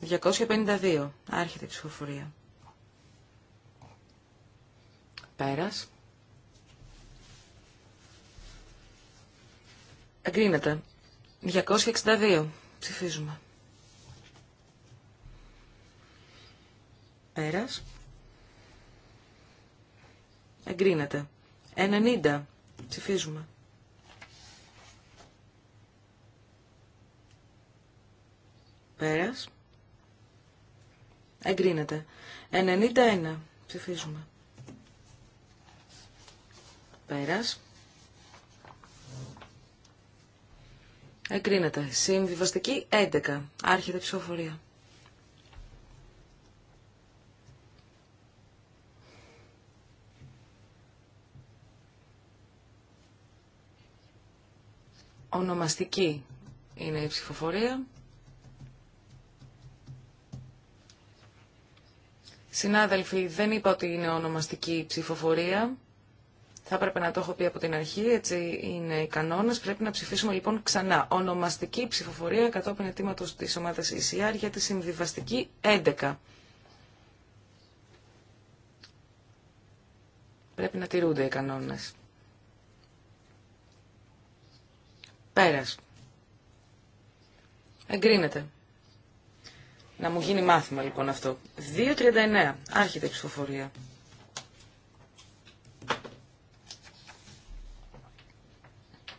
252. Άρχεται η ψηφοφορία. Πέρας. Εγκρίνεται. 262. Ψηφίζουμε. Πέρας. Εγκρίνεται. 90. Ψηφίζουμε. Πέρας. Εγκρίνεται. 91. Ψηφίζουμε. Πέρας. Εγκρίνεται. Συμβιβαστική 11. Άρχεται ψηφοφορία. Ονομαστική είναι η ψηφοφορία. Συνάδελφοι, δεν είπα ότι είναι ονομαστική ψηφοφορία. Θα έπρεπε να το έχω πει από την αρχή, έτσι είναι οι κανόνε. Πρέπει να ψηφίσουμε λοιπόν ξανά. Ονομαστική ψηφοφορία κατόπιν αιτήματο τη ομάδα ECR για τη συμβιβαστική 11. Πρέπει να τηρούνται οι κανόνες. Πέρα. Εγκρίνεται. Να μου γίνει μάθημα λοιπόν αυτό. 2.39. Άρχεται η ψηφοφορία.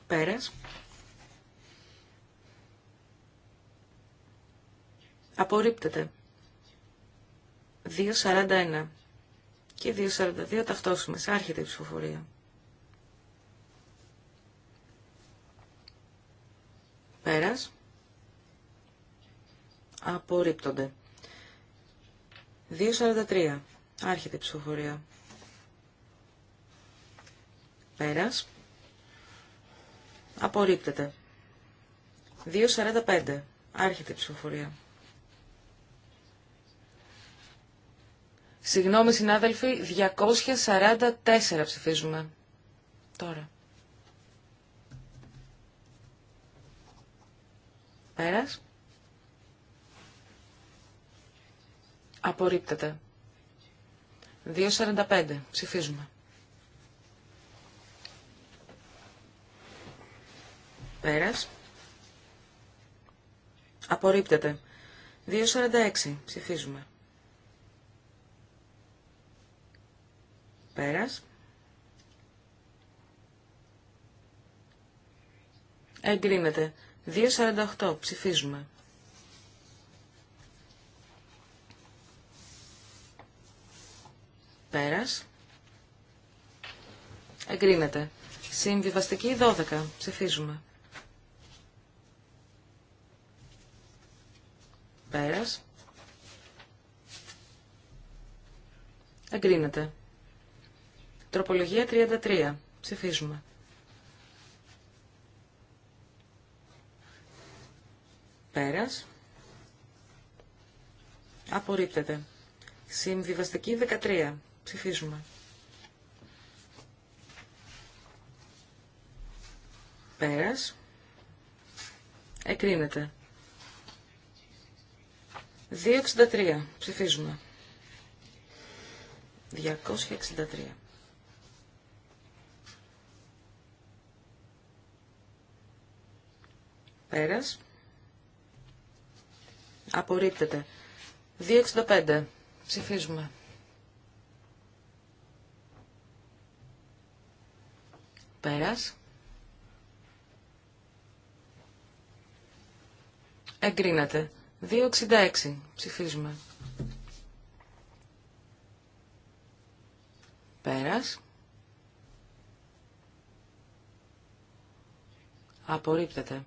Πέρας. Απορρίπτεται. 2.41 και 2.42 ταυτόσιμες. Άρχεται η ψηφοφορία. Πέρας. Απορρίπτονται. 2.43. Άρχεται η ψηφοφορία. Πέρας. Απορρίπτεται. 2.45. Άρχεται η ψηφοφορία. Συγγνώμη συνάδελφοι, 244 ψηφίζουμε. Τώρα. Πέρας. Απορρίπτεται. 2.45. Ψηφίζουμε. Πέρας. Απορρίπτεται. 2.46. Ψηφίζουμε. Πέρας. Εγκρίνεται. 2.48. Ψηφίζουμε. Πέρας. Εγκρίνεται. Συμβιβαστική 12. Ψηφίζουμε. Πέρας. Εγκρίνεται. Τροπολογία 33. Ψηφίζουμε. Πέρας. Απορρίπτεται. Συμβιβαστική 13. Ψηφίζουμε. Πέρας. Εκρίνεται. 263. Ψηφίζουμε. 263. Πέρας. Απορρίπτεται. 265. Ψηφίζουμε. Πέρας. Εγκρίνεται. 266. Ψηφίζουμε. Πέρας. Απορρίπτεται.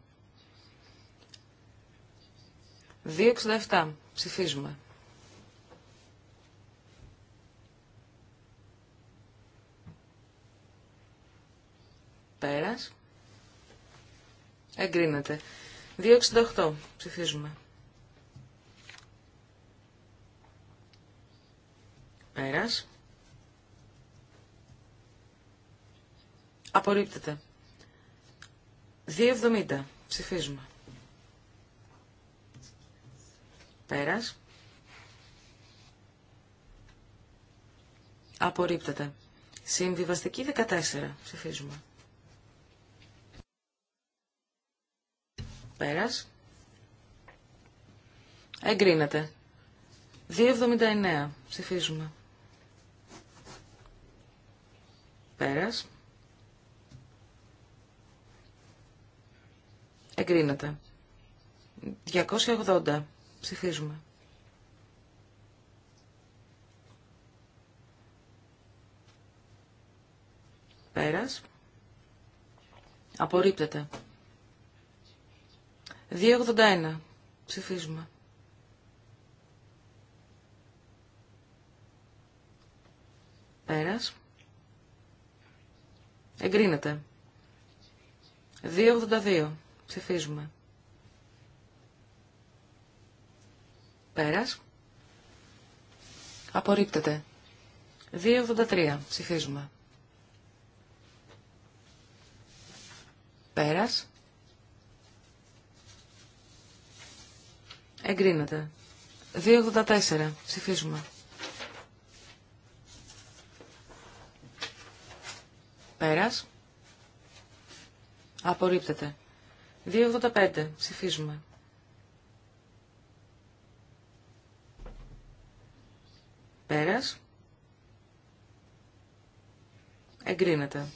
267. Ψηφίζουμε. Πέρας. Εγκρίνεται. 268. Ψηφίζουμε. Πέρας. Απορρίπτεται. 2,70. Ψηφίζουμε. Πέρας. Απορρίπτεται. Συμβιβαστική 14. Ψηφίζουμε. Πέρας. Εγκρίνεται. 2,79. Ψηφίζουμε. Πέρας. Εγκρίνεται. 280. Ψηφίζουμε. Πέρας. Απορρίπτεται. 281. Ψηφίζουμε. Πέρας. Εγκρίνεται. 282. Ψηφίζουμε. Πέρας. Απορρίπτεται. 283. Ψηφίζουμε. Πέρας. Εγκρίνεται. 284. Ψηφίζουμε. Πέρας. Απορρίπτεται. 2.85. Ψηφίζουμε. Πέρας. Εγκρίνεται.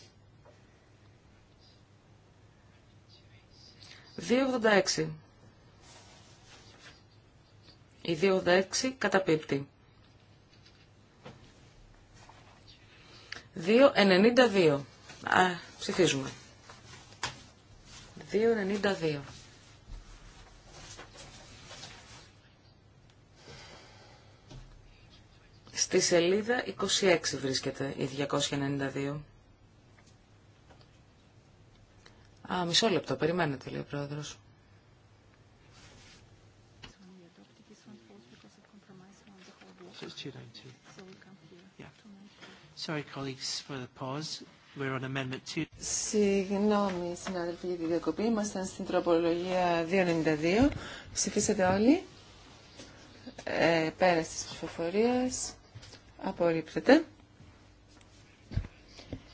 2.86. Η 2.86 καταπίπτει. 2.92. Α, ψηφίζουμε. 2.92. Στη σελίδα 26 βρίσκεται η 292. Α, μισό λεπτό, περιμένετε, λέει ο πρόεδρος. Sorry, colleagues, for the pause. Συγγνώμη, συνάδελφοι, για τη διακοπή. Ήμασταν στην τροπολογία 292. Ψηφίσατε όλοι. Ε, τις ψηφοφορια ψηφοφορίας. Απορρίπτεται.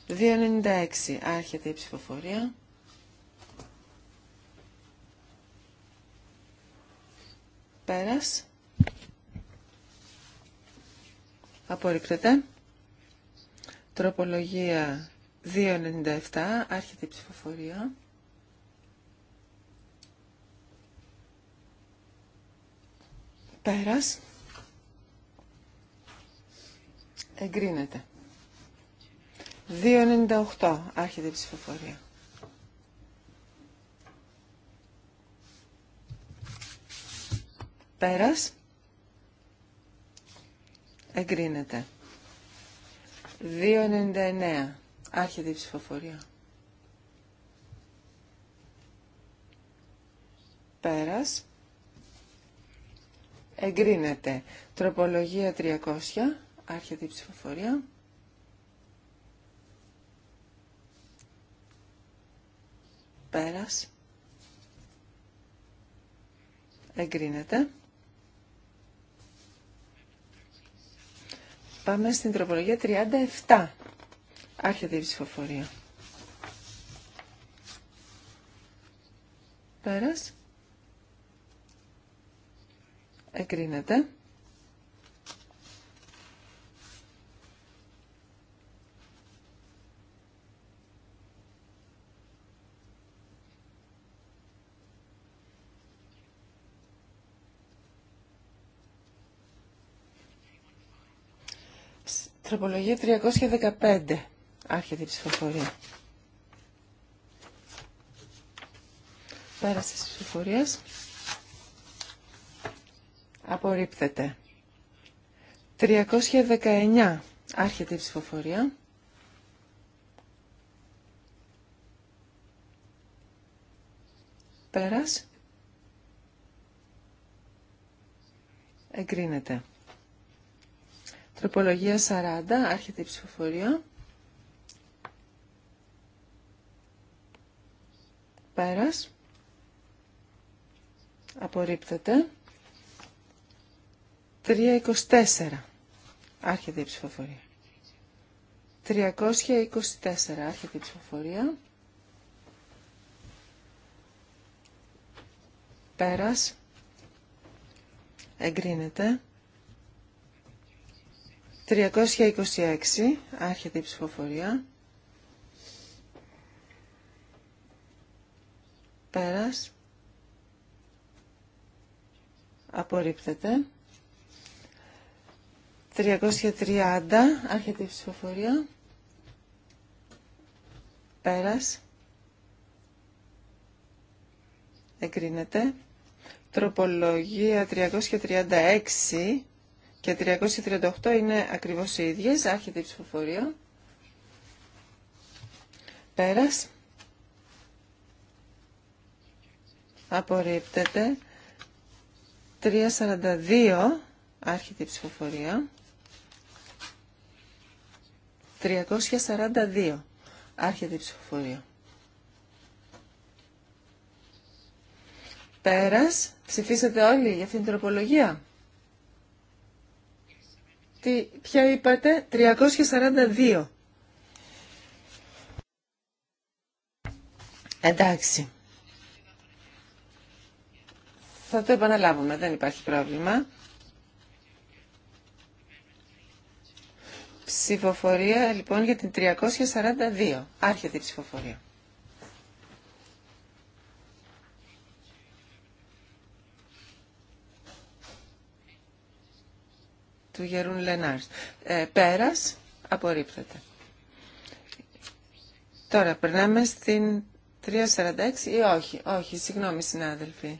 296. Άρχεται η ψηφοφορία. Πέρας. Απορρίπτεται. Τροπολογία 2.97, άρχεται η ψηφοφορία. Πέρας. Εγκρίνεται. 2.98, άρχεται η ψηφοφορία. Πέρας. Εγκρίνεται. 2.99. Άρχεται η ψηφοφορία. Πέρας. Εγκρίνεται. Τροπολογία 300. Άρχεται η ψηφοφορία. Πέρας. Εγκρίνεται. Πάμε στην τροπολογία 37. Άρχεται η ψηφοφορία. Πέρας. Εκρίνεται. Τροπολογία 315. Άρχεται η ψηφοφορία. Πέρασε τη ψηφοφορία. Απορρίπτεται. 319. Άρχεται η ψηφοφορία. Πέρας. Εγκρίνεται. Τροπολογία 40. Άρχεται η ψηφοφορία. Πέρας. Απορρίπτεται. 324. Άρχεται η ψηφοφορία. 324. Άρχεται η ψηφοφορία. Πέρας. Εγκρίνεται. 326. Άρχεται η ψηφοφορία. Πέρας. Απορρίπτεται. 330. Άρχεται η ψηφοφορία. Πέρας. Εγκρίνεται. Τροπολογία 336 και 338 είναι ακριβώς οι ίδιες. Άρχεται η ψηφοφορία. Πέρας. απορρίπτεται. 3.42 άρχεται ψηφοφορία. 342 άρχεται ψηφοφορία. Πέρας, ψηφίσατε όλοι για αυτήν την τροπολογία. Τι, ποια είπατε, 342. Εντάξει. Θα το επαναλάβουμε, δεν υπάρχει πρόβλημα. Ψηφοφορία λοιπόν για την 342. Άρχεται η ψηφοφορία. του Γερούν Λενάρς. Ε, πέρας, απορρίπτεται. Τώρα περνάμε στην 346 ή όχι, όχι, συγγνώμη συνάδελφοι.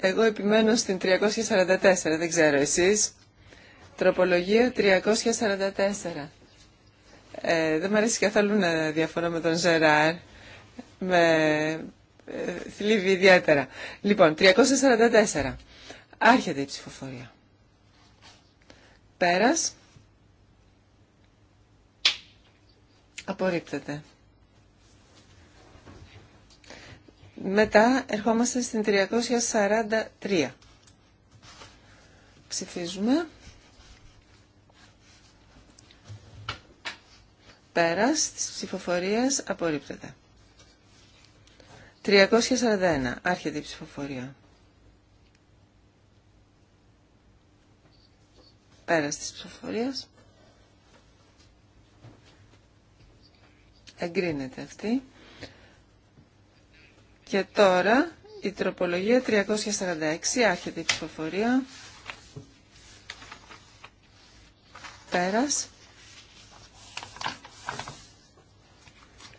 Εγώ επιμένω στην 344, δεν ξέρω εσείς. Τροπολογία 344. Ε, δεν μου αρέσει καθόλου να διαφωνώ με τον Ζεράρ. Με ε, θλίβει ιδιαίτερα. Λοιπόν, 344. Άρχεται η ψηφοφορία. Πέρας. Απορρίπτεται. Μετά ερχόμαστε στην 343. Ψηφίζουμε. Πέρας της ψηφοφορίας απορρίπτεται. 341. Άρχεται η ψηφοφορία. Πέρας της ψηφοφορίας. Εγκρίνεται αυτή. Και τώρα η τροπολογία 346, άρχεται η ψηφοφορία. Πέρας.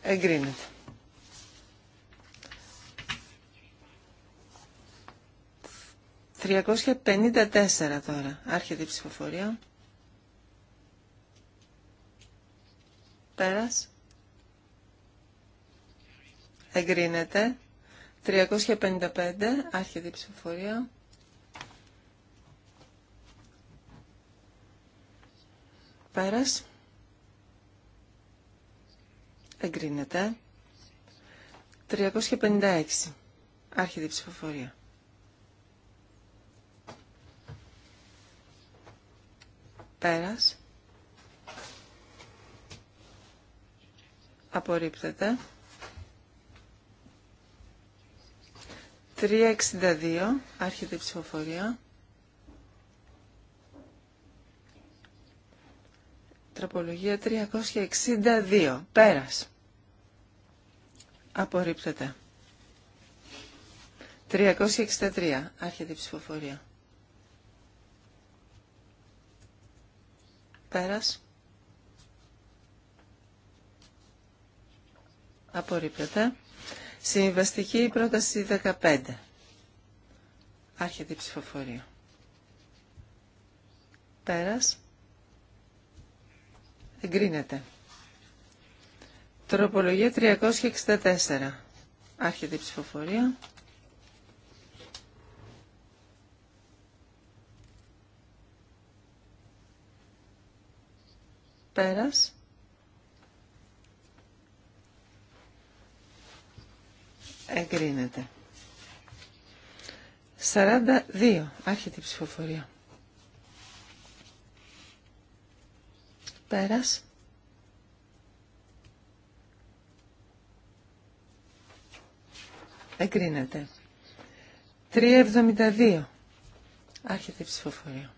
Εγκρίνεται. 354 τώρα. Άρχεται η ψηφοφορία. Πέρας. Εγκρίνεται. 355, άρχιδη ψηφοφορία. Πέρας. Εγκρίνεται. 356, άρχιδη ψηφοφορία. Πέρας. Απορρίπτεται. 362, άρχεται η ψηφοφορία. Τροπολογία 362, πέρας. Απορρίπτεται. 363, άρχεται η ψηφοφορία. Πέρας. Απορρίπτεται. Συμβαστική πρόταση 15. Άρχεται η ψηφοφορία. Πέρας. Εγκρίνεται. Τροπολογία 364. Άρχεται η ψηφοφορία. Πέρας. εγκρίνεται. 42. Άρχεται η ψηφοφορία. Πέρας. Εγκρίνεται. 3.72. Άρχεται η ψηφοφορία.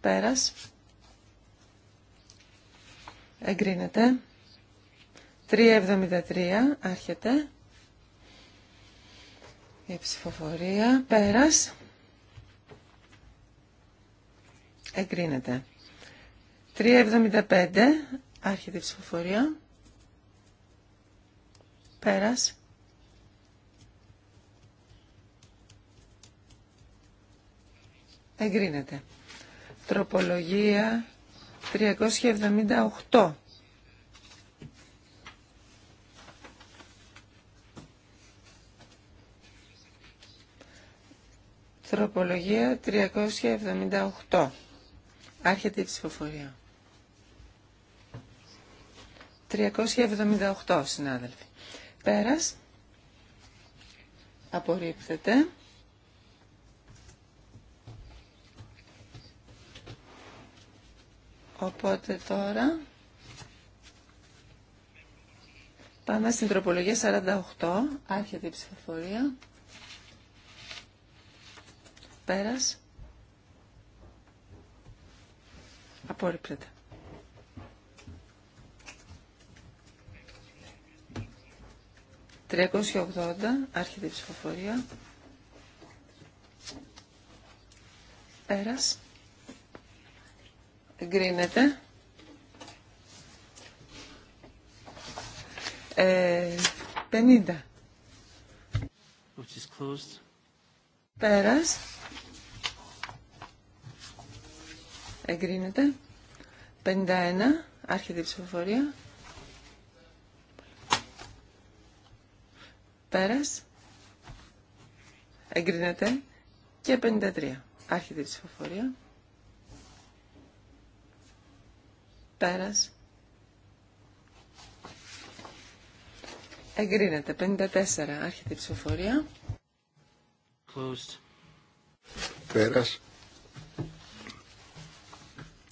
Πέρας. Εγκρίνεται. 373 άρχεται η ψηφοφορία πέρας εγκρίνεται 375 άρχεται η ψηφοφορία πέρας εγκρίνεται τροπολογία 378 Τροπολογία 378. Άρχεται η ψηφοφορία. 378, συνάδελφοι. Πέρας. Απορρίπτεται. Οπότε τώρα πάμε στην τροπολογία 48, άρχεται η ψηφοφορία. Πέρας. Απόρριψεται. 380, άρχεται η ψηφοφορία. Πέρας. Εγκρίνεται. Ε, 50. Which is closed. Πέρας. Εγκρίνεται. 51. Άρχεται ψηφοφορία. Πέρας. Εγκρίνεται. Και 53. Άρχεται ψηφοφορία. Πέρας. Εγκρίνεται. 54. Άρχεται ψηφοφορία. Closed. Πέρας.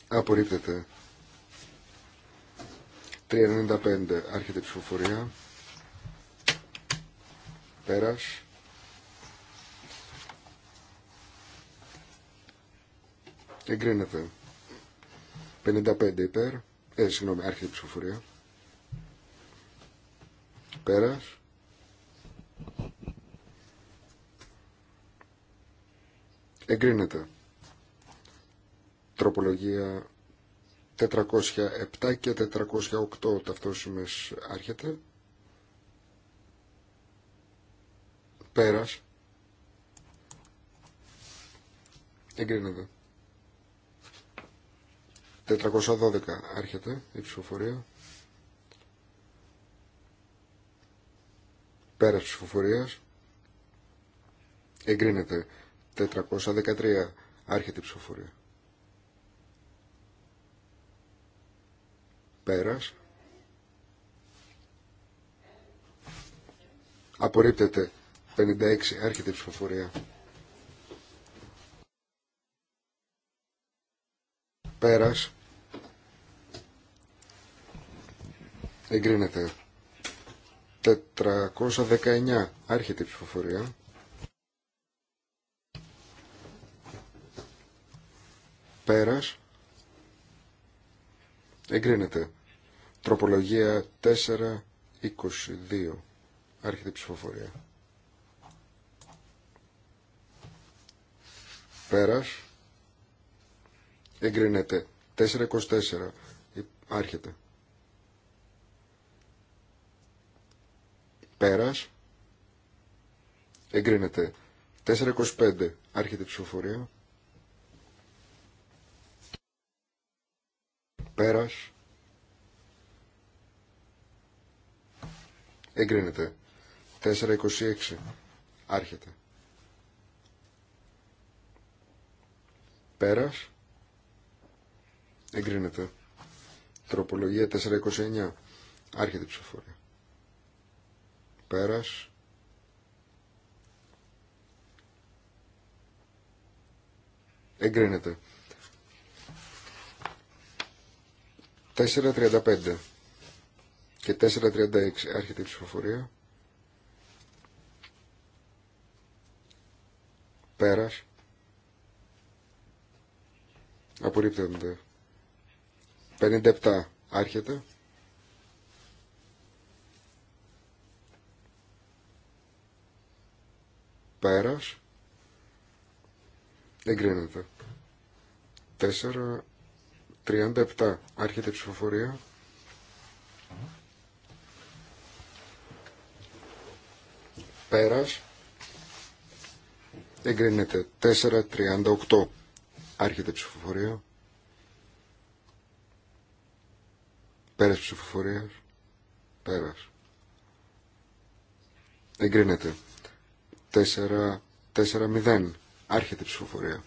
Απορρίπτεται. 395. Άρχεται η ψηφοφορία. Πέρας. Εγκρίνεται. 55 υπέρ. Ε, συγγνώμη, άρχεται η ψηφοφορία. Πέρας. Εγκρίνεται. Τροπολογία 407 και 408 ταυτόσημες άρχεται. Πέρας. Εγκρίνεται. 412 άρχεται η ψηφοφορία. Πέρας ψηφοφορίας. Εγκρίνεται. 413 άρχεται η ψηφοφορία. Πέρας. Απορρίπτεται 56 άρχεται η ψηφοφορία. Πέρας. Εγκρίνεται 419 άρχεται η ψηφοφορία. Πέρας. Εγκρίνεται. Τροπολογία 422. Άρχεται η ψηφοφορία. Πέρας. Εγκρίνεται. 424. Άρχεται. Πέρας. Εγκρίνεται. 425. Άρχεται η ψηφοφορία. Πέρας. Εγκρίνεται. 4.26. Άρχεται. Πέρας. Εγκρίνεται. Τροπολογία 4.29. Άρχεται η ψηφοφορία. Πέρας. Εγκρίνεται. 4.35 και 4.36 έρχεται η ψηφοφορία. Πέρας. Απορρίπτονται. 57 άρχεται. Πέρας. Εγκρίνεται. 4 37. Άρχεται η ψηφοφορία. Πέρας. Εγκρίνεται. Εγκρίνεται. 4-38, Άρχεται η ψηφοφορία. Πέρας ψηφοφορίας. Πέρας. Εγκρίνεται. 4-0, Άρχεται η ψηφοφορία.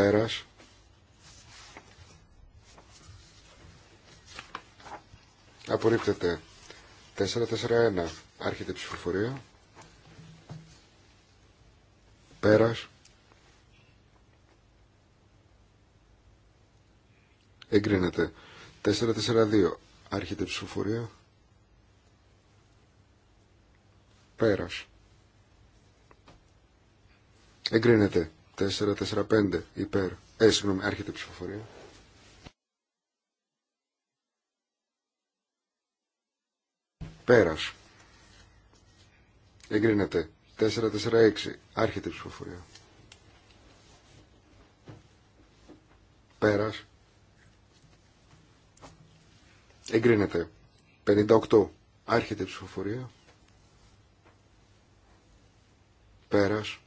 πέρας απορρίπτεται 441 άρχεται η ψηφοφορία πέρας εγκρίνεται 442 άρχεται η ψηφοφορία πέρας εγκρίνεται 4-4-5 υπέρ. Ε, συγγνώμη, η ψηφοφορία. Πέρας. Εγκρίνεται. 4-4-6. Άρχεται η ψηφοφορία. Πέρας. Εγκρίνεται. 58. Άρχεται η ψηφοφορία. Πέρας.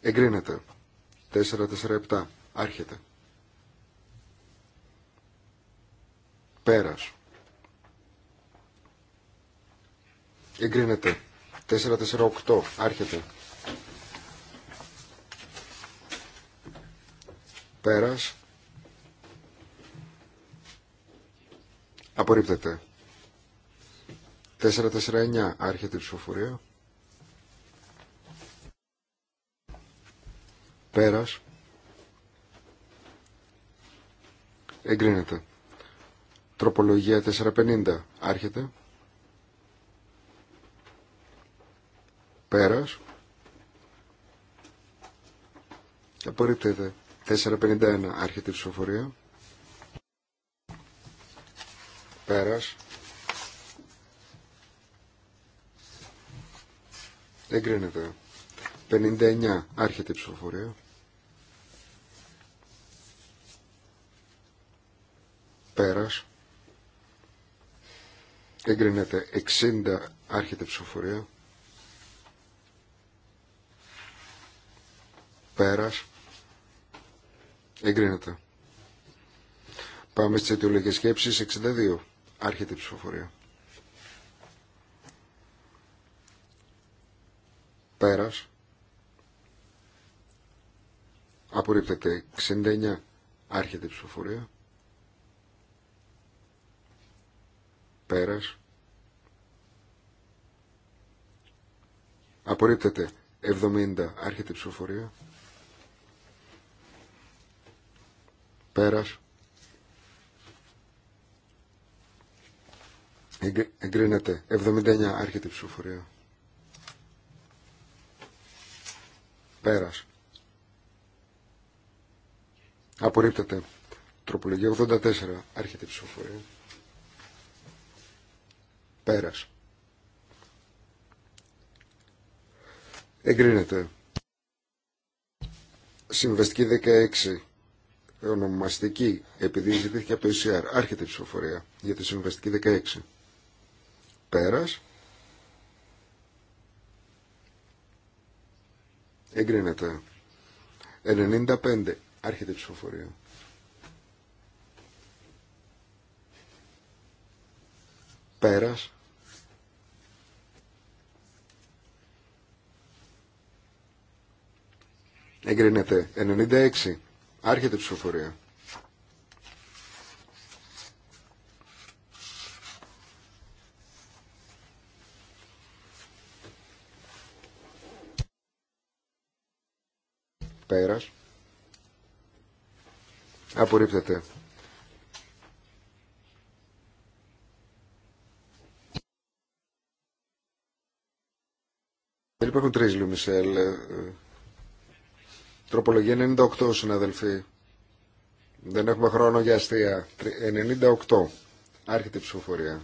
Εγκρίνεται. 4-4-7. Άρχεται. Πέρα. Εγκρίνεται. 4-4-8. Άρχεται. Πέρα. Απορρίπτεται. 4-4-9. Άρχεται η ψηφοφορία. Πέρας. Εγκρίνεται. Τροπολογία 450. Άρχεται. Πέρας. Απορρίπτεται. 451. Άρχεται η ψηφοφορία. Πέρας. Εγκρίνεται. 59. Άρχεται η ψηφοφορία. Πέρας. Εγκρίνεται 60 άρχεται ψηφοφορία. Πέρας. Εγκρίνεται. Πάμε στις αιτιολογικές σκέψεις 62 άρχεται ψηφοφορία. Πέρας. Απορρίπτεται 69 άρχεται ψηφοφορία. Πέρας. Απορρίπτεται. 70. Άρχεται η ψηφοφορία. Πέρας. Εγκρίνεται. 79. Άρχεται η ψηφοφορία. Πέρας. Απορρίπτεται. Τροπολογία 84. Άρχεται η ψηφοφορία. Πέρας. Εγκρίνεται. Συμβαστική 16. Ονομαστική. Επειδή ζητήθηκε από το ECR. Άρχεται η ψηφοφορία για τη συμβαστική 16. Πέρας. Εγκρίνεται. 95. Άρχεται η ψηφοφορία. Πέρας. Εγκρίνεται. 96. Άρχεται η ψηφοφορία. Πέρας. Απορρίπτεται. Δεν υπάρχουν τρεις, Λου ε, Τροπολογία 98, συναδελφοί. Δεν έχουμε χρόνο για αστεία. 98. Άρχεται η ψηφοφορία.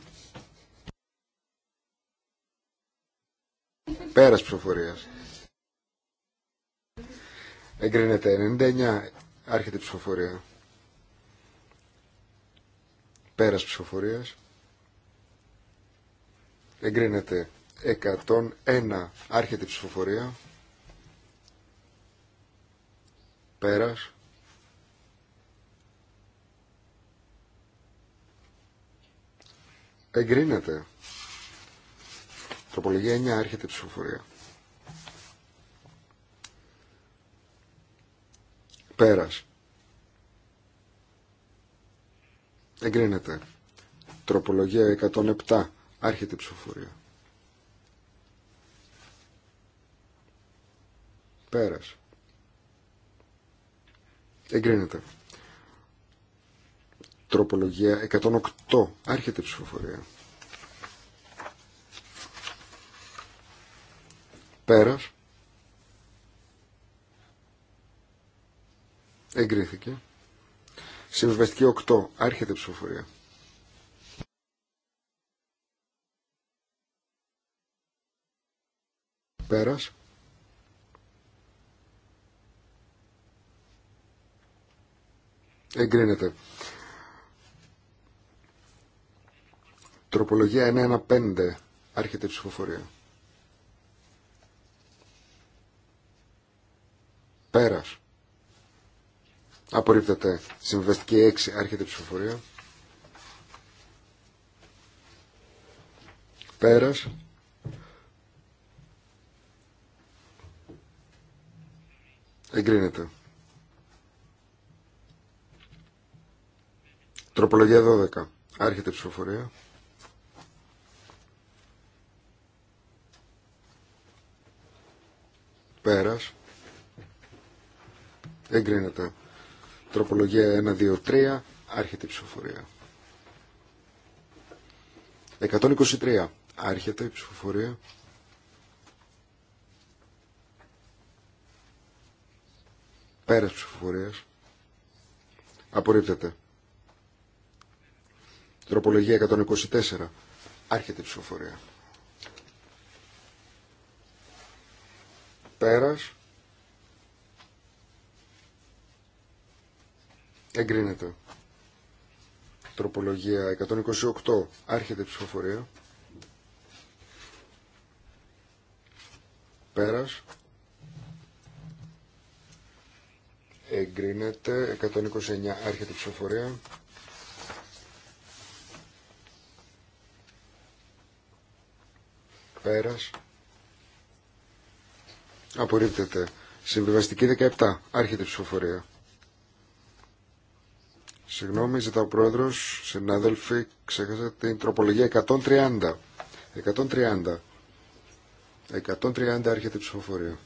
Πέρας ψηφοφορίας. Εγκρίνεται 99. Άρχεται η ψηφοφορία. Πέρας ψηφοφορίας. Εγκρίνεται 101 άρχεται η ψηφοφορία πέρας εγκρίνεται τροπολογία 9 άρχεται η ψηφοφορία πέρας εγκρίνεται τροπολογία 107 άρχεται η ψηφοφορία Πέρας. Εγκρίνεται. Τροπολογία 108. Άρχεται η ψηφοφορία. Πέρας. Εγκρίθηκε. Συμβεστική 8. Άρχεται η ψηφοφορία. Πέρας. Εγκρίνεται. Τροπολογία 915. Άρχεται η ψηφοφορία. Πέρας. Απορρίπτεται. Συμβαστική 6. Άρχεται η ψηφοφορία. Πέρας. Εγκρίνεται. Τροπολογία 12. Άρχεται η ψηφοφορία. Πέρας. Εγκρίνεται. Τροπολογία 1, 2, 3. Άρχεται η ψηφοφορία. 123. Άρχεται η ψηφοφορία. Πέρας ψηφοφορίας. Απορρίπτεται. Τροπολογία 124. Άρχεται η ψηφοφορία. Πέρας. Εγκρίνεται. Τροπολογία 128. Άρχεται η ψηφοφορία. Πέρας. Εγκρίνεται. 129. Άρχεται η ψηφοφορία. Πέρας. Απορρίπτεται. Συμβιβαστική 17. Άρχεται η ψηφοφορία. Συγγνώμη, ζητά ο πρόεδρος, συνάδελφοι, ξέχασα την τροπολογία 130. 130. 130 άρχεται η ψηφοφορία.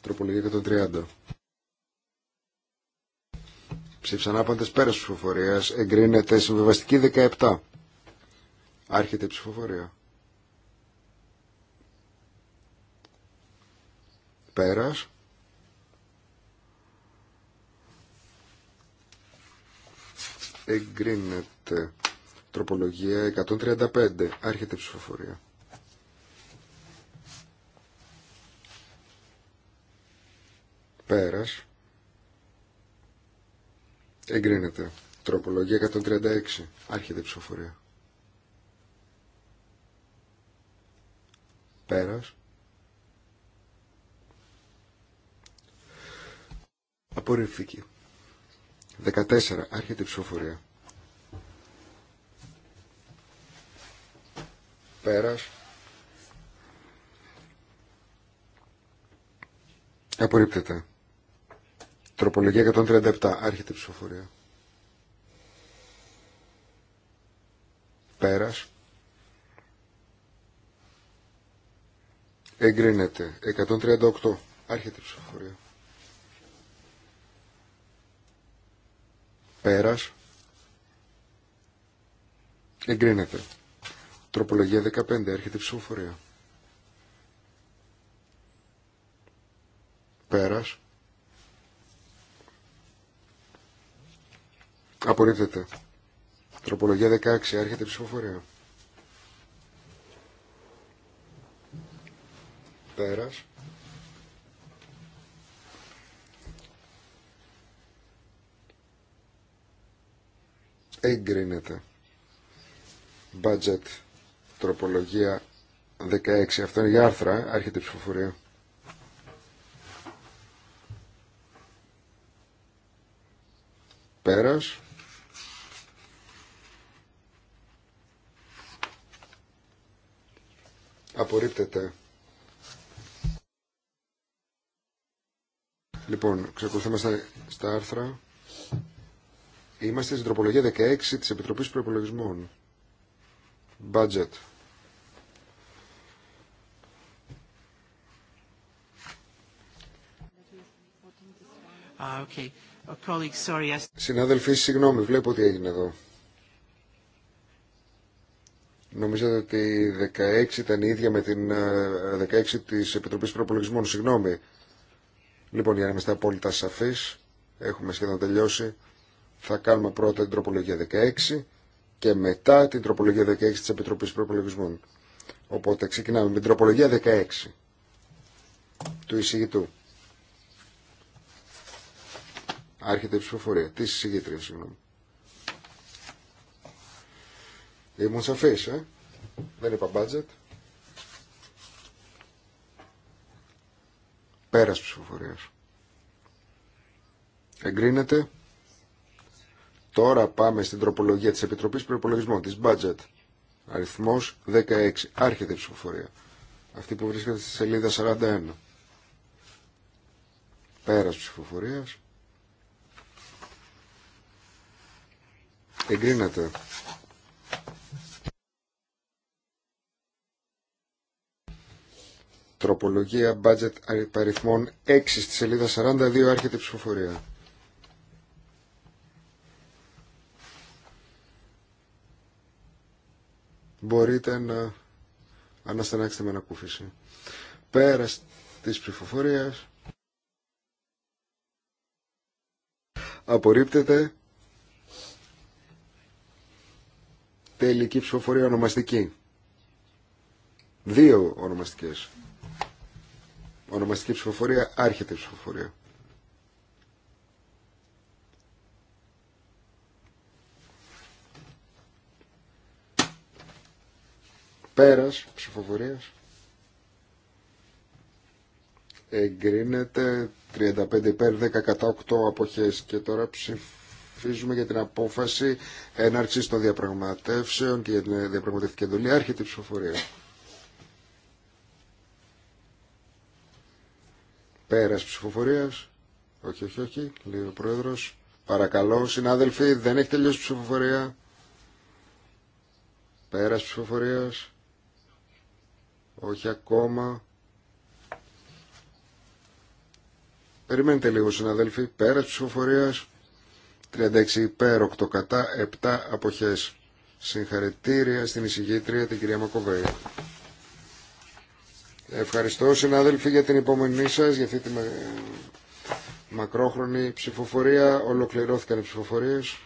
Τροπολογία 130. Ψήφισαν άπαντες πέρας ψηφοφορίας. Εγκρίνεται συμβιβαστική 17. Άρχεται η ψηφοφορία. Πέρας. Εγκρίνεται. Τροπολογία 135. Άρχεται η ψηφοφορία. Πέρας. Εγκρίνεται. Τροπολογία 136. Άρχεται η ψηφοφορία. Πέρας. Απορρίφθηκε. 14. Άρχεται ψηφοφορία. Πέρας. Απορρίπτεται. Τροπολογία 137. Άρχεται η ψηφοφορία. Πέρας. Εγκρίνεται. 138. Άρχεται η ψηφοφορία. Πέρας. Εγκρίνεται. Τροπολογία 15. Άρχεται η ψηφοφορία. Πέρας. Απορρίπτεται. Τροπολογία 16. Άρχεται ψηφοφορία. Πέρας. Εγκρίνεται. Budget. Τροπολογία 16. Αυτό είναι για άρθρα. Άρχεται η ψηφοφορία. Πέρας. Απορρίπτεται. Λοιπόν, ξεκολουθούμε στα άρθρα. Είμαστε στην τροπολογία 16 της Επιτροπής Προϋπολογισμών. Budget. Ah, okay. Uh, colleague, sorry. Συνάδελφοι, συγγνώμη, βλέπω τι έγινε εδώ. Νομίζετε ότι η 16 ήταν η ίδια με την 16 ε, της Επιτροπής Προπολογισμών. Συγγνώμη. Λοιπόν, για να είμαστε απόλυτα σαφεί, έχουμε σχεδόν τελειώσει. Θα κάνουμε πρώτα την τροπολογία 16 και μετά την τροπολογία 16 της Επιτροπής Προπολογισμών. Οπότε ξεκινάμε με την τροπολογία 16 του εισηγητού. Άρχεται η ψηφοφορία. Τη εισηγήτρια, συγγνώμη. Ήμουν σαφής, ε. Δεν είπα budget. Πέρας ψηφοφορίας. Εγκρίνεται. Τώρα πάμε στην τροπολογία της Επιτροπής Προϋπολογισμών, της budget. Αριθμός 16. Άρχεται η ψηφοφορία. Αυτή που βρίσκεται στη σελίδα 41. Πέρας ψηφοφορίας. Εγκρίνεται. Τροπολογία budget αριθμών 6 στη σελίδα 42 άρχεται η ψηφοφορία. Μπορείτε να αναστενάξετε με ανακούφιση. Πέρα της ψηφοφορίας απορρίπτεται τελική ψηφοφορία ονομαστική. Δύο ονομαστικές. Ονομαστική ψηφοφορία, άρχεται η ψηφοφορία. Πέρας ψηφοφορίας. Εγκρίνεται 35 υπέρ 10 κατά 8 αποχές και τώρα ψηφίζουμε για την απόφαση έναρξης των διαπραγματεύσεων και για την διαπραγματευτική εντολή. Άρχεται η ψηφοφορία. Πέρας ψηφοφορίας. Όχι, όχι, όχι, λέει ο Πρόεδρος. Παρακαλώ, συνάδελφοι, δεν έχει τελειώσει ψηφοφορία. Πέρας ψηφοφορίας. Όχι ακόμα. Περιμένετε λίγο, συναδέλφοι. Πέρας ψηφοφορίας. 36 υπέρ, 8 κατά, 7 αποχές. Συγχαρητήρια στην εισηγήτρια την κυρία Μακοβέη. Ευχαριστώ συνάδελφοι για την υπομονή σα για αυτή τη μακρόχρονη ψηφοφορία. Ολοκληρώθηκαν οι ψηφοφορίες.